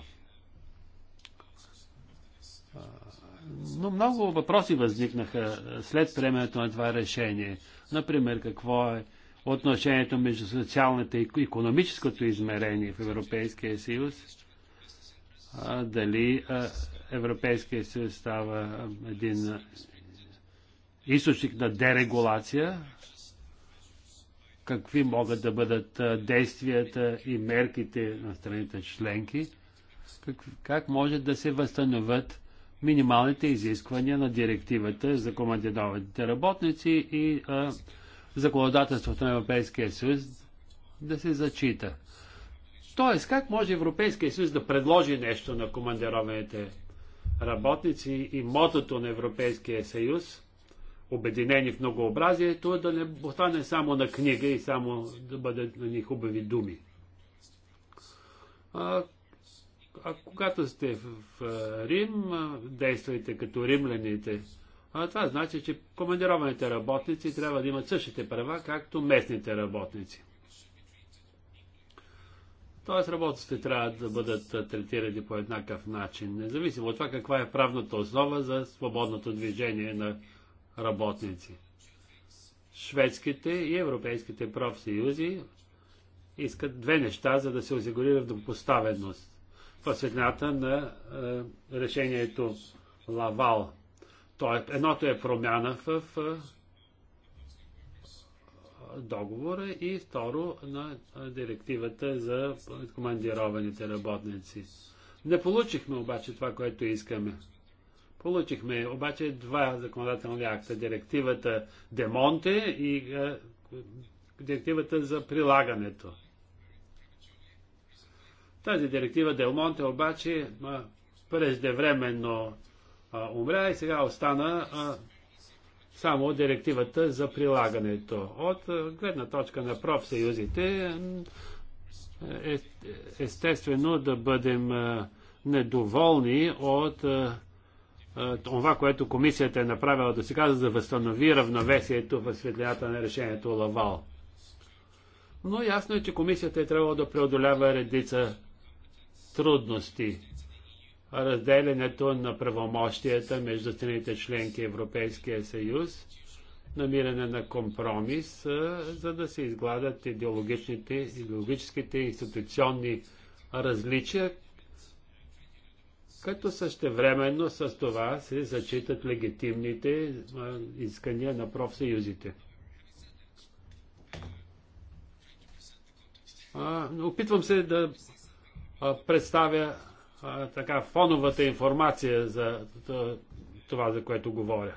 Но много въпроси възникнаха след приемането на това решение. Например, какво е отношението между социалното и економическото измерение в Европейския съюз? Дали Европейския съюз става един източник на дерегулация, какви могат да бъдат действията и мерките на страните членки, как, как може да се възстановят минималните изисквания на директивата за командированите работници и а, законодателството на Европейския съюз да се зачита. Тоест, как може Европейския съюз да предложи нещо на командированите работници и мотото на Европейския съюз обединени в многообразието, да не остане само на книга и само да бъдат на ни хубави думи. А, а когато сте в, в Рим, действайте като римляните. А това значи, че командированите работници трябва да имат същите права, както местните работници. Тоест работците трябва да бъдат третирани по еднакъв начин, независимо от това каква е правната основа за свободното движение на работници. Шведските и европейските профсъюзи искат две неща, за да се осигури равнопоставеност в светлината на е, решението Лавал. Тоест, едното е промяна в е, договора и второ на е, директивата за командированите работници. Не получихме обаче това, което искаме. Получихме обаче два законодателни акта. Директивата Демонте и е, директивата за прилагането. Тази директива Демонте обаче е, преждевременно е, умря и сега остана само директивата за прилагането. От гледна точка на профсъюзите е, естествено да бъдем недоволни от а, е, това, което комисията е направила до сега, за да възстанови равновесието в светлината на решението Лавал. Но ясно е, че комисията е трябвало да преодолява редица трудности. Разделянето на правомощията между страните членки Европейския съюз, намиране на компромис, е, за да се изгладат идеологичните, идеологическите институционни различия, като същевременно с това се зачитат легитимните искания на профсъюзите. Опитвам се да представя така фоновата информация за това, за което говоря.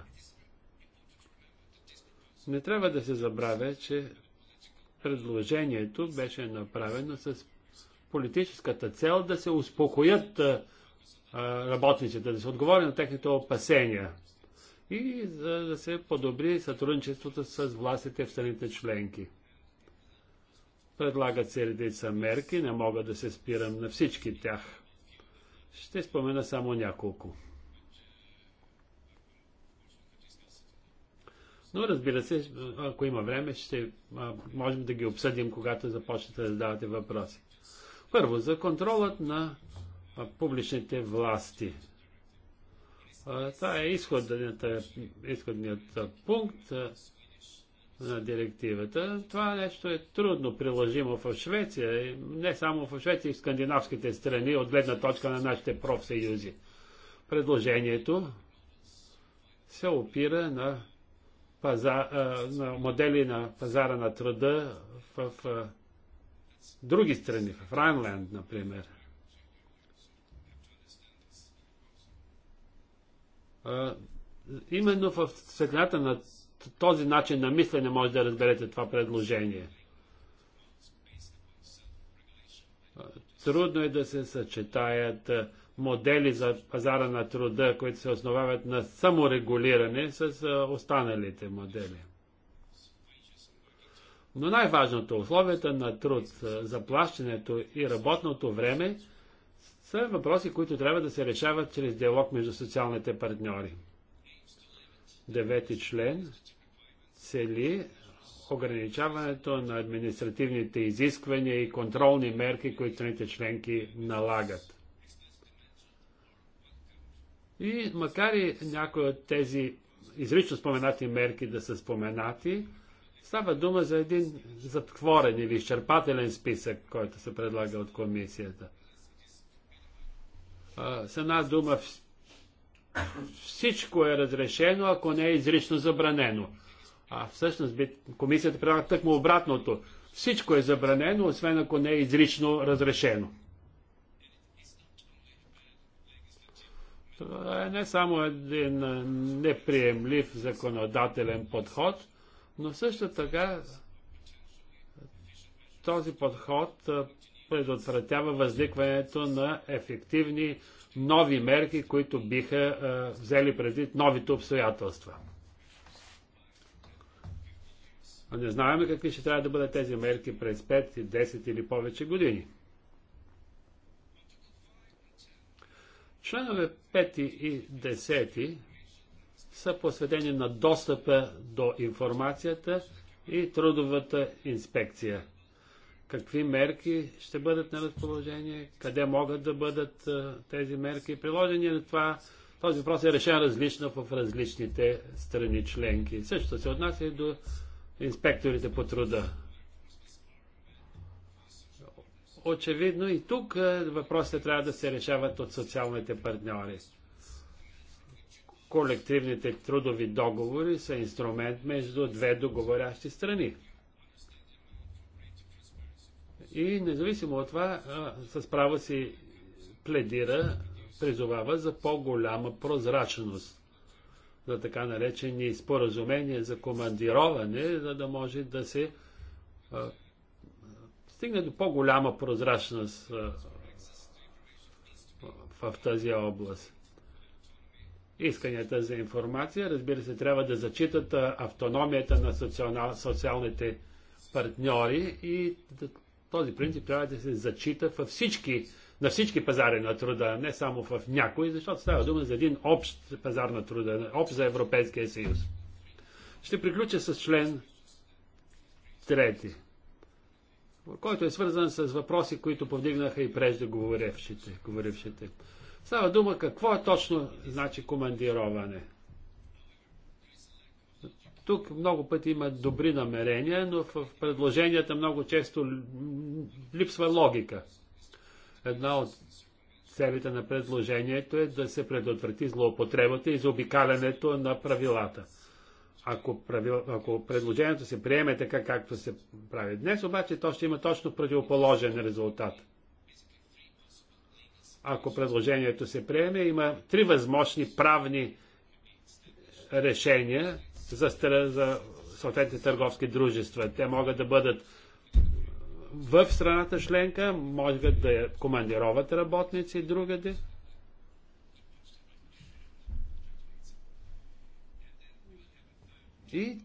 Не трябва да се забравя, че предложението беше направено с политическата цел да се успокоят работниците, да се отговори на техните опасения и за да се подобри сътрудничеството с властите в страните членки. Предлагат се редица мерки, не мога да се спирам на всички тях. Ще спомена само няколко. Но разбира се, ако има време, ще можем да ги обсъдим, когато започнете да задавате въпроси. Първо, за контролът на публичните власти. Това е изходният, е, изходният пункт на директивата. Това нещо е трудно приложимо в Швеция, не само в Швеция, и в скандинавските страни, от гледна точка на нашите профсъюзи. Предложението се опира на, паза, на модели на пазара на труда в други страни, в Райнленд, например. Именно в светлината на този начин на мислене може да разберете това предложение. Трудно е да се съчетаят модели за пазара на труда, които се основават на саморегулиране с останалите модели. Но най-важното условията на труд, заплащането и работното време – са въпроси, които трябва да се решават чрез диалог между социалните партньори. Девети член цели ограничаването на административните изисквания и контролни мерки, които страните членки налагат. И макар и някои от тези изрично споменати мерки да са споменати, става дума за един затворен или изчерпателен списък, който се предлага от комисията с една дума всичко е разрешено, ако не е изрично забранено. А всъщност комисията предлага тъкмо обратното. Всичко е забранено, освен ако не е изрично разрешено. Това е не само един неприемлив законодателен подход, но също така този подход предотвратява възникването на ефективни нови мерки, които биха а, взели предвид новите обстоятелства. А не знаем какви ще трябва да бъдат тези мерки през 5, 10 или повече години. Членове 5 и 10 са посветени на достъпа до информацията и трудовата инспекция – какви мерки ще бъдат на разположение, къде могат да бъдат тези мерки приложени на това. Този въпрос е решен различно в различните страни членки. Също се отнася и до инспекторите по труда. Очевидно и тук въпросите трябва да се решават от социалните партньори. Колективните трудови договори са инструмент между две договорящи страни. И независимо от това, а, с право си пледира, призовава за по-голяма прозрачност за така наречени споразумения за командироване, за да може да се а, стигне до по-голяма прозрачност а, в, в тази област. Исканията за информация, разбира се, трябва да зачитат автономията на социал, социалните партньори и този принцип трябва да се зачита във всички, на всички пазари на труда, не само в някои, защото става дума за един общ пазар на труда, общ за Европейския съюз. Ще приключа с член трети, който е свързан с въпроси, които повдигнаха и преждеговорившите. Става дума какво е точно значи командироване – тук много пъти има добри намерения, но в предложенията много често липсва логика. Една от целите на предложението е да се предотврати злоупотребата и заобикалянето на правилата. Ако, правил, ако предложението се приеме така, както се прави днес, обаче то ще има точно противоположен резултат. Ако предложението се приеме, има три възможни правни решения, за, за съответните търговски дружества. Те могат да бъдат в страната членка, могат да командироват работници другаде. И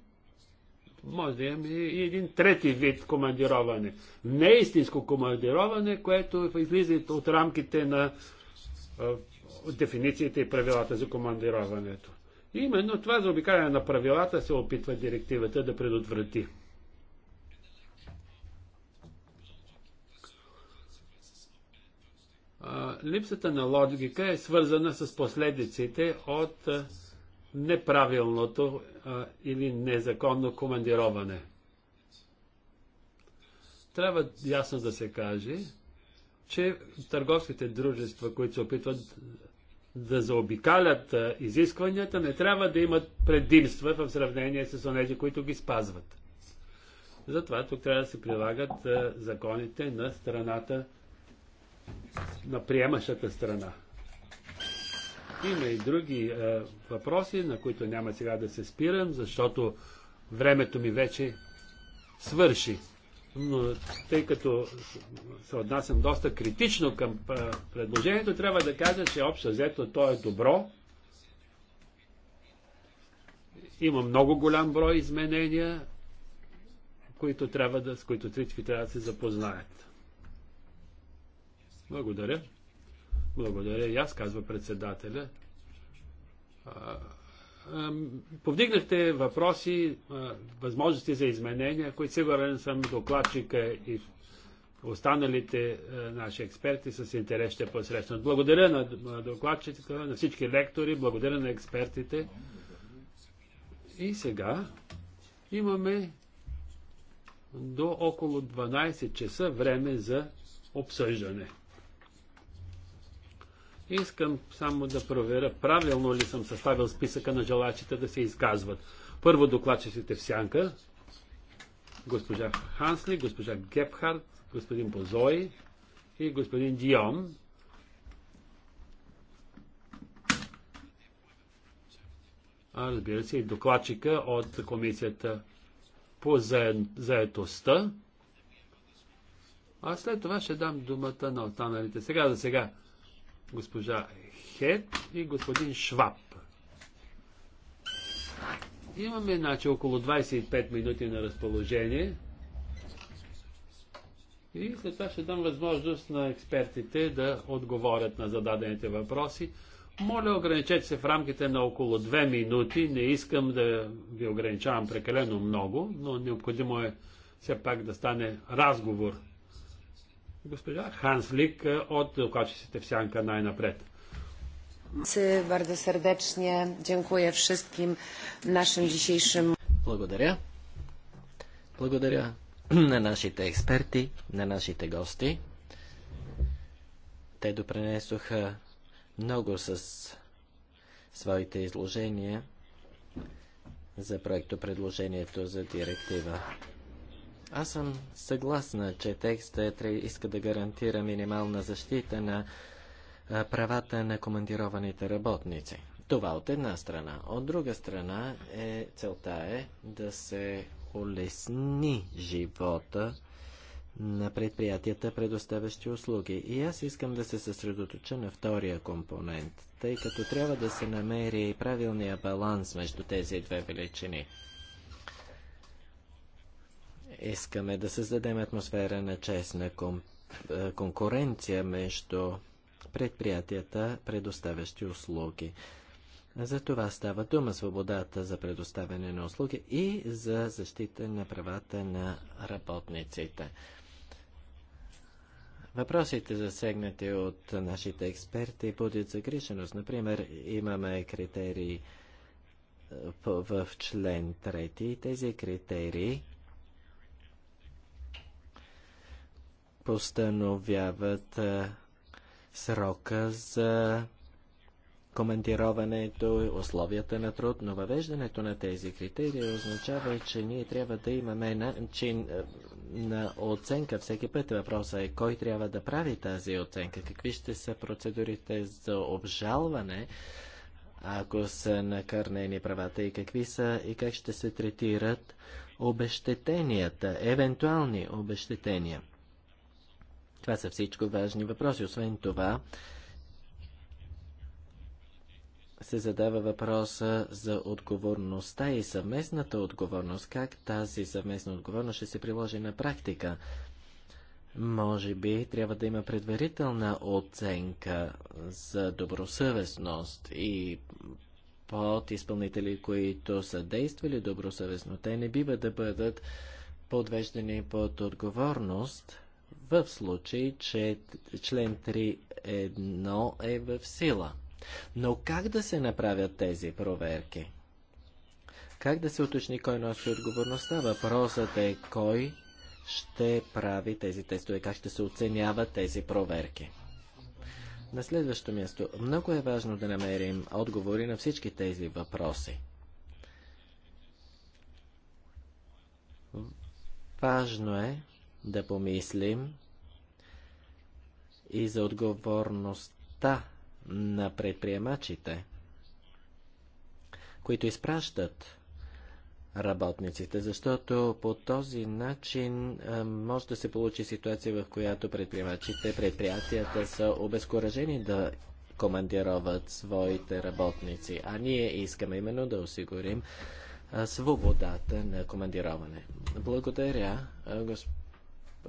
може да имаме и един трети вид командироване. Не истинско командироване, което излиза от рамките на дефиницията дефинициите и правилата за командироването. И именно това заобикаляне на правилата се опитва директивата да предотврати. липсата на логика е свързана с последиците от неправилното или незаконно командироване. Трябва ясно да се каже, че търговските дружества, които се опитват да заобикалят изискванията, не трябва да имат предимства в сравнение с онези, които ги спазват. Затова тук трябва да се прилагат законите на страната, на приемащата страна. Има и други е, въпроси, на които няма сега да се спирам, защото времето ми вече свърши но тъй като се отнасям доста критично към предложението, трябва да кажа, че общо взето то е добро. Има много голям брой изменения, които трябва да, с които трички трябва да се запознаят. Благодаря. Благодаря и аз, казва председателя повдигнахте въпроси, възможности за изменения, които сигурен съм докладчика и останалите наши експерти с интерес ще посрещнат. Благодаря на докладчика, на всички лектори, благодаря на експертите. И сега имаме до около 12 часа време за обсъждане. Искам само да проверя правилно ли съм съставил списъка на желачите да се изказват. Първо докладчиците в сянка. Госпожа Хансли, госпожа Гепхард, господин Бозой и господин Дион. А, разбира се, и докладчика от комисията по заетостта. А след това ще дам думата на останалите. Сега за сега госпожа Хет и господин Шваб. Имаме значи, около 25 минути на разположение. И след това ще дам възможност на експертите да отговорят на зададените въпроси. Моля, ограничете се в рамките на около 2 минути. Не искам да ви ограничавам прекалено много, но необходимо е все пак да стане разговор. Госпожа Ханслик е, от докладчиците в Сянка най-напред. Bardzo serdecznie dziękuję wszystkim naszym dzisiejszym. Благодаря. Благодаря на нашите експерти, на нашите гости. Те допренесоха много с своите изложения за проекто предложението за директива. Аз съм съгласна, че текстът е иска да гарантира минимална защита на правата на командированите работници. Това от една страна. От друга страна е, целта е да се улесни живота на предприятията, предоставящи услуги. И аз искам да се съсредоточа на втория компонент, тъй като трябва да се намери правилния баланс между тези две величини. Искаме да създадем атмосфера на честна е, конкуренция между предприятията, предоставящи услуги. За това става дума свободата за предоставяне на услуги и за защита на правата на работниците. Въпросите, засегнати от нашите експерти, будят загриженост. Например, имаме критерии е, в член 3. Тези критерии постановяват а, срока за и условията на труд, но въвеждането на тези критерии означава, че ние трябва да имаме начин на оценка. Всеки път въпросът е кой трябва да прави тази оценка, какви ще са процедурите за обжалване, ако са накърнени правата и какви са и как ще се третират обещетенията, евентуални обещетения. Това са всичко важни въпроси. Освен това, се задава въпроса за отговорността и съвместната отговорност. Как тази съвместна отговорност ще се приложи на практика? Може би трябва да има предварителна оценка за добросъвестност и под изпълнители, които са действали добросъвестно. Те не бива да бъдат подвеждани под отговорност в случай, че член 3.1 е в сила. Но как да се направят тези проверки? Как да се уточни кой носи отговорността? Въпросът е кой ще прави тези тестове, как ще се оценяват тези проверки. На следващо място, много е важно да намерим отговори на всички тези въпроси. Важно е да помислим и за отговорността на предприемачите, които изпращат работниците, защото по този начин а, може да се получи ситуация, в която предприемачите, предприятията са обезкуражени да командироват своите работници. А ние искаме именно да осигурим а, свободата на командироване. Благодаря, госп...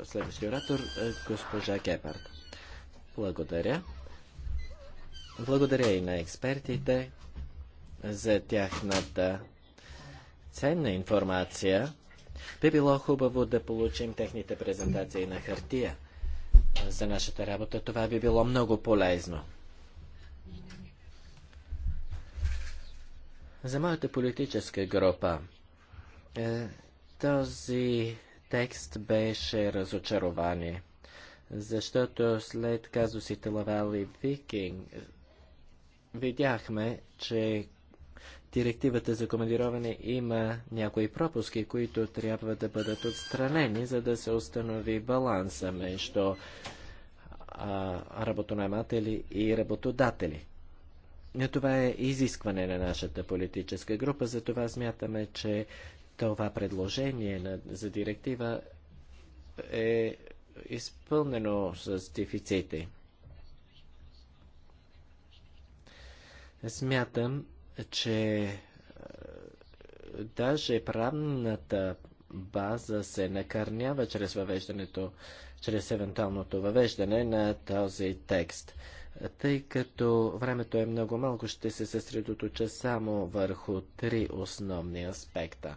следващия оратор, госпожа Кепард. Благодаря. Благодаря и на експертите за тяхната ценна информация. Би било хубаво да получим техните презентации на хартия. За нашата работа това би било много полезно. За моята политическа група е, този текст беше разочарование защото след казусите Лавал и Викинг видяхме, че директивата за командироване има някои пропуски, които трябва да бъдат отстранени, за да се установи баланса между а, и работодатели. Това е изискване на нашата политическа група, затова смятаме, че това предложение на, за директива е изпълнено с дефицити. Смятам, че е, даже правната база се накърнява чрез въвеждането, чрез евентуалното въвеждане на този текст. Тъй като времето е много малко, ще се съсредоточа само върху три основни аспекта.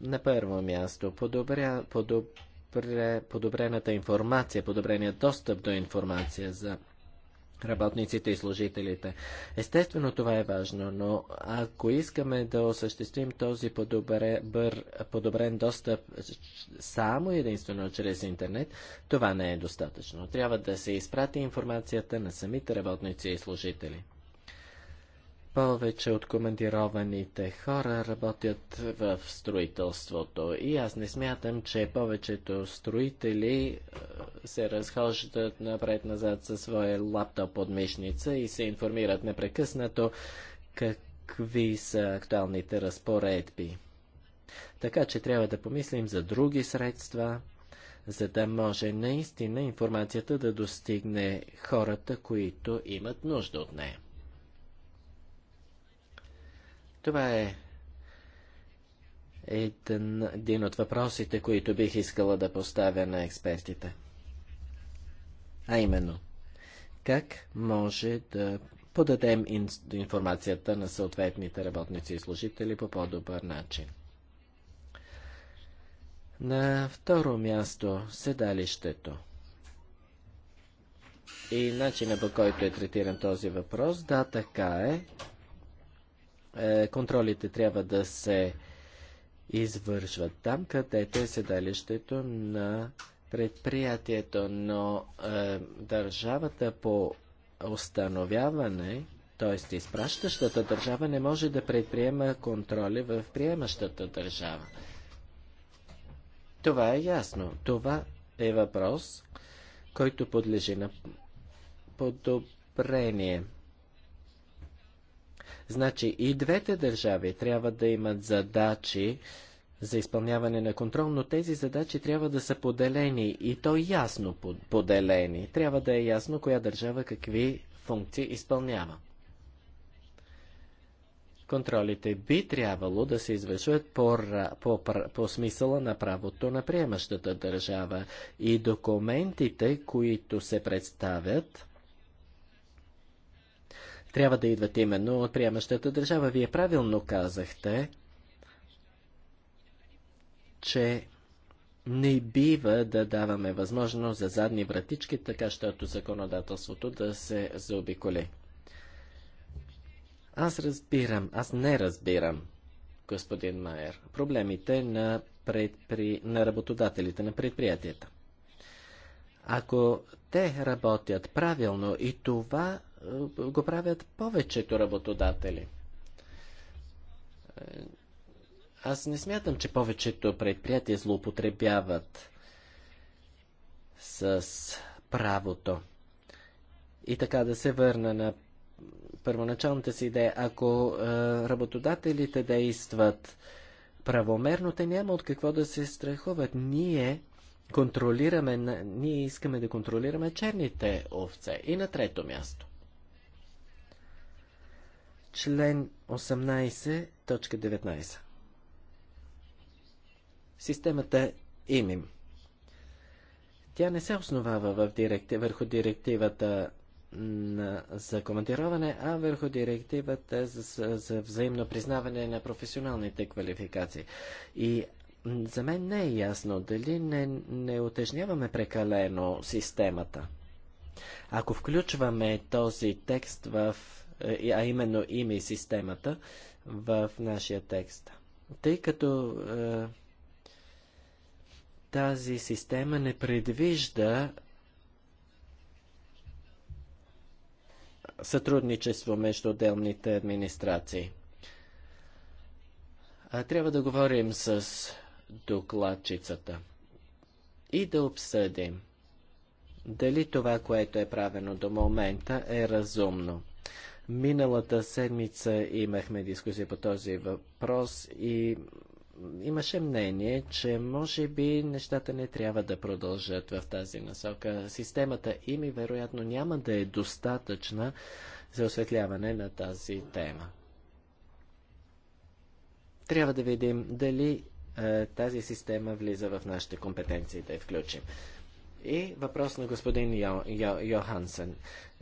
На първо място, подобря, подоб, подобрената информация, подобрения достъп до информация за работниците и служителите. Естествено, това е важно, но ако искаме да осъществим този подобре, бър, подобрен достъп само единствено чрез интернет, това не е достатъчно. Трябва да се изпрати информацията на самите работници и служители повече от командированите хора работят в строителството и аз не смятам, че повечето строители е, се разхождат напред-назад със своя лаптоп под мишница и се информират непрекъснато какви са актуалните разпоредби. Така че трябва да помислим за други средства, за да може наистина информацията да достигне хората, които имат нужда от нея. Това е един, един от въпросите, които бих искала да поставя на експертите. А именно, как може да подадем информацията на съответните работници и служители по по-добър начин? На второ място седалището. И начина по който е третиран този въпрос, да, така е. Е, контролите трябва да се извършват там, където е седалището на предприятието, но е, държавата по установяване, т.е. изпращащата държава, не може да предприема контроли в приемащата държава. Това е ясно. Това е въпрос, който подлежи на подобрение. Значи и двете държави трябва да имат задачи за изпълняване на контрол, но тези задачи трябва да са поделени и то ясно поделени. Трябва да е ясно коя държава какви функции изпълнява. Контролите би трябвало да се извършват по, по, по смисъла на правото на приемащата държава и документите, които се представят, трябва да идват именно от приемащата държава. Вие правилно казахте, че не бива да даваме възможност за задни вратички, така щото законодателството да се заобиколи. Аз разбирам, аз не разбирам, господин Майер, проблемите на, предпри... на работодателите, на предприятията. Ако те работят правилно и това го правят повечето работодатели. Аз не смятам, че повечето предприятия злоупотребяват с правото. И така да се върна на първоначалната си идея. Ако е, работодателите действат правомерно, те няма от какво да се страхуват. Ние контролираме, ние искаме да контролираме черните овце. И на трето място. Член 18, точка 19. Системата ИМИМ. Тя не се основава в директи... върху директивата на, за командироване, а върху директивата за, за, за взаимно признаване на професионалните квалификации. И за мен не е ясно дали не, не утежняваме прекалено системата. Ако включваме този текст в е, а именно име и системата в нашия текст. Тъй като е, тази система не предвижда сътрудничество между отделните администрации. А трябва да говорим с докладчицата и да обсъдим дали това, което е правено до момента, е разумно. Миналата седмица имахме дискусия по този въпрос и имаше мнение, че може би нещата не трябва да продължат в тази насока. Системата им и вероятно няма да е достатъчна за осветляване на тази тема. Трябва да видим дали е, тази система влиза в нашите компетенции да я включим. И въпрос на господин Йо, Йо, Йохансен.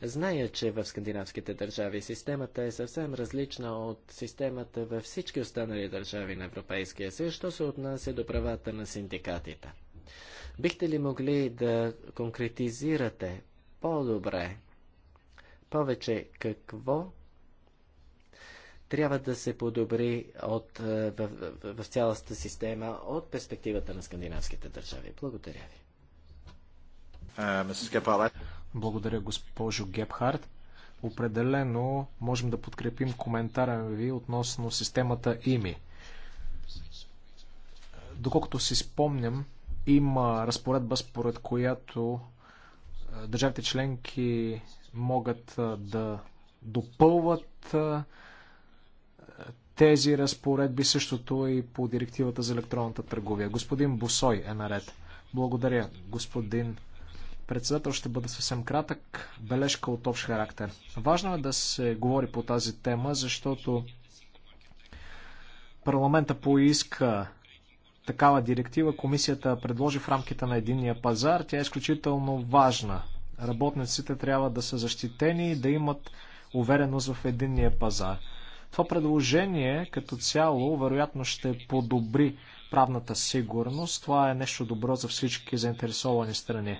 Зная, че в скандинавските държави системата е съвсем различна от системата във всички останали държави на Европейския съюз, що се отнася до правата на синдикатите. Бихте ли могли да конкретизирате по-добре, повече какво трябва да се подобри от, е, в, в, в цялата система от перспективата на скандинавските държави? Благодаря ви. Благодаря, госпожо Гепхард. Определено можем да подкрепим коментара ви относно системата ИМИ. Доколкото си спомням, има разпоредба, според която държавите членки могат да допълват тези разпоредби. Същото и по директивата за електронната търговия. Господин Босой е наред. Благодаря, господин председател, ще бъда съвсем кратък. Бележка от общ характер. Важно е да се говори по тази тема, защото парламента поиска такава директива. Комисията предложи в рамките на единния пазар. Тя е изключително важна. Работниците трябва да са защитени и да имат увереност в единния пазар. Това предложение като цяло вероятно ще подобри правната сигурност. Това е нещо добро за всички заинтересовани страни.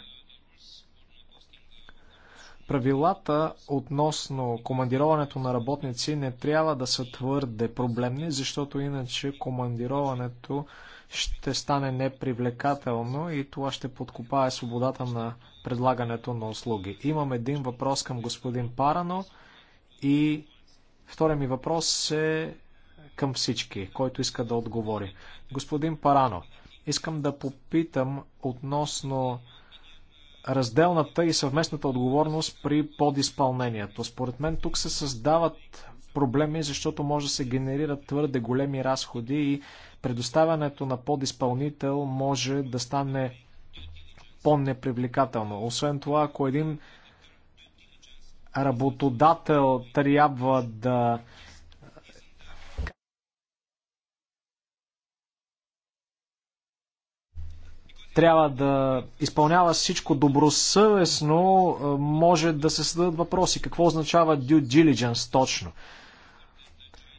Правилата относно командироването на работници не трябва да са твърде проблемни, защото иначе командироването ще стане непривлекателно и това ще подкопае свободата на предлагането на услуги. Имам един въпрос към господин Парано и втория ми въпрос е към всички, който иска да отговори. Господин Парано, искам да попитам относно разделната и съвместната отговорност при подизпълнението. Според мен тук се създават проблеми, защото може да се генерират твърде големи разходи и предоставянето на подизпълнител може да стане по-непривлекателно. Освен това, ако един работодател трябва да трябва да изпълнява всичко добросъвестно, може да се създадат въпроси. Какво означава due diligence точно?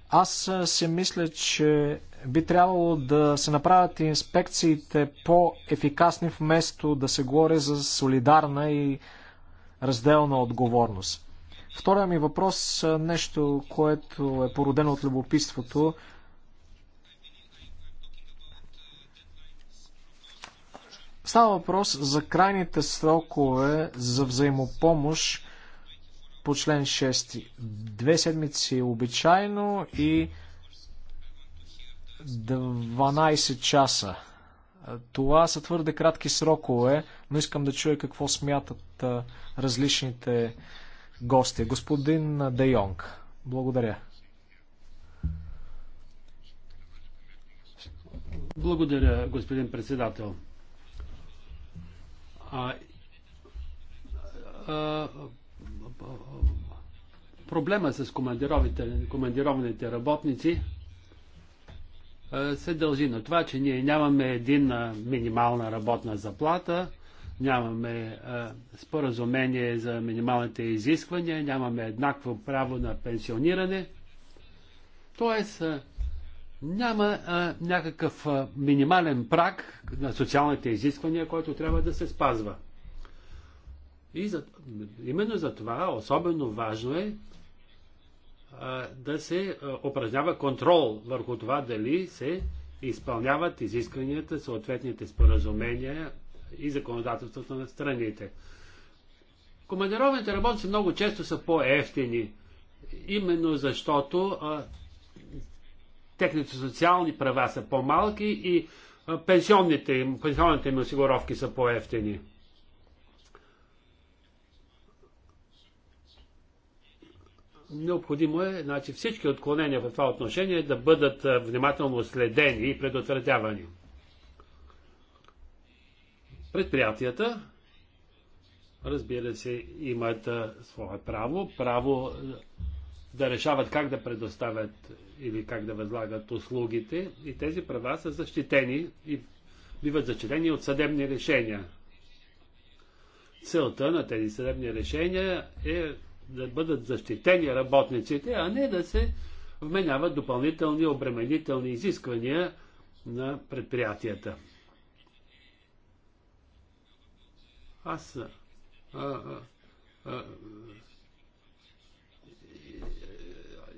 Аз се мисля, че би трябвало да се направят инспекциите по-ефикасни, вместо да се говори за солидарна и разделна отговорност. Втория ми въпрос, нещо, което е породено от любопитството, Става въпрос за крайните срокове за взаимопомощ по член 6. Две седмици обичайно и 12 часа. Това са твърде кратки срокове, но искам да чуя какво смятат различните гости. Господин Де Йонг, благодаря. Благодаря, господин председател проблема с командированите работници се дължи на това, че ние нямаме един минимална работна заплата, нямаме споразумение за минималните изисквания, нямаме еднакво право на пенсиониране. Тоест, няма а, някакъв а, минимален прак на социалните изисквания, който трябва да се спазва. И за, именно за това особено важно е а, да се а, упражнява контрол върху това дали се изпълняват изискванията, съответните споразумения и законодателството на страните. Командированите работници много често са по-ефтини, именно защото а, техните социални права са по-малки и пенсионните им, пенсионните им осигуровки са по-ефтини. Необходимо е значи, всички отклонения в това отношение да бъдат внимателно следени и предотвратявани. Предприятията, разбира се, имат свое право, право да решават как да предоставят или как да възлагат услугите и тези права са защитени и биват зачитени от съдебни решения. Целта на тези съдебни решения е да бъдат защитени работниците, а не да се вменяват допълнителни обременителни изисквания на предприятията. Аз а, а, а,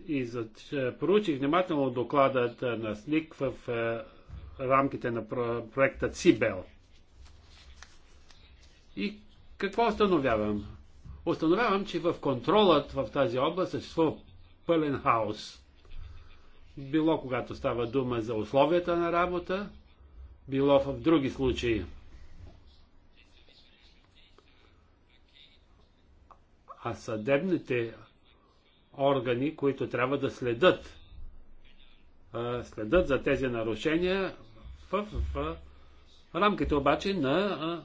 и за, проучих внимателно докладът на СНИК в рамките на проекта ЦИБЕЛ. И какво установявам? Установявам, че в контролът в тази област съществува пълен хаос. Било когато става дума за условията на работа, било в други случаи. А съдебните органи, които трябва да следят, следят за тези нарушения в, в, в рамките обаче на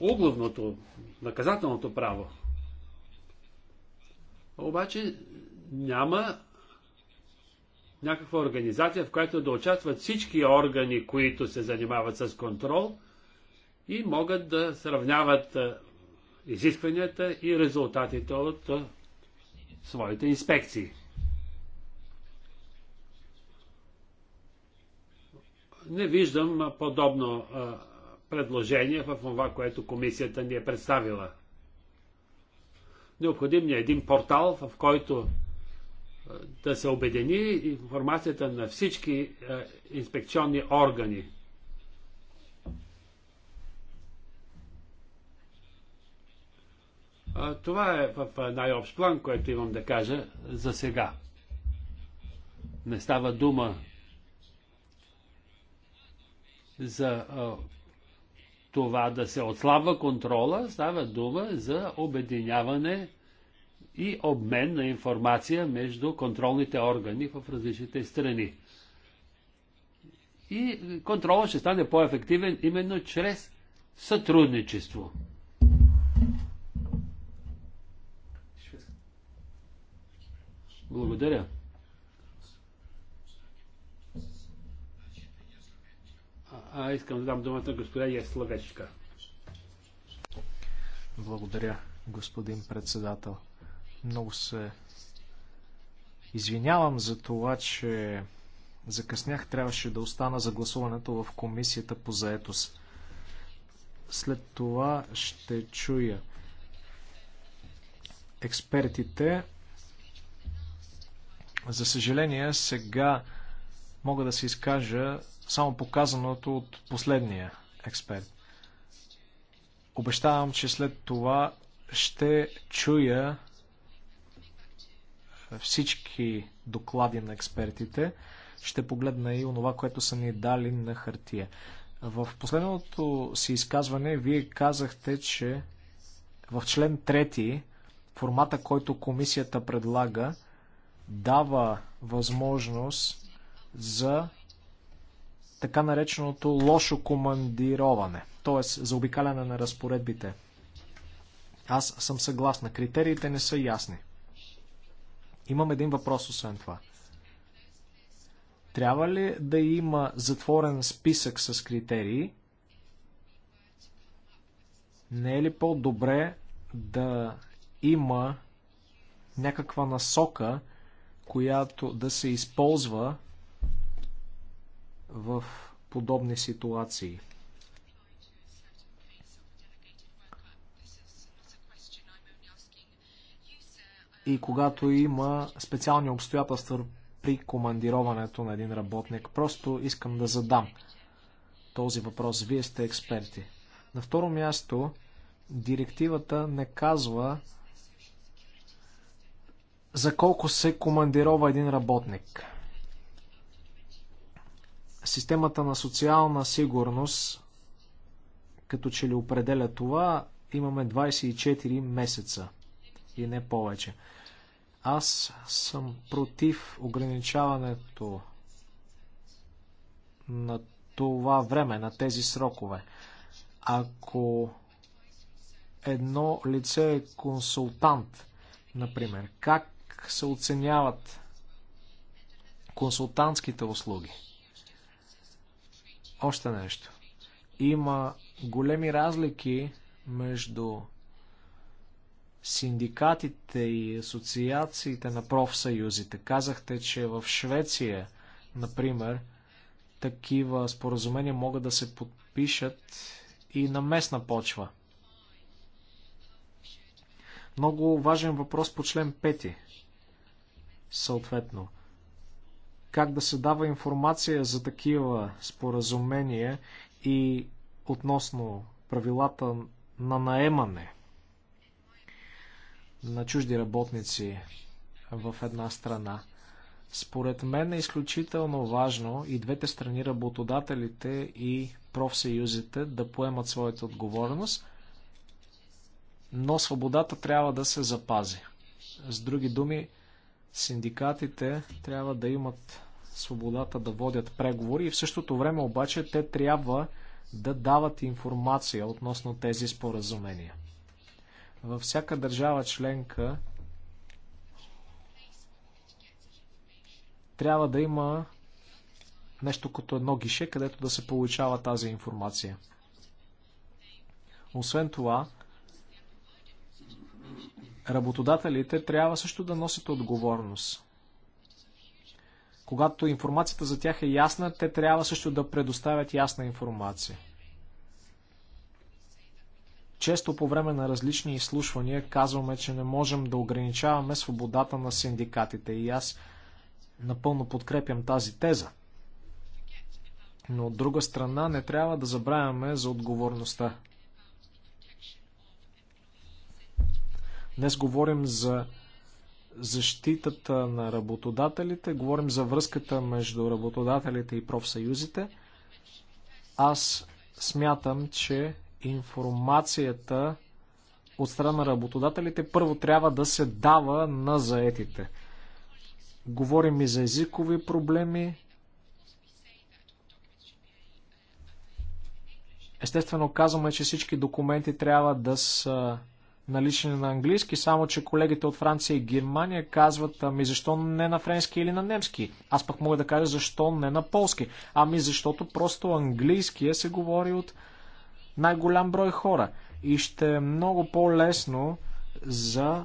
угловното, наказателното право. Обаче няма някаква организация, в която да участват всички органи, които се занимават с контрол и могат да сравняват изискванията и резултатите от своите инспекции. Не виждам подобно предложение в това, което комисията ни е представила. Необходим ни е един портал, в който да се обедини информацията на всички инспекционни органи. Това е в най-общ план, което имам да кажа за сега. Не става дума за това да се отслабва контрола, става дума за обединяване и обмен на информация между контролните органи в различните страни. И контролът ще стане по-ефективен именно чрез сътрудничество. Благодаря. А, а искам да дам думата на господа Ясловечка. Благодаря, господин председател. Много се извинявам за това, че закъснях. Трябваше да остана за гласуването в комисията по заетост. След това ще чуя експертите. За съжаление, сега мога да се изкажа само показаното от последния експерт. Обещавам, че след това ще чуя всички доклади на експертите. Ще погледна и онова, което са ни дали на хартия. В последното си изказване вие казахте, че в член 3 формата, който комисията предлага, дава възможност за така нареченото лошо командироване, т.е. за обикаляне на разпоредбите. Аз съм съгласна. Критериите не са ясни. Имам един въпрос освен това. Трябва ли да има затворен списък с критерии? Не е ли по-добре да има някаква насока, която да се използва в подобни ситуации. И когато има специални обстоятелства при командироването на един работник, просто искам да задам този въпрос. Вие сте експерти. На второ място, директивата не казва за колко се командирова един работник. Системата на социална сигурност като че ли определя това, имаме 24 месеца и не повече. Аз съм против ограничаването на това време, на тези срокове. Ако едно лице е консултант, например, как се оценяват консултантските услуги? Още нещо. Има големи разлики между синдикатите и асоциациите на профсъюзите. Казахте, че в Швеция, например, такива споразумения могат да се подпишат и на местна почва. Много важен въпрос по член съответно. Как да се дава информация за такива споразумения и относно правилата на наемане на чужди работници в една страна. Според мен е изключително важно и двете страни, работодателите и профсъюзите, да поемат своята отговорност, но свободата трябва да се запази. С други думи, Синдикатите трябва да имат свободата да водят преговори и в същото време обаче те трябва да дават информация относно тези споразумения. Във всяка държава членка трябва да има нещо като едно гише, където да се получава тази информация. Освен това, Работодателите трябва също да носят отговорност. Когато информацията за тях е ясна, те трябва също да предоставят ясна информация. Често по време на различни изслушвания казваме, че не можем да ограничаваме свободата на синдикатите и аз напълно подкрепям тази теза. Но от друга страна не трябва да забравяме за отговорността. Днес говорим за защитата на работодателите, говорим за връзката между работодателите и профсъюзите. Аз смятам, че информацията от страна на работодателите първо трябва да се дава на заетите. Говорим и за езикови проблеми. Естествено казваме, че всички документи трябва да са наличен на английски, само че колегите от Франция и Германия казват, ами защо не на френски или на немски? Аз пък мога да кажа, защо не на полски? Ами защото просто английския се говори от най-голям брой хора. И ще е много по-лесно за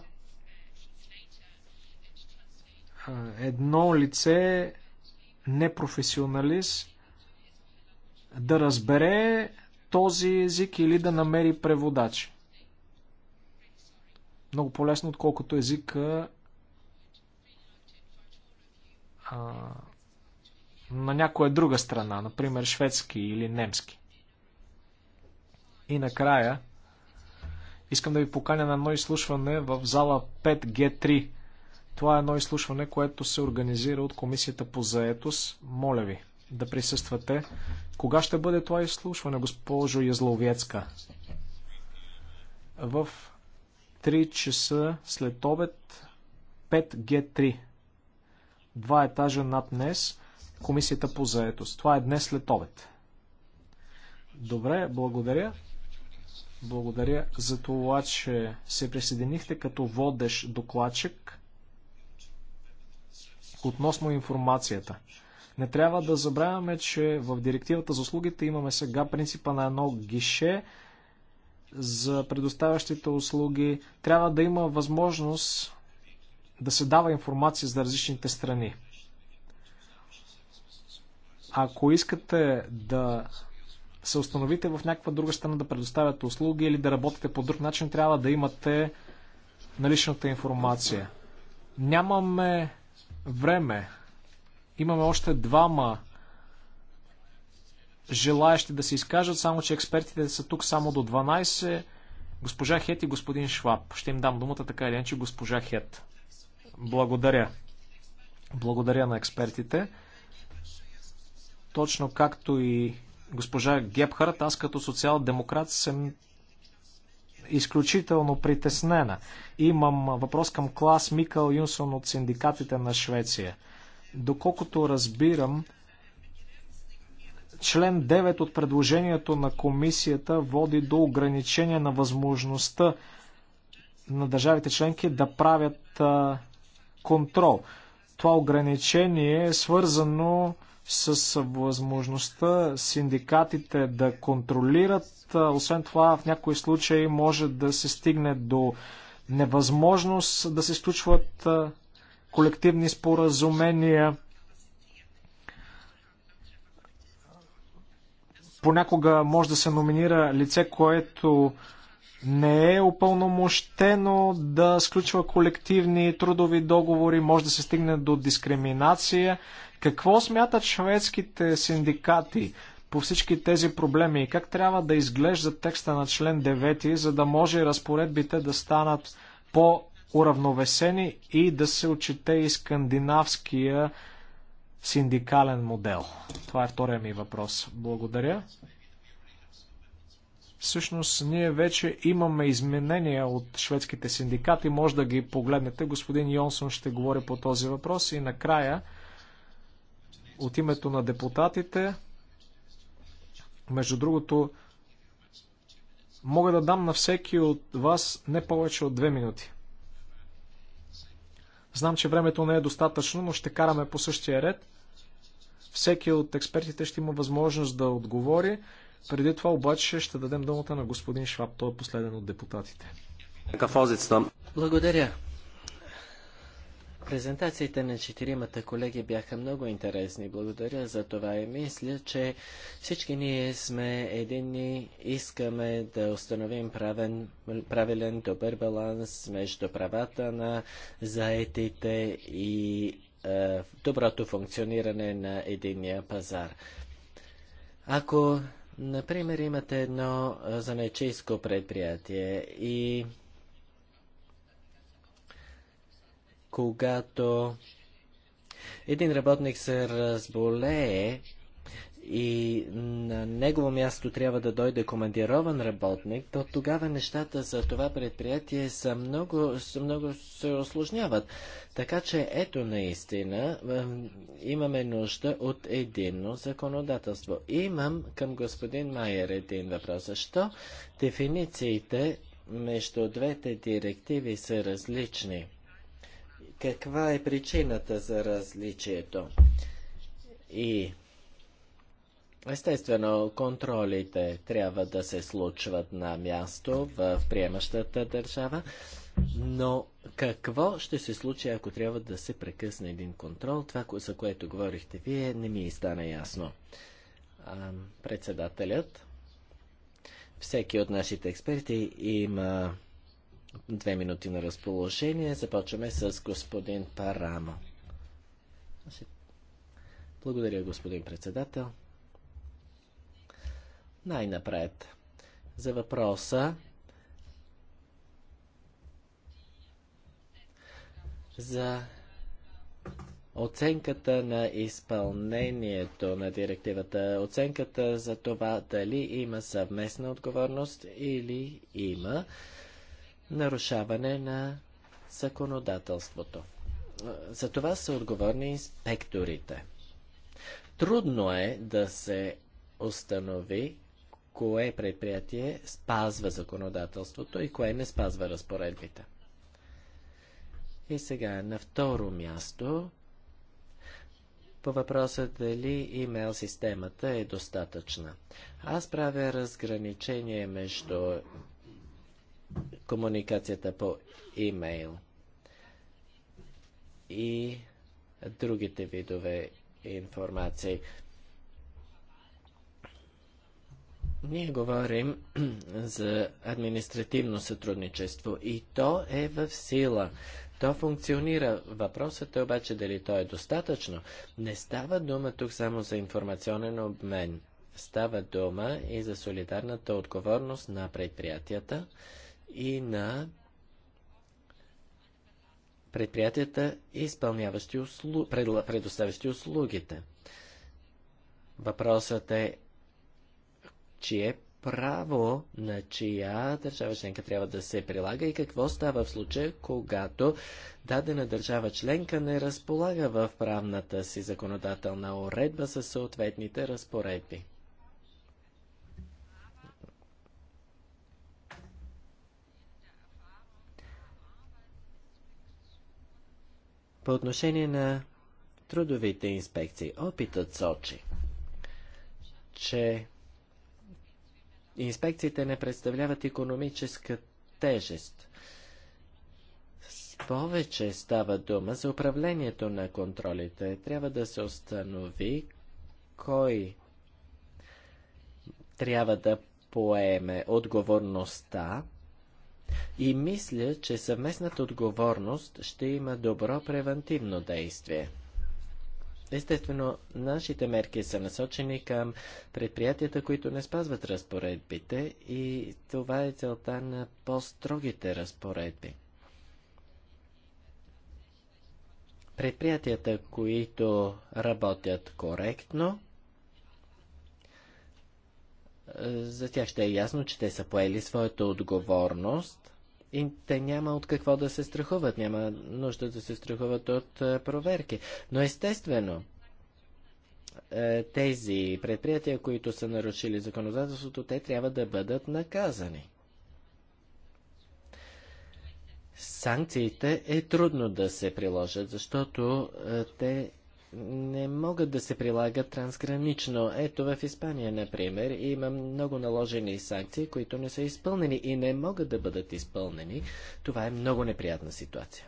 едно лице, непрофесионалист, да разбере този език или да намери преводач много по-лесно, отколкото езика а, на някоя друга страна, например шведски или немски. И накрая, искам да ви поканя на едно изслушване в зала 5G3. Това е едно изслушване, което се организира от Комисията по заетост. Моля ви да присъствате. Кога ще бъде това изслушване, госпожо Язловецка? В 3 часа след обед 5G3. Два етажа над днес. Комисията по заетост. Това е днес след обед. Добре, благодаря. Благодаря за това, че се присъединихте като водещ докладчик относно информацията. Не трябва да забравяме, че в директивата за услугите имаме сега принципа на едно гише, за предоставящите услуги, трябва да има възможност да се дава информация за различните страни. Ако искате да се установите в някаква друга страна да предоставяте услуги или да работите по друг начин, трябва да имате наличната информация. Нямаме време. Имаме още двама желаящи да се изкажат, само че експертите са тук само до 12. Госпожа Хет и господин Шваб. Ще им дам думата така или иначе госпожа Хет. Благодаря. Благодаря на експертите. Точно както и госпожа Гепхарт, аз като социал-демократ съм изключително притеснена. Имам въпрос към Клас Микъл Юнсон от синдикатите на Швеция. Доколкото разбирам, Член 9 от предложението на комисията води до ограничение на възможността на държавите членки да правят контрол. Това ограничение е свързано с възможността синдикатите да контролират. Освен това, в някои случаи може да се стигне до невъзможност да се случват колективни споразумения. Понякога може да се номинира лице, което не е упълномощено да сключва колективни трудови договори, може да се стигне до дискриминация. Какво смятат шведските синдикати по всички тези проблеми и как трябва да изглежда текста на член 9, за да може разпоредбите да станат по-уравновесени и да се отчете и скандинавския синдикален модел? Това е втория ми въпрос. Благодаря. Всъщност, ние вече имаме изменения от шведските синдикати, може да ги погледнете. Господин Йонсон ще говори по този въпрос и накрая от името на депутатите. Между другото, мога да дам на всеки от вас не повече от две минути. Знам, че времето не е достатъчно, но ще караме по същия ред. Всеки от експертите ще има възможност да отговори. Преди това обаче ще дадем думата на господин Шваб. Той е последен от депутатите. Благодаря. Презентациите на четиримата колеги бяха много интересни. Благодаря за това и мисля, че всички ние сме едини. искаме да установим правен, правилен добър баланс между правата на заетите и е, доброто функциониране на единия пазар. Ако, например, имате едно е, занечейско предприятие и когато един работник се разболее, и на негово място трябва да дойде командирован работник, то тогава нещата за това предприятие са много, много се осложняват. Така че ето наистина имаме нужда от единно законодателство. Имам към господин Майер един въпрос. Защо дефинициите между двете директиви са различни? Каква е причината за различието? И Естествено, контролите трябва да се случват на място в приемащата държава, но какво ще се случи, ако трябва да се прекъсне един контрол? Това, за което говорихте вие, не ми стана ясно. Председателят, всеки от нашите експерти има две минути на разположение. Започваме с господин Парамо. Благодаря, господин председател. Най-напред за въпроса за оценката на изпълнението на директивата, оценката за това дали има съвместна отговорност или има нарушаване на законодателството. За това са отговорни инспекторите. Трудно е да се установи кое предприятие спазва законодателството и кое не спазва разпоредбите. И сега на второ място по въпроса дали имейл системата е достатъчна. Аз правя разграничение между комуникацията по имейл и другите видове информации. Ние говорим *clears throat* за административно сътрудничество и то е в сила. То функционира. Въпросът е обаче дали то е достатъчно. Не става дума тук само за информационен обмен. Става дума и за солидарната отговорност на предприятията и на предприятията, изпълняващи услу... предоставящи услугите. Въпросът е чие е право на чия държава членка трябва да се прилага и какво става в случая, когато дадена държава членка не разполага в правната си законодателна уредба със съответните разпоредби. По отношение на трудовите инспекции, опитът сочи, че инспекциите не представляват економическа тежест. С повече става дума за управлението на контролите. Трябва да се установи кой трябва да поеме отговорността и мисля, че съвместната отговорност ще има добро превентивно действие. Естествено, нашите мерки са насочени към предприятията, които не спазват разпоредбите и това е целта на по-строгите разпоредби. Предприятията, които работят коректно, за тях ще е ясно, че те са поели своята отговорност и те няма от какво да се страхуват, няма нужда да се страхуват от е, проверки. Но естествено, е, тези предприятия, които са нарушили законодателството, те трябва да бъдат наказани. Санкциите е трудно да се приложат, защото е, те не могат да се прилагат трансгранично. Ето в Испания, например, има много наложени санкции, които не са изпълнени и не могат да бъдат изпълнени. Това е много неприятна ситуация.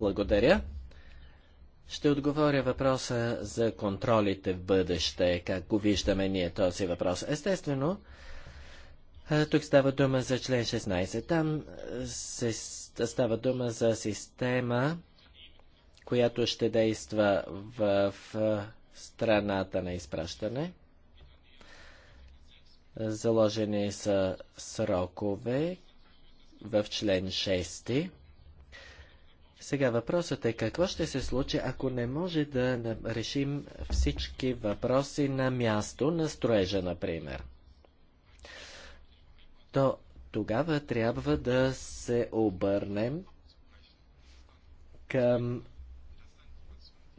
Благодаря. Ще отговоря въпроса за контролите в бъдеще, как го виждаме ние този въпрос. Естествено, тук става дума за член 16. Там се, става дума за система, която ще действа в, в страната на изпращане. Заложени са срокове в член 6. Сега въпросът е какво ще се случи, ако не може да решим всички въпроси на място, на строежа, например то тогава трябва да се обърнем към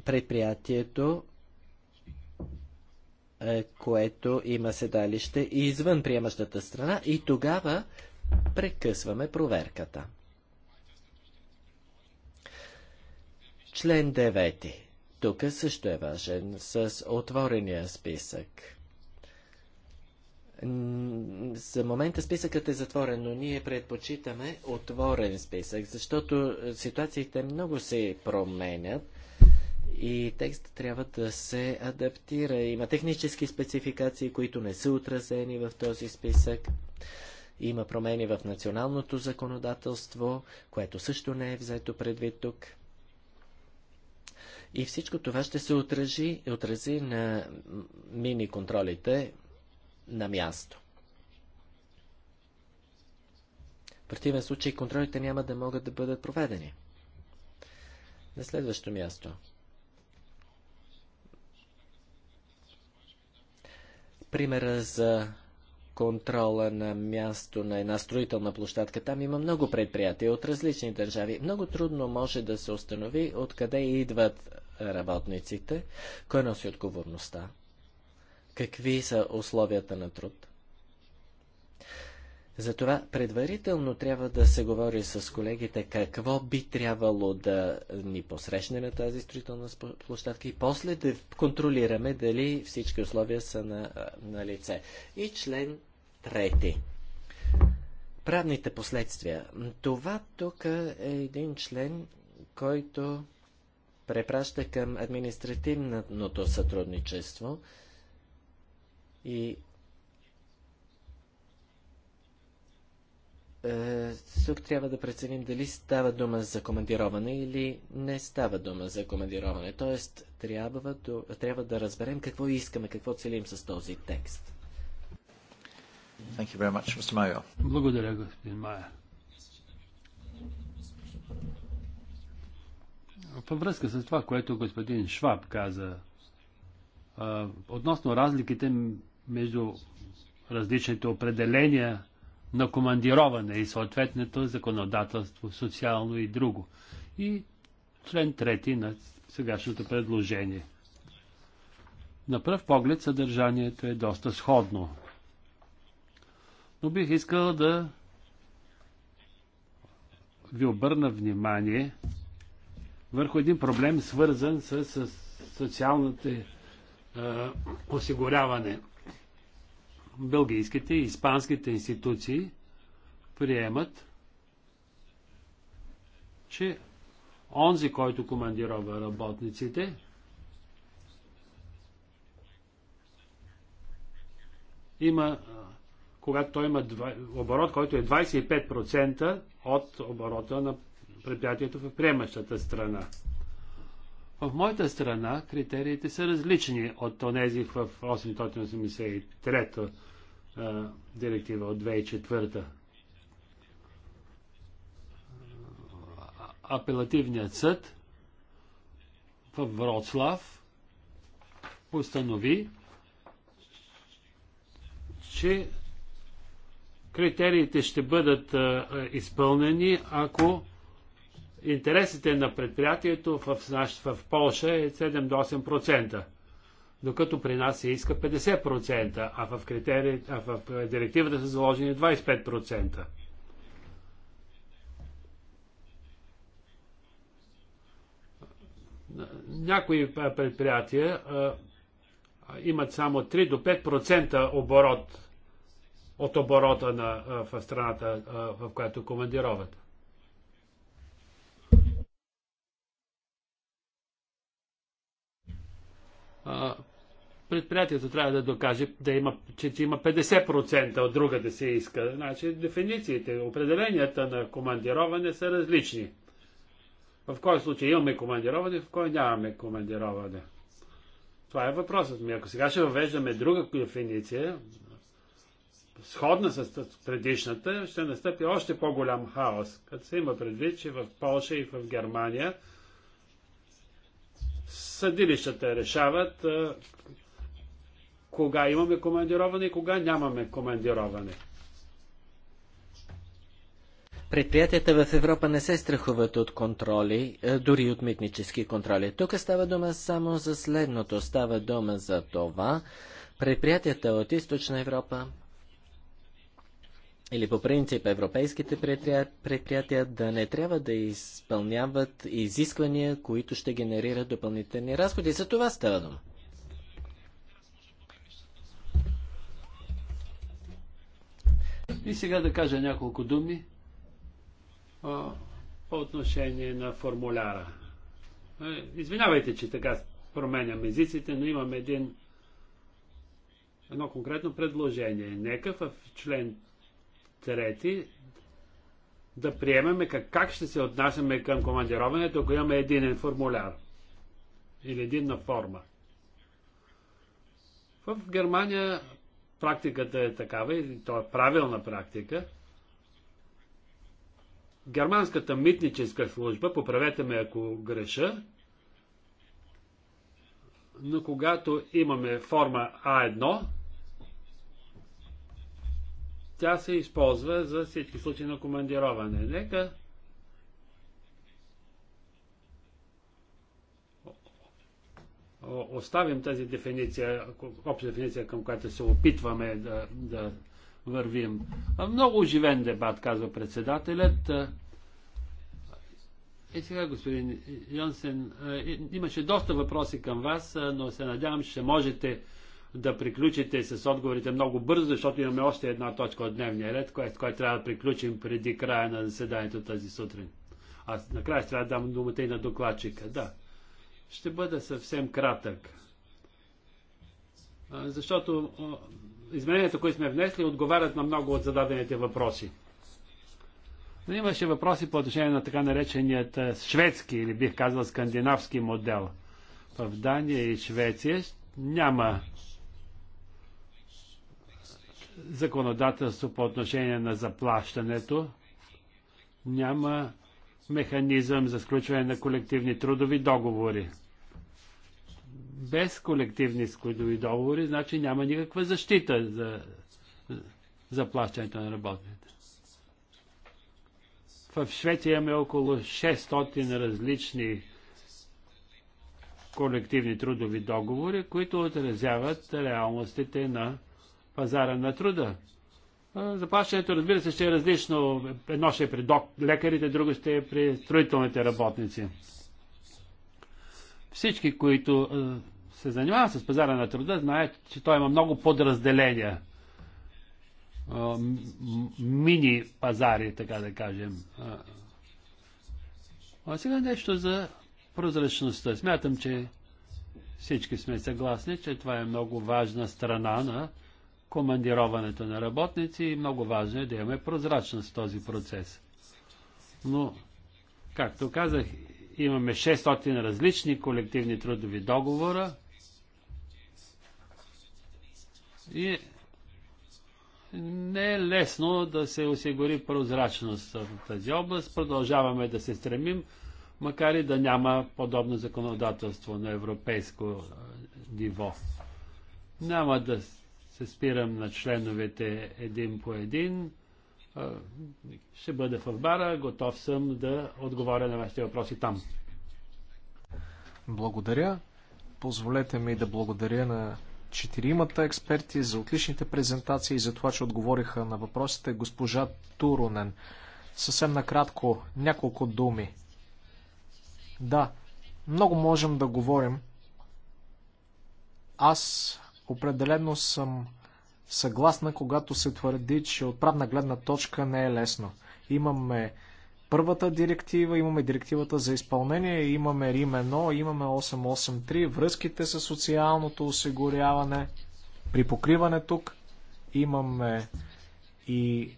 предприятието, е, което има седалище извън приемащата страна и тогава прекъсваме проверката. Член 9. Тук също е важен с отворения списък. За момента списъкът е затворен, но ние предпочитаме отворен списък, защото е, ситуациите много се променят и текстът трябва да се адаптира. Има технически спецификации, които не са отразени в този списък. Има промени в националното законодателство, което също не е взето предвид тук. И всичко това ще се отрази, отрази на мини-контролите, на място. В противен случай контролите няма да могат да бъдат проведени. На следващо място. Примера за контрола на място на една строителна площадка. Там има много предприятия от различни държави. Много трудно може да се установи откъде идват работниците, кой носи отговорността какви са условията на труд. Затова предварително трябва да се говори с колегите какво би трябвало да ни посрещне на тази строителна площадка и после да контролираме дали всички условия са на, на лице. И член трети. Правните последствия. Това тук е един член, който препраща към административното сътрудничество – и е, тук трябва да преценим дали става дума за командироване или не става дума за командироване. Тоест, трябва, трябва да разберем какво искаме, какво целим с този текст. Thank you very much, Mr. Mayo. Благодаря, господин Майер. във връзка с това, което господин Шваб каза, относно разликите между различните определения на командироване и съответното законодателство, социално и друго. И член трети на сегашното предложение. На пръв поглед съдържанието е доста сходно. Но бих искал да ви обърна внимание върху един проблем, свързан с, с социалното е, осигуряване бългийските и испанските институции приемат, че онзи, който командирова работниците, има, когато той има оборот, който е 25% от оборота на предприятието в приемащата страна. В моята страна критериите са различни от тези в 883 директива от 2004. Апелативният съд в Вроцлав постанови, че критериите ще бъдат изпълнени, ако интересите на предприятието в, наш, в Польша е 7-8%, докато при нас се иска 50%, а в, критерии, а в директивата са заложени 25%. Някои предприятия а, имат само 3 до 5% оборот от оборота на, а, в страната, а, в която командироват. предприятието трябва да докаже, да има, че, че има 50% от друга да се иска. Значи дефинициите, определенията на командироване са различни. В кой случай имаме командироване, в кой нямаме командироване. Това е въпросът ми. Ако сега ще въвеждаме друга дефиниция, сходна с предишната, ще настъпи още по-голям хаос. Като се има предвид, че в Польша и в Германия – Съдилищата решават кога имаме командироване и кога нямаме командироване. Предприятията в Европа не се страхуват от контроли, дори от митнически контроли. Тук става дума само за следното. Става дума за това предприятията от Източна Европа или по принцип европейските предприятия да не трябва да изпълняват изисквания, които ще генерират допълнителни разходи. За това става дума. И сега да кажа няколко думи а, по отношение на формуляра. Извинявайте, че така променям езиците, но имам един, едно конкретно предложение. Нека в член трети да приемеме как, как ще се отнасяме към командироването, ако имаме единен формуляр или единна форма. В Германия практиката е такава, и то е правилна практика. Германската митническа служба, поправете ме ако греша, но когато имаме форма А1, тя се използва за всички случаи на командироване. Нека оставим тази дефиниция, обща дефиниция, към която се опитваме да, да вървим. Много оживен дебат, казва председателят. И е, сега, господин Йонсен, е, имаше доста въпроси към вас, е, но се надявам, че ще можете да приключите с отговорите много бързо, защото имаме още една точка от дневния ред, която, която трябва да приключим преди края на заседанието тази сутрин. Аз накрая ще трябва да дам думата и на докладчика. Да. Ще бъда съвсем кратък. Защото измененията, които сме внесли, отговарят на много от зададените въпроси. Но имаше въпроси по отношение на така нареченият шведски или бих казал скандинавски модел. В Дания и Швеция няма законодателство по отношение на заплащането, няма механизъм за сключване на колективни трудови договори. Без колективни трудови договори, значи няма никаква защита за заплащането на работните. В Швеция имаме около 600 различни колективни трудови договори, които отразяват реалностите на пазара на труда. Заплащането, разбира се, ще е различно. Едно ще е при док, лекарите, друго ще е при строителните работници. Всички, които се занимават с пазара на труда, знаят, че той има много подразделения. Мини пазари, така да кажем. А сега нещо за прозрачността. Смятам, че всички сме съгласни, че това е много важна страна на командироването на работници и много важно е да имаме прозрачност в този процес. Но, както казах, имаме 600 различни колективни трудови договора и не е лесно да се осигури прозрачност в тази област. Продължаваме да се стремим, макар и да няма подобно законодателство на европейско ниво. Няма да се спирам на членовете един по един. Ще бъда в бара, готов съм да отговоря на вашите въпроси там. Благодаря. Позволете ми да благодаря на четиримата експерти за отличните презентации и за това, че отговориха на въпросите. Госпожа Турунен, съвсем накратко, няколко думи. Да, много можем да говорим. Аз Определено съм съгласна, когато се твърди, че от правна гледна точка не е лесно. Имаме първата директива, имаме директивата за изпълнение, имаме Рим 1, имаме 883, връзките с социалното осигуряване, при покриване тук имаме и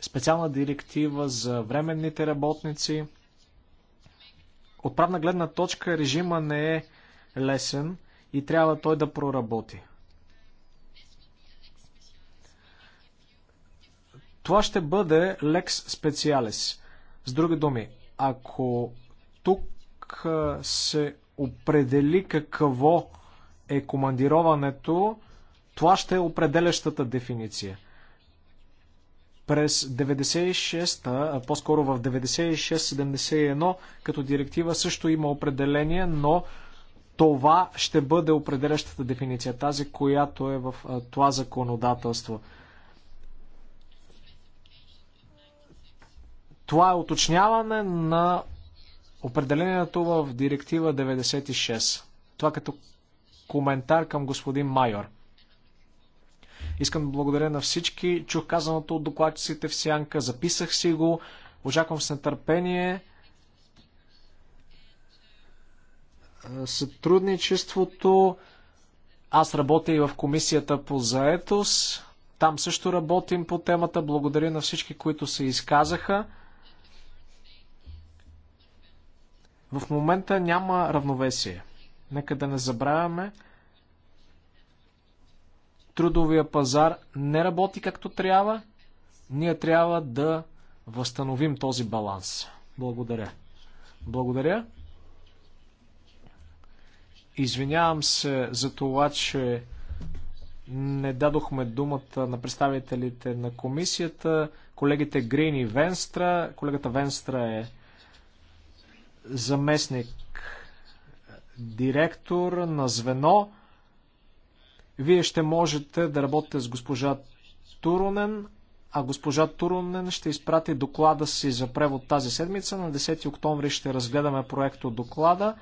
специална директива за временните работници. От правна гледна точка режима не е лесен и трябва той да проработи. Това ще бъде Lex Specialis. С други думи, ако тук се определи какво е командироването, това ще е определящата дефиниция. През 96-та, по-скоро в 96-71, като директива също има определение, но това ще бъде определящата дефиниция, тази, която е в това законодателство. Това е уточняване на определението в директива 96. Това като коментар към господин Майор. Искам да благодаря на всички. Чух казаното от докладчиците в Сянка. Записах си го. Очаквам с нетърпение сътрудничеството. Аз работя и в комисията по заетост. Там също работим по темата. Благодаря на всички, които се изказаха. В момента няма равновесие. Нека да не забравяме. Трудовия пазар не работи както трябва. Ние трябва да възстановим този баланс. Благодаря. Благодаря. Извинявам се за това, че не дадохме думата на представителите на комисията. Колегите Грин и Венстра. Колегата Венстра е заместник директор на звено. Вие ще можете да работите с госпожа Турунен, а госпожа Турунен ще изпрати доклада си за превод тази седмица. На 10 октомври ще разгледаме проекто доклада.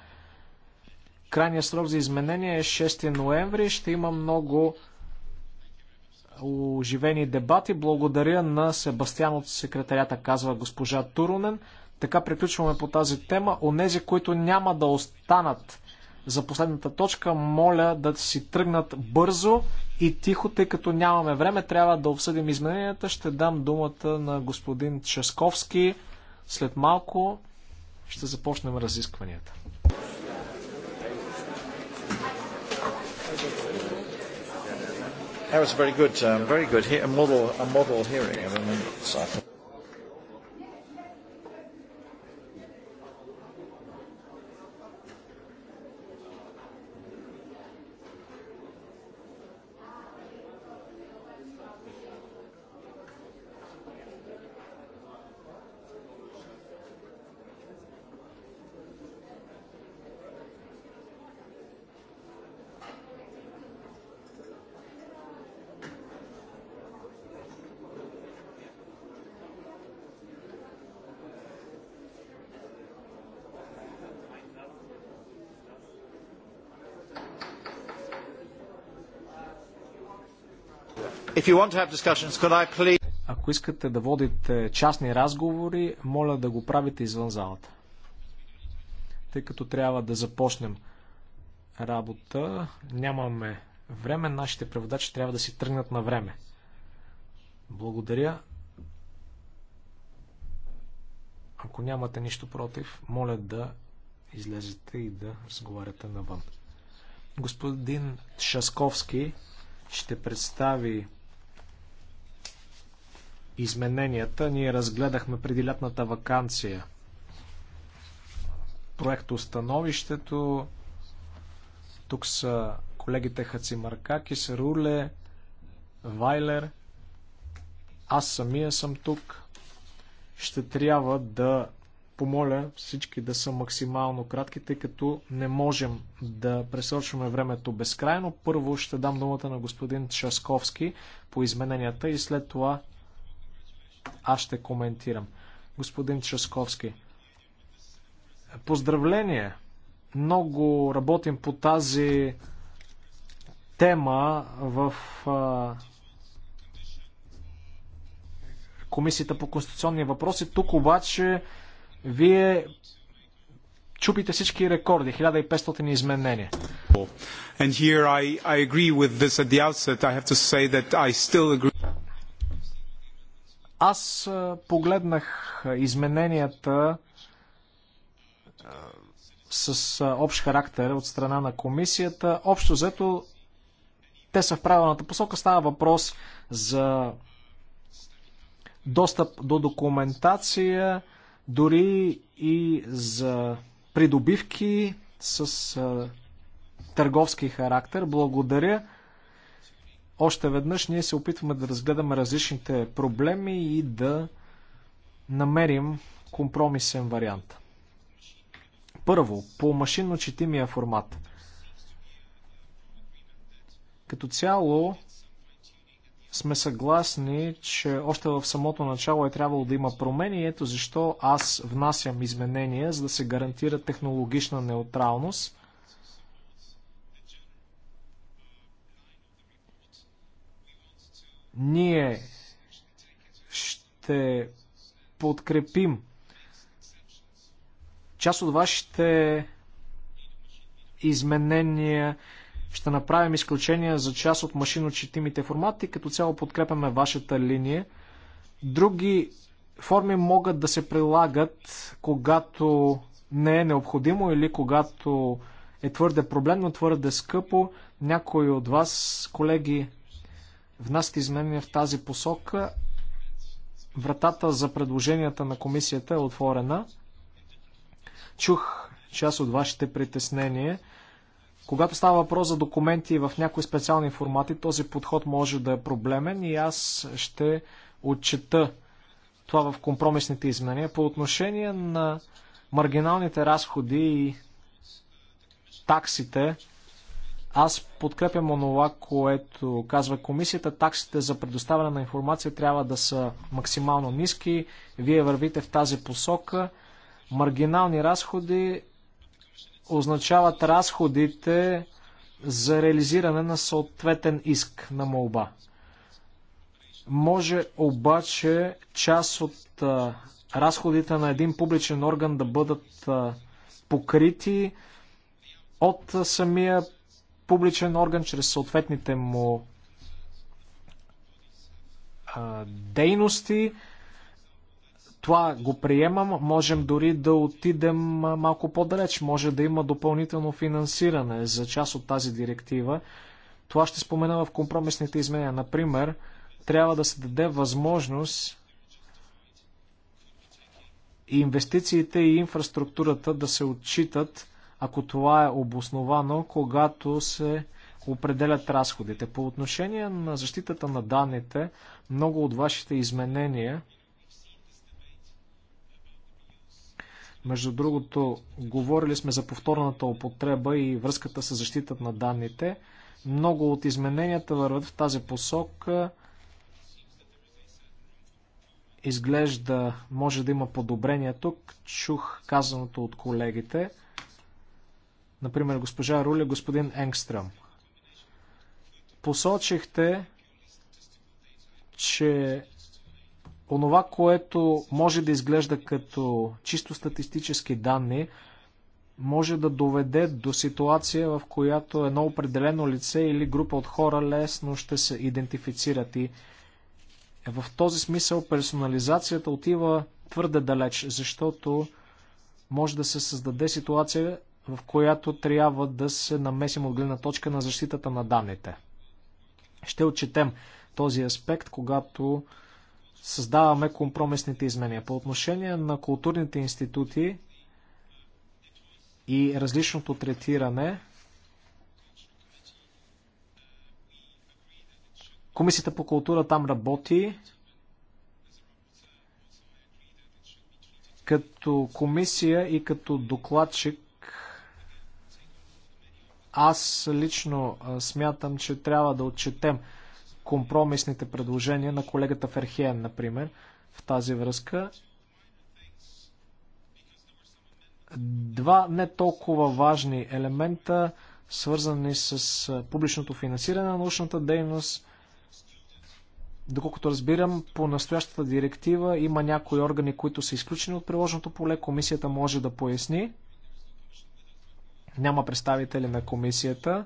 Крайният срок за изменение е 6 ноември. Ще има много оживени дебати. Благодаря на Себастиан от секретарята, казва госпожа Турунен. Така приключваме по тази тема. Онези, които няма да останат за последната точка, моля да си тръгнат бързо и тихо, тъй като нямаме време. Трябва да обсъдим измененията. Ще дам думата на господин Часковски. След малко ще започнем разискванията. That was very good, um, very good. He- a model, a model hearing. I mean, so. Ако искате да водите частни разговори, моля да го правите извън залата. Тъй като трябва да започнем работа, нямаме време, нашите преводачи трябва да си тръгнат на време. Благодаря. Ако нямате нищо против, моля да излезете и да разговаряте навън. Господин Шасковски ще представи измененията ние разгледахме преди лятната вакансия. Проекто становището. Тук са колегите Маркаки, Руле, Вайлер. Аз самия съм тук. Ще трябва да помоля всички да са максимално кратки, тъй като не можем да пресочваме времето безкрайно. Първо ще дам думата на господин Шасковски по измененията и след това аз ще коментирам. Господин Часковски, поздравление! Много работим по тази тема в а, Комисията по конституционни въпроси. Тук обаче вие чупите всички рекорди, 1500 изменения. And here I, I agree with this at the outset. I have to say that I still agree. Аз погледнах измененията с общ характер от страна на комисията. Общо взето, те са в правилната посока. Става въпрос за достъп до документация, дори и за придобивки с търговски характер. Благодаря още веднъж ние се опитваме да разгледаме различните проблеми и да намерим компромисен вариант. Първо, по машинно четимия формат. Като цяло сме съгласни, че още в самото начало е трябвало да има промени. Ето защо аз внасям изменения, за да се гарантира технологична неутралност. Ние ще подкрепим част от вашите изменения. Ще направим изключения за част от машиночетимите формати. Като цяло подкрепяме вашата линия. Други форми могат да се прилагат, когато не е необходимо или когато е твърде проблемно, твърде скъпо. Някои от вас, колеги, внасят изменения в тази посока, вратата за предложенията на комисията е отворена. Чух част от вашите притеснения. Когато става въпрос за документи в някои специални формати, този подход може да е проблемен и аз ще отчета това в компромисните изменения. По отношение на маргиналните разходи и таксите, аз подкрепям онова, което казва комисията. Таксите за предоставяне на информация трябва да са максимално ниски. Вие вървите в тази посока. Маргинални разходи означават разходите за реализиране на съответен иск на молба. Може обаче част от а, разходите на един публичен орган да бъдат а, покрити от а, самия публичен орган, чрез съответните му а, дейности. Това го приемам. Можем дори да отидем малко по-далеч. Може да има допълнително финансиране за част от тази директива. Това ще спомена в компромисните изменения. Например, трябва да се даде възможност и инвестициите и инфраструктурата да се отчитат ако това е обосновано, когато се определят разходите. По отношение на защитата на данните, много от вашите изменения, между другото, говорили сме за повторната употреба и връзката с защитата на данните. Много от измененията върват в тази посока. Изглежда, може да има подобрение тук. Чух казаното от колегите. Например, госпожа Руля, господин Енгстрам. Посочихте, че онова, което може да изглежда като чисто статистически данни, може да доведе до ситуация, в която едно определено лице или група от хора лесно ще се идентифицират. И в този смисъл персонализацията отива твърде далеч, защото може да се създаде ситуация, в която трябва да се намесим от гледна точка на защитата на данните. Ще отчетем този аспект, когато създаваме компромисните изменения. По отношение на културните институти и различното третиране, Комисията по култура там работи. Като комисия и като докладчик аз лично смятам, че трябва да отчетем компромисните предложения на колегата Ферхиен, например, в тази връзка. Два не толкова важни елемента, свързани с публичното финансиране на научната дейност. Доколкото разбирам, по настоящата директива има някои органи, които са изключени от приложеното поле. Комисията може да поясни няма представители на комисията.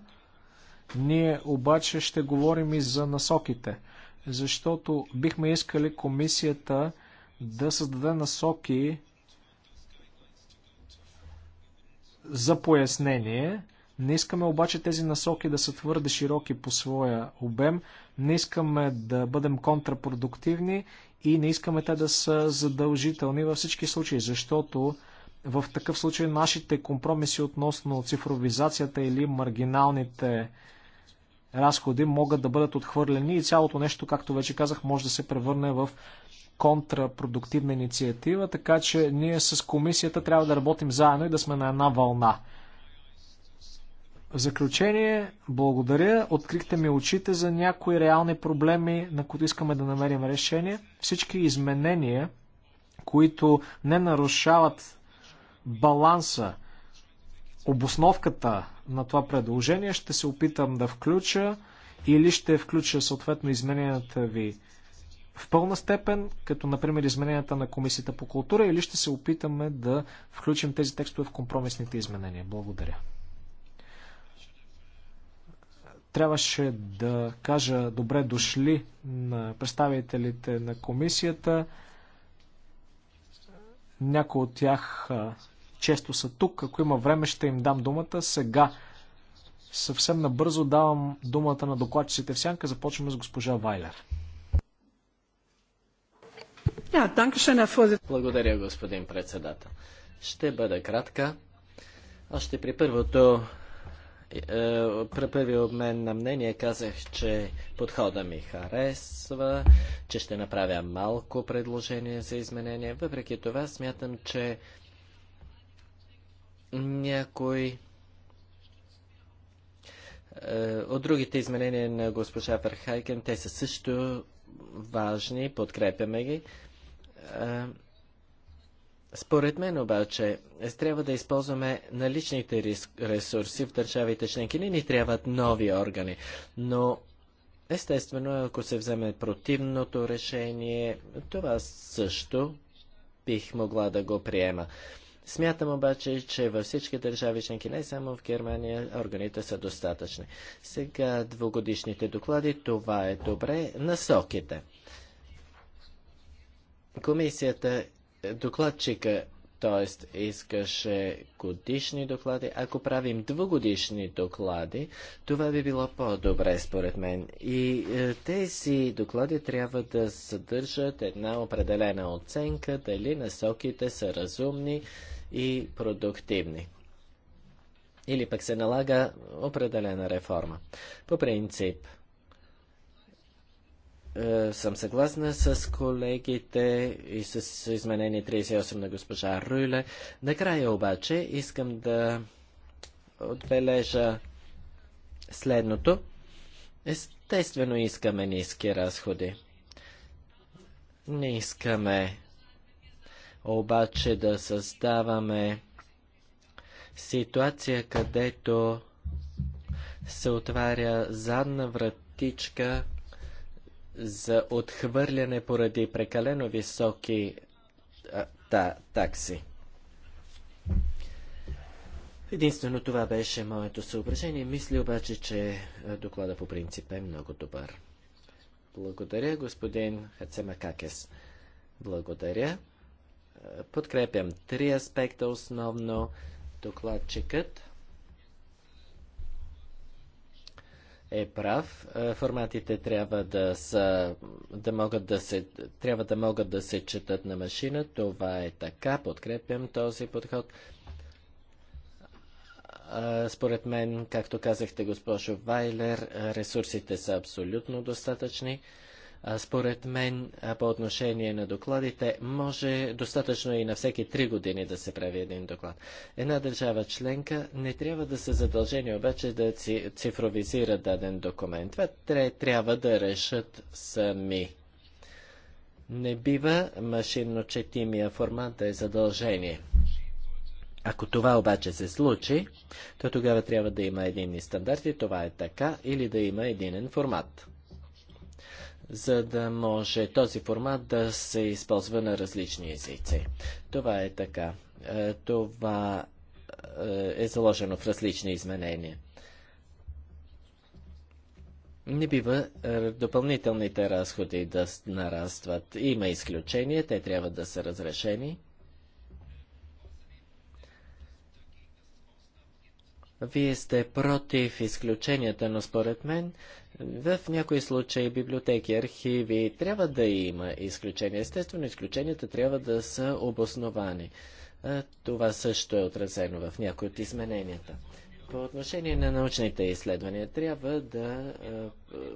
Ние обаче ще говорим и за насоките, защото бихме искали комисията да създаде насоки за пояснение. Не искаме обаче тези насоки да са твърде широки по своя обем, не искаме да бъдем контрапродуктивни и не искаме те да са задължителни във всички случаи, защото в такъв случай нашите компромиси относно цифровизацията или маргиналните разходи могат да бъдат отхвърлени и цялото нещо, както вече казах, може да се превърне в контрапродуктивна инициатива, така че ние с комисията трябва да работим заедно и да сме на една вълна. В заключение, благодаря. Открихте ми очите за някои реални проблеми, на които искаме да намерим решение. Всички изменения, които не нарушават баланса, обосновката на това предложение ще се опитам да включа или ще включа съответно измененията ви в пълна степен, като например измененията на Комисията по култура, или ще се опитаме да включим тези текстове в компромисните изменения. Благодаря. Трябваше да кажа добре дошли на представителите на комисията. Някои от тях често са тук. Ако има време, ще им дам думата. Сега съвсем набързо давам думата на докладчиците в сянка. Започваме с госпожа Вайлер. Благодаря, господин председател. Ще бъда кратка. Още при първото е, е, при първи обмен на мнение казах, че подхода ми харесва, че ще направя малко предложение за изменение. Въпреки това смятам, че някой е, от другите изменения на госпожа Верхайген, те са също важни, подкрепяме ги. Е, според мен обаче е, трябва да използваме наличните ресурси в държавите членки. Не ни трябват нови органи, но естествено, ако се вземе противното решение, това също бих могла да го приема. Смятам обаче, че във всички държави членки, не само в Германия, органите са достатъчни. Сега двогодишните доклади, това е добре. Насоките. Комисията, докладчика, т.е. искаше годишни доклади. Ако правим двогодишни доклади, това би било по-добре според мен. И е, тези доклади трябва да съдържат една определена оценка, дали насоките са разумни, и продуктивни. Или пък се налага определена реформа. По принцип, е, съм съгласна с колегите и с изменение 38 на госпожа Руйле. Накрая обаче искам да отбележа следното. Естествено искаме ниски разходи. Не искаме обаче да създаваме ситуация, където се отваря задна вратичка за отхвърляне поради прекалено високи а, та, такси. Единствено това беше моето съображение. Мисля обаче, че доклада по принцип е много добър. Благодаря, господин Хацемакакес. Благодаря. Подкрепям три аспекта основно. Докладчикът е прав. Е, форматите трябва да, са, да могат да се, трябва да могат да се четат на машина. Това е така. Подкрепям този подход. Според мен, както казахте, госпожо Вайлер, ресурсите са абсолютно достатъчни. Според мен, по отношение на докладите, може достатъчно и на всеки три години да се прави един доклад. Една държава членка не трябва да се задължени обаче да цифровизира даден документ. Това трябва да решат сами. Не бива машинно четимия формат да е задължение. Ако това обаче се случи, то тогава трябва да има единни стандарти, това е така, или да има единен формат за да може този формат да се използва на различни езици. Това е така. Е, това е, е заложено в различни изменения. Не бива е, допълнителните разходи да нарастват. Има изключения, те трябва да са разрешени. Вие сте против изключенията, но според мен в някои случаи библиотеки, архиви трябва да има изключения. Естествено, изключенията трябва да са обосновани. Това също е отразено в някои от измененията. По отношение на научните изследвания, трябва да е,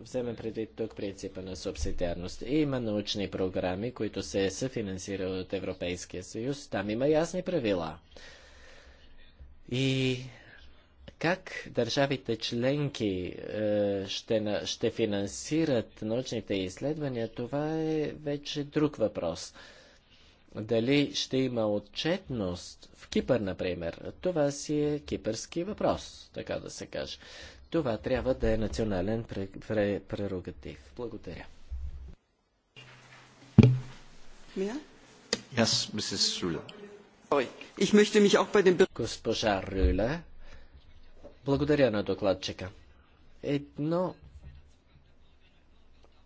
вземем предвид тук принципа на субсидиарност. Има научни програми, които се съфинансират от Европейския съюз. Там има ясни правила. И как държавите членки е, ще, ще финансират научните изследвания, това е вече друг въпрос. Дали ще има отчетност в Кипър, например? Това си е кипърски въпрос, така да се каже. Това трябва да е национален прерогатив. Благодаря. Yes, Госпожа Рюле, благодаря на докладчика. Едно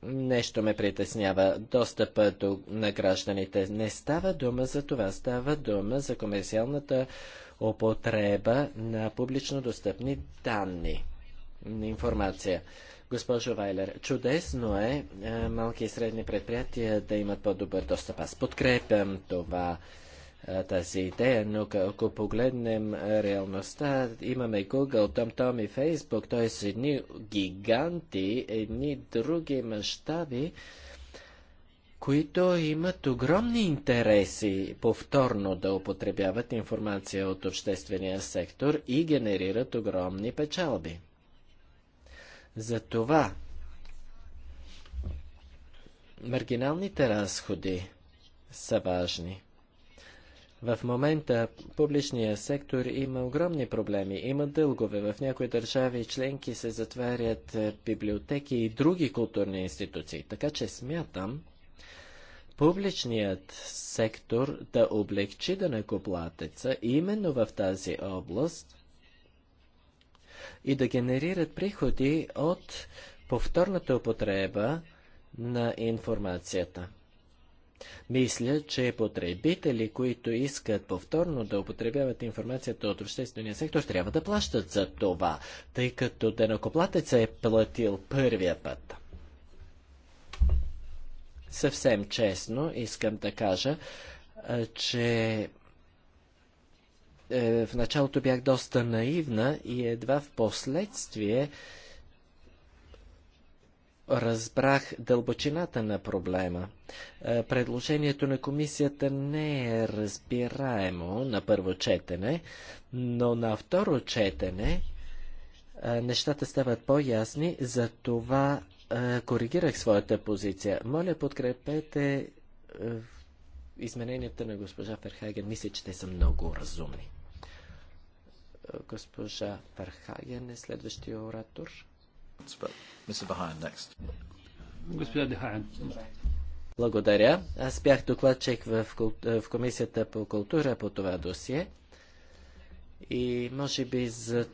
нещо ме притеснява. Достъпа до, на гражданите. Не става дума за това. Става дума за комерциалната употреба на публично достъпни данни. Информация. Госпожо Вайлер, чудесно е, е малки и средни предприятия да имат по-добър достъп. Аз подкрепям това тази идея, но ако погледнем реалността, имаме Google, TomTom и Facebook, т.е. едни гиганти, едни други мащаби, които имат огромни интереси повторно да употребяват информация от обществения сектор и генерират огромни печалби. Затова маргиналните разходи са важни – в момента публичния сектор има огромни проблеми. Има дългове. В някои държави и членки се затварят е, библиотеки и други културни институции. Така че смятам, публичният сектор да облегчи да накоплатеца именно в тази област и да генерират приходи от повторната употреба на информацията. Мисля, че потребители, които искат повторно да употребяват информацията от обществения сектор, трябва да плащат за това, тъй като денокоплатеца е платил първия път. Съвсем честно искам да кажа, че е, в началото бях доста наивна и едва в последствие разбрах дълбочината на проблема. Е, предложението на комисията не е разбираемо на първо четене, но на второ четене е, нещата стават по-ясни, за това е, коригирах своята позиция. Моля, подкрепете измененията на госпожа Ферхаген. Мисля, че те са много разумни. Госпожа Ферхаген е следващия оратор. Господа Дехаян. Благодаря. Аз бях докладчик в, в Комисията по култура по това досие и може би за,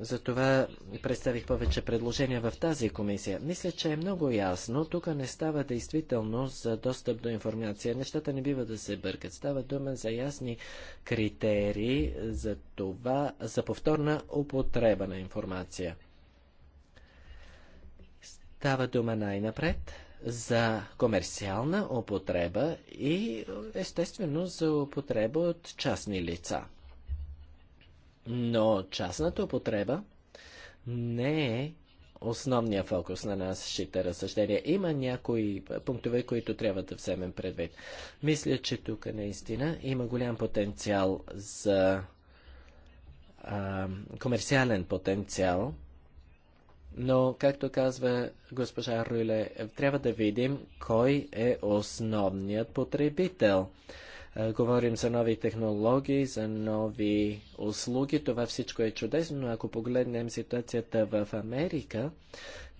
за това представих повече предложения в тази комисия. Мисля, че е много ясно. Тук не става действително за достъп до информация. Нещата не бива да се бъркат. Става дума за ясни критерии за това, за повторна употреба на информация. Става дума най-напред за комерциална употреба и естествено за употреба от частни лица. Но частната употреба не е основния фокус на нашите разсъждения. Има някои пунктове, които трябва да вземем предвид. Мисля, че тук наистина има голям потенциал за а, комерциален потенциал но, както казва госпожа Руйле, трябва да видим кой е основният потребител. Е, говорим за нови технологии, за нови услуги. Това всичко е чудесно, но ако погледнем ситуацията в Америка,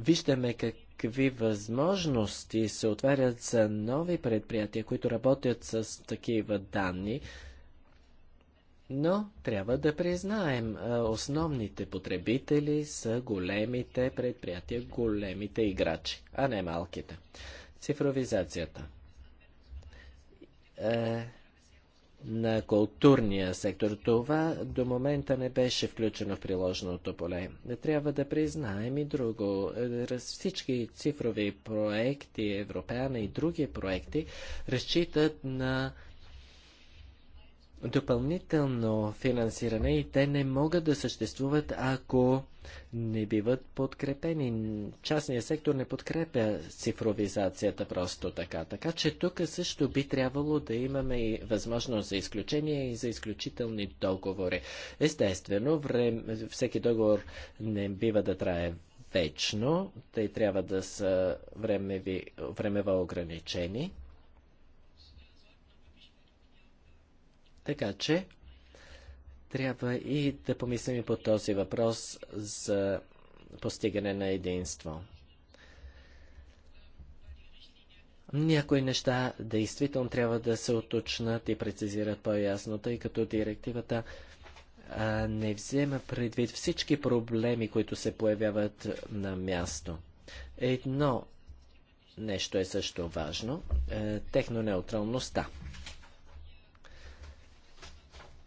виждаме какви възможности се отварят за нови предприятия, които работят с такива данни, но трябва да признаем, основните потребители са големите предприятия, големите играчи, а не малките. Цифровизацията. Е, на културния сектор. Това до момента не беше включено в приложеното поле. Трябва да признаем и друго. Е, всички цифрови проекти, Европеана и други проекти разчитат на допълнително финансиране и те не могат да съществуват, ако не биват подкрепени. Частният сектор не подкрепя цифровизацията просто така. Така че тук също би трябвало да имаме и възможност за изключение и за изключителни договори. Естествено, врем... всеки договор не бива да трае вечно, те трябва да са времеви, времево ограничени. Така че трябва и да помислим и по този въпрос за постигане на единство. Някои неща действително трябва да се уточнат и прецизират по-ясно, тъй като директивата а, не взема предвид всички проблеми, които се появяват на място. Едно нещо е също важно е, технонеутралността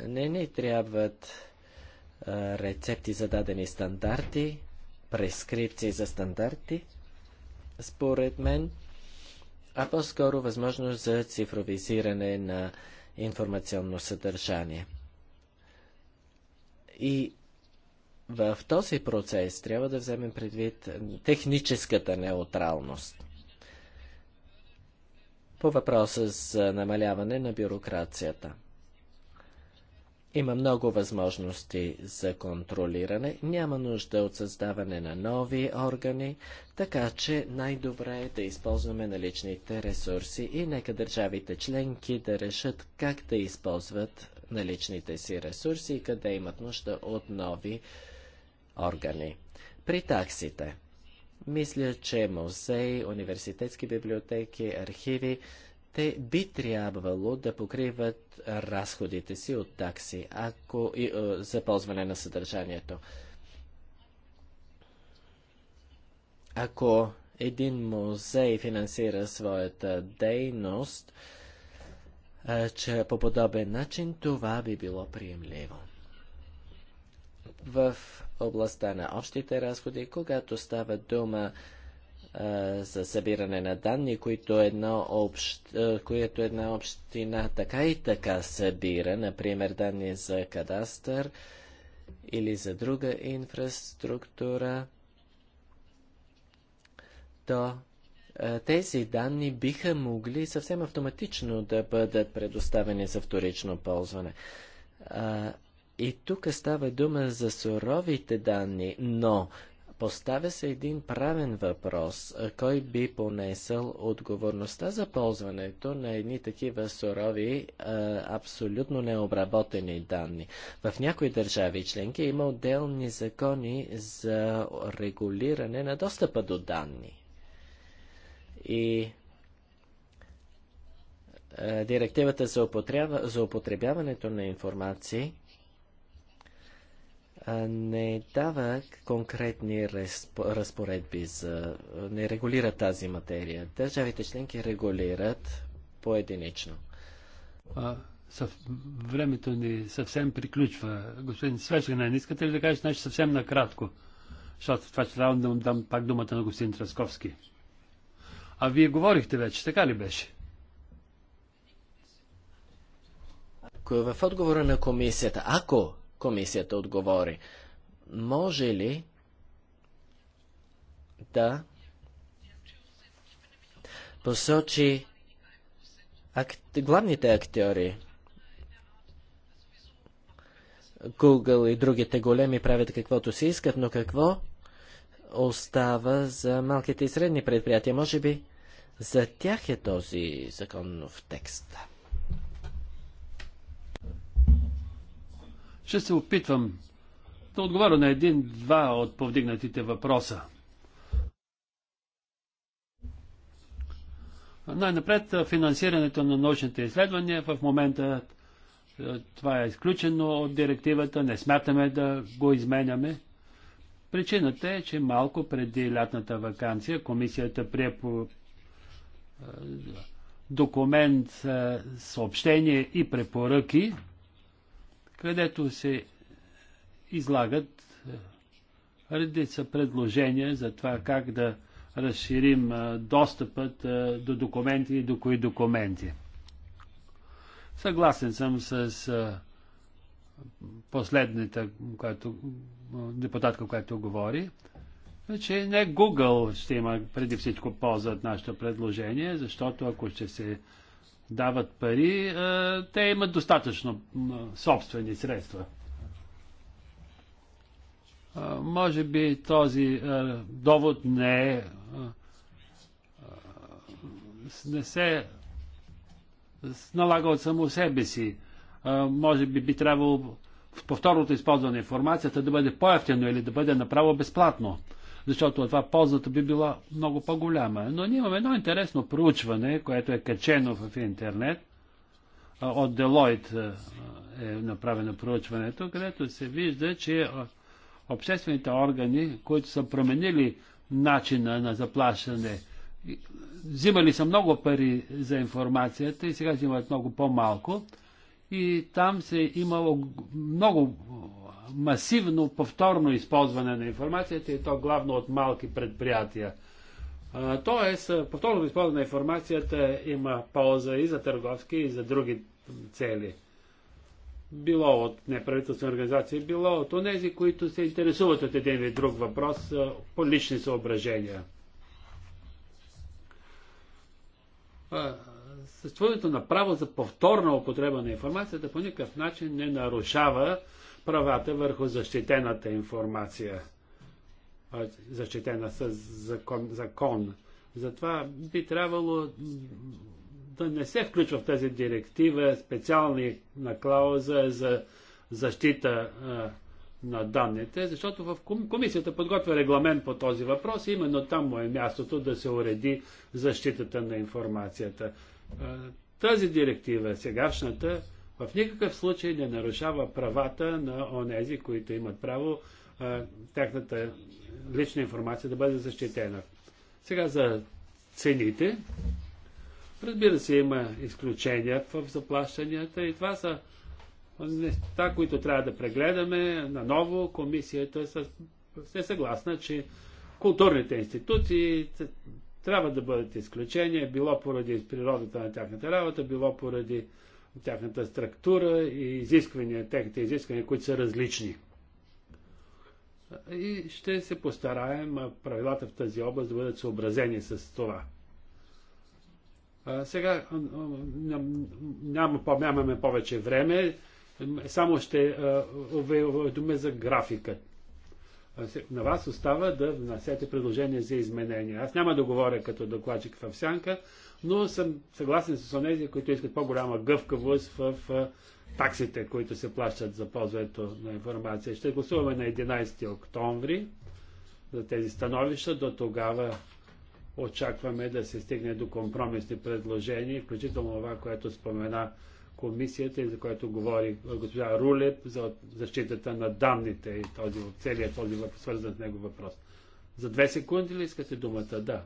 не ни трябват а, рецепти за дадени стандарти, прескрипции за стандарти, според мен, а по-скоро възможност за цифровизиране на информационно съдържание. И в този процес трябва да вземем предвид техническата неутралност. По въпроса за намаляване на бюрокрацията – има много възможности за контролиране, няма нужда от създаване на нови органи, така че най-добре е да използваме наличните ресурси и нека държавите членки да решат как да използват наличните си ресурси и къде имат нужда от нови органи. При таксите. Мисля, че музеи, университетски библиотеки, архиви те би трябвало да покриват разходите си от такси ако, и, е, за ползване на съдържанието. Ако един музей финансира своята дейност е, че по подобен начин, това би било приемливо. В областта на общите разходи, когато става дума за събиране на данни, които е една, общ, които е една община така и така събира, например данни за кадастър или за друга инфраструктура, то тези данни биха могли съвсем автоматично да бъдат предоставени за вторично ползване. И тук става дума за суровите данни, но Поставя се един правен въпрос. Кой би понесъл отговорността за ползването на едни такива сурови, абсолютно необработени данни? В някои държави членки има отделни закони за регулиране на достъпа до данни. И директивата за, употреба, за употребяването на информации – не дава конкретни разпоредби за... не регулира тази материя. Държавите членки регулират по-единично. Съв... Времето ни съвсем приключва. Господин Свежгана, не искате ли да кажете нещо съвсем накратко? Защото това ще трябва да дам пак думата на господин Трасковски. А вие говорихте вече, така ли беше? Ако е в отговора на комисията, ако комисията отговори. Може ли да посочи ак... главните актьори? Google и другите големи правят каквото си искат, но какво остава за малките и средни предприятия? Може би за тях е този законов текст. Ще се опитвам да отговоря на един-два от повдигнатите въпроса. Най-напред финансирането на научните изследвания. В момента е, това е изключено от директивата, не смятаме да го изменяме. Причината е, че малко преди лятната вакансия комисията прие по е, документ, е, съобщение и препоръки където се излагат е, редица предложения за това как да разширим е, достъпът е, до документи и до кои документи. Съгласен съм с последната която, депутатка, която говори, че не Google ще има преди всичко полза от нашето предложение, защото ако ще се дават пари, те имат достатъчно собствени средства. Може би този довод не е. Не се налага от само себе си. Може би би трябвало в повторното използване на информацията да бъде по-ефтино или да бъде направо безплатно защото това ползата би била много по-голяма. Но ние имаме едно интересно проучване, което е качено в интернет. От Делойт е направено проучването, където се вижда, че обществените органи, които са променили начина на заплащане, взимали са много пари за информацията и сега взимат много по-малко. И там се има много масивно повторно използване на информацията и то главно от малки предприятия. Тоест, повторно използване на информацията има полза и за търговски, и за други цели. Било от неправителствени организации, било от онези, които се интересуват от един или друг въпрос по лични съображения. Съществуването на право за повторна употреба на информацията по никакъв начин не нарушава правата върху защитената информация, защитена с закон. закон. Затова би трябвало да не се включва в тази директива специални на клауза за защита на данните, защото в комисията подготвя регламент по този въпрос и именно там му е мястото да се уреди защитата на информацията. Тази директива, сегашната, в никакъв случай не нарушава правата на онези, които имат право а, тяхната лична информация да бъде защитена. Сега за цените. Разбира се, има изключения в заплащанията и това са неща, които трябва да прегледаме. Наново комисията се съгласна, че културните институции трябва да бъдат изключения, било поради природата на тяхната работа, било поради тяхната структура и изисквания, техните изисквания, които са различни. И ще се постараем правилата в тази област да бъдат съобразени с това. А, сега няма, нямаме повече време, само ще уведомя за графикът. На вас остава да внасете предложения за изменения. Аз няма да говоря като докладчик в сянка, но съм съгласен с онези, които искат по-голяма гъвкавост в, в таксите, които се плащат за ползването на информация. Ще гласуваме на 11 октомври за тези становища. До тогава очакваме да се стигне до компромисни предложения, включително това, което спомена комисията и за което говори госпожа Рулеп за защитата на данните и този, целият този въпрос, свързан с него въпрос. За две секунди ли искате думата? Да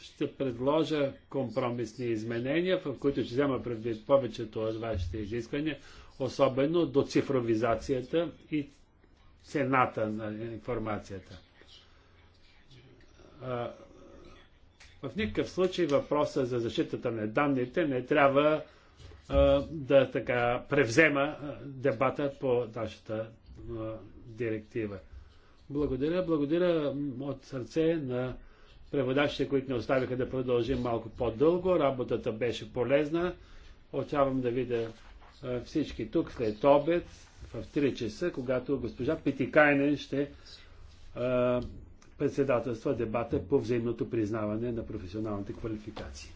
ще предложа компромисни изменения, в които ще взема предвид повечето от вашите изисквания, особено до цифровизацията и цената на информацията. В никакъв случай въпроса за защитата на данните не трябва да така превзема дебата по нашата директива. Благодаря, благодаря от сърце на преводачите, които не оставиха да продължим малко по-дълго. Работата беше полезна. Очавам да видя всички тук след обед в 3 часа, когато госпожа Петикайнен ще председателства дебата по взаимното признаване на професионалните квалификации.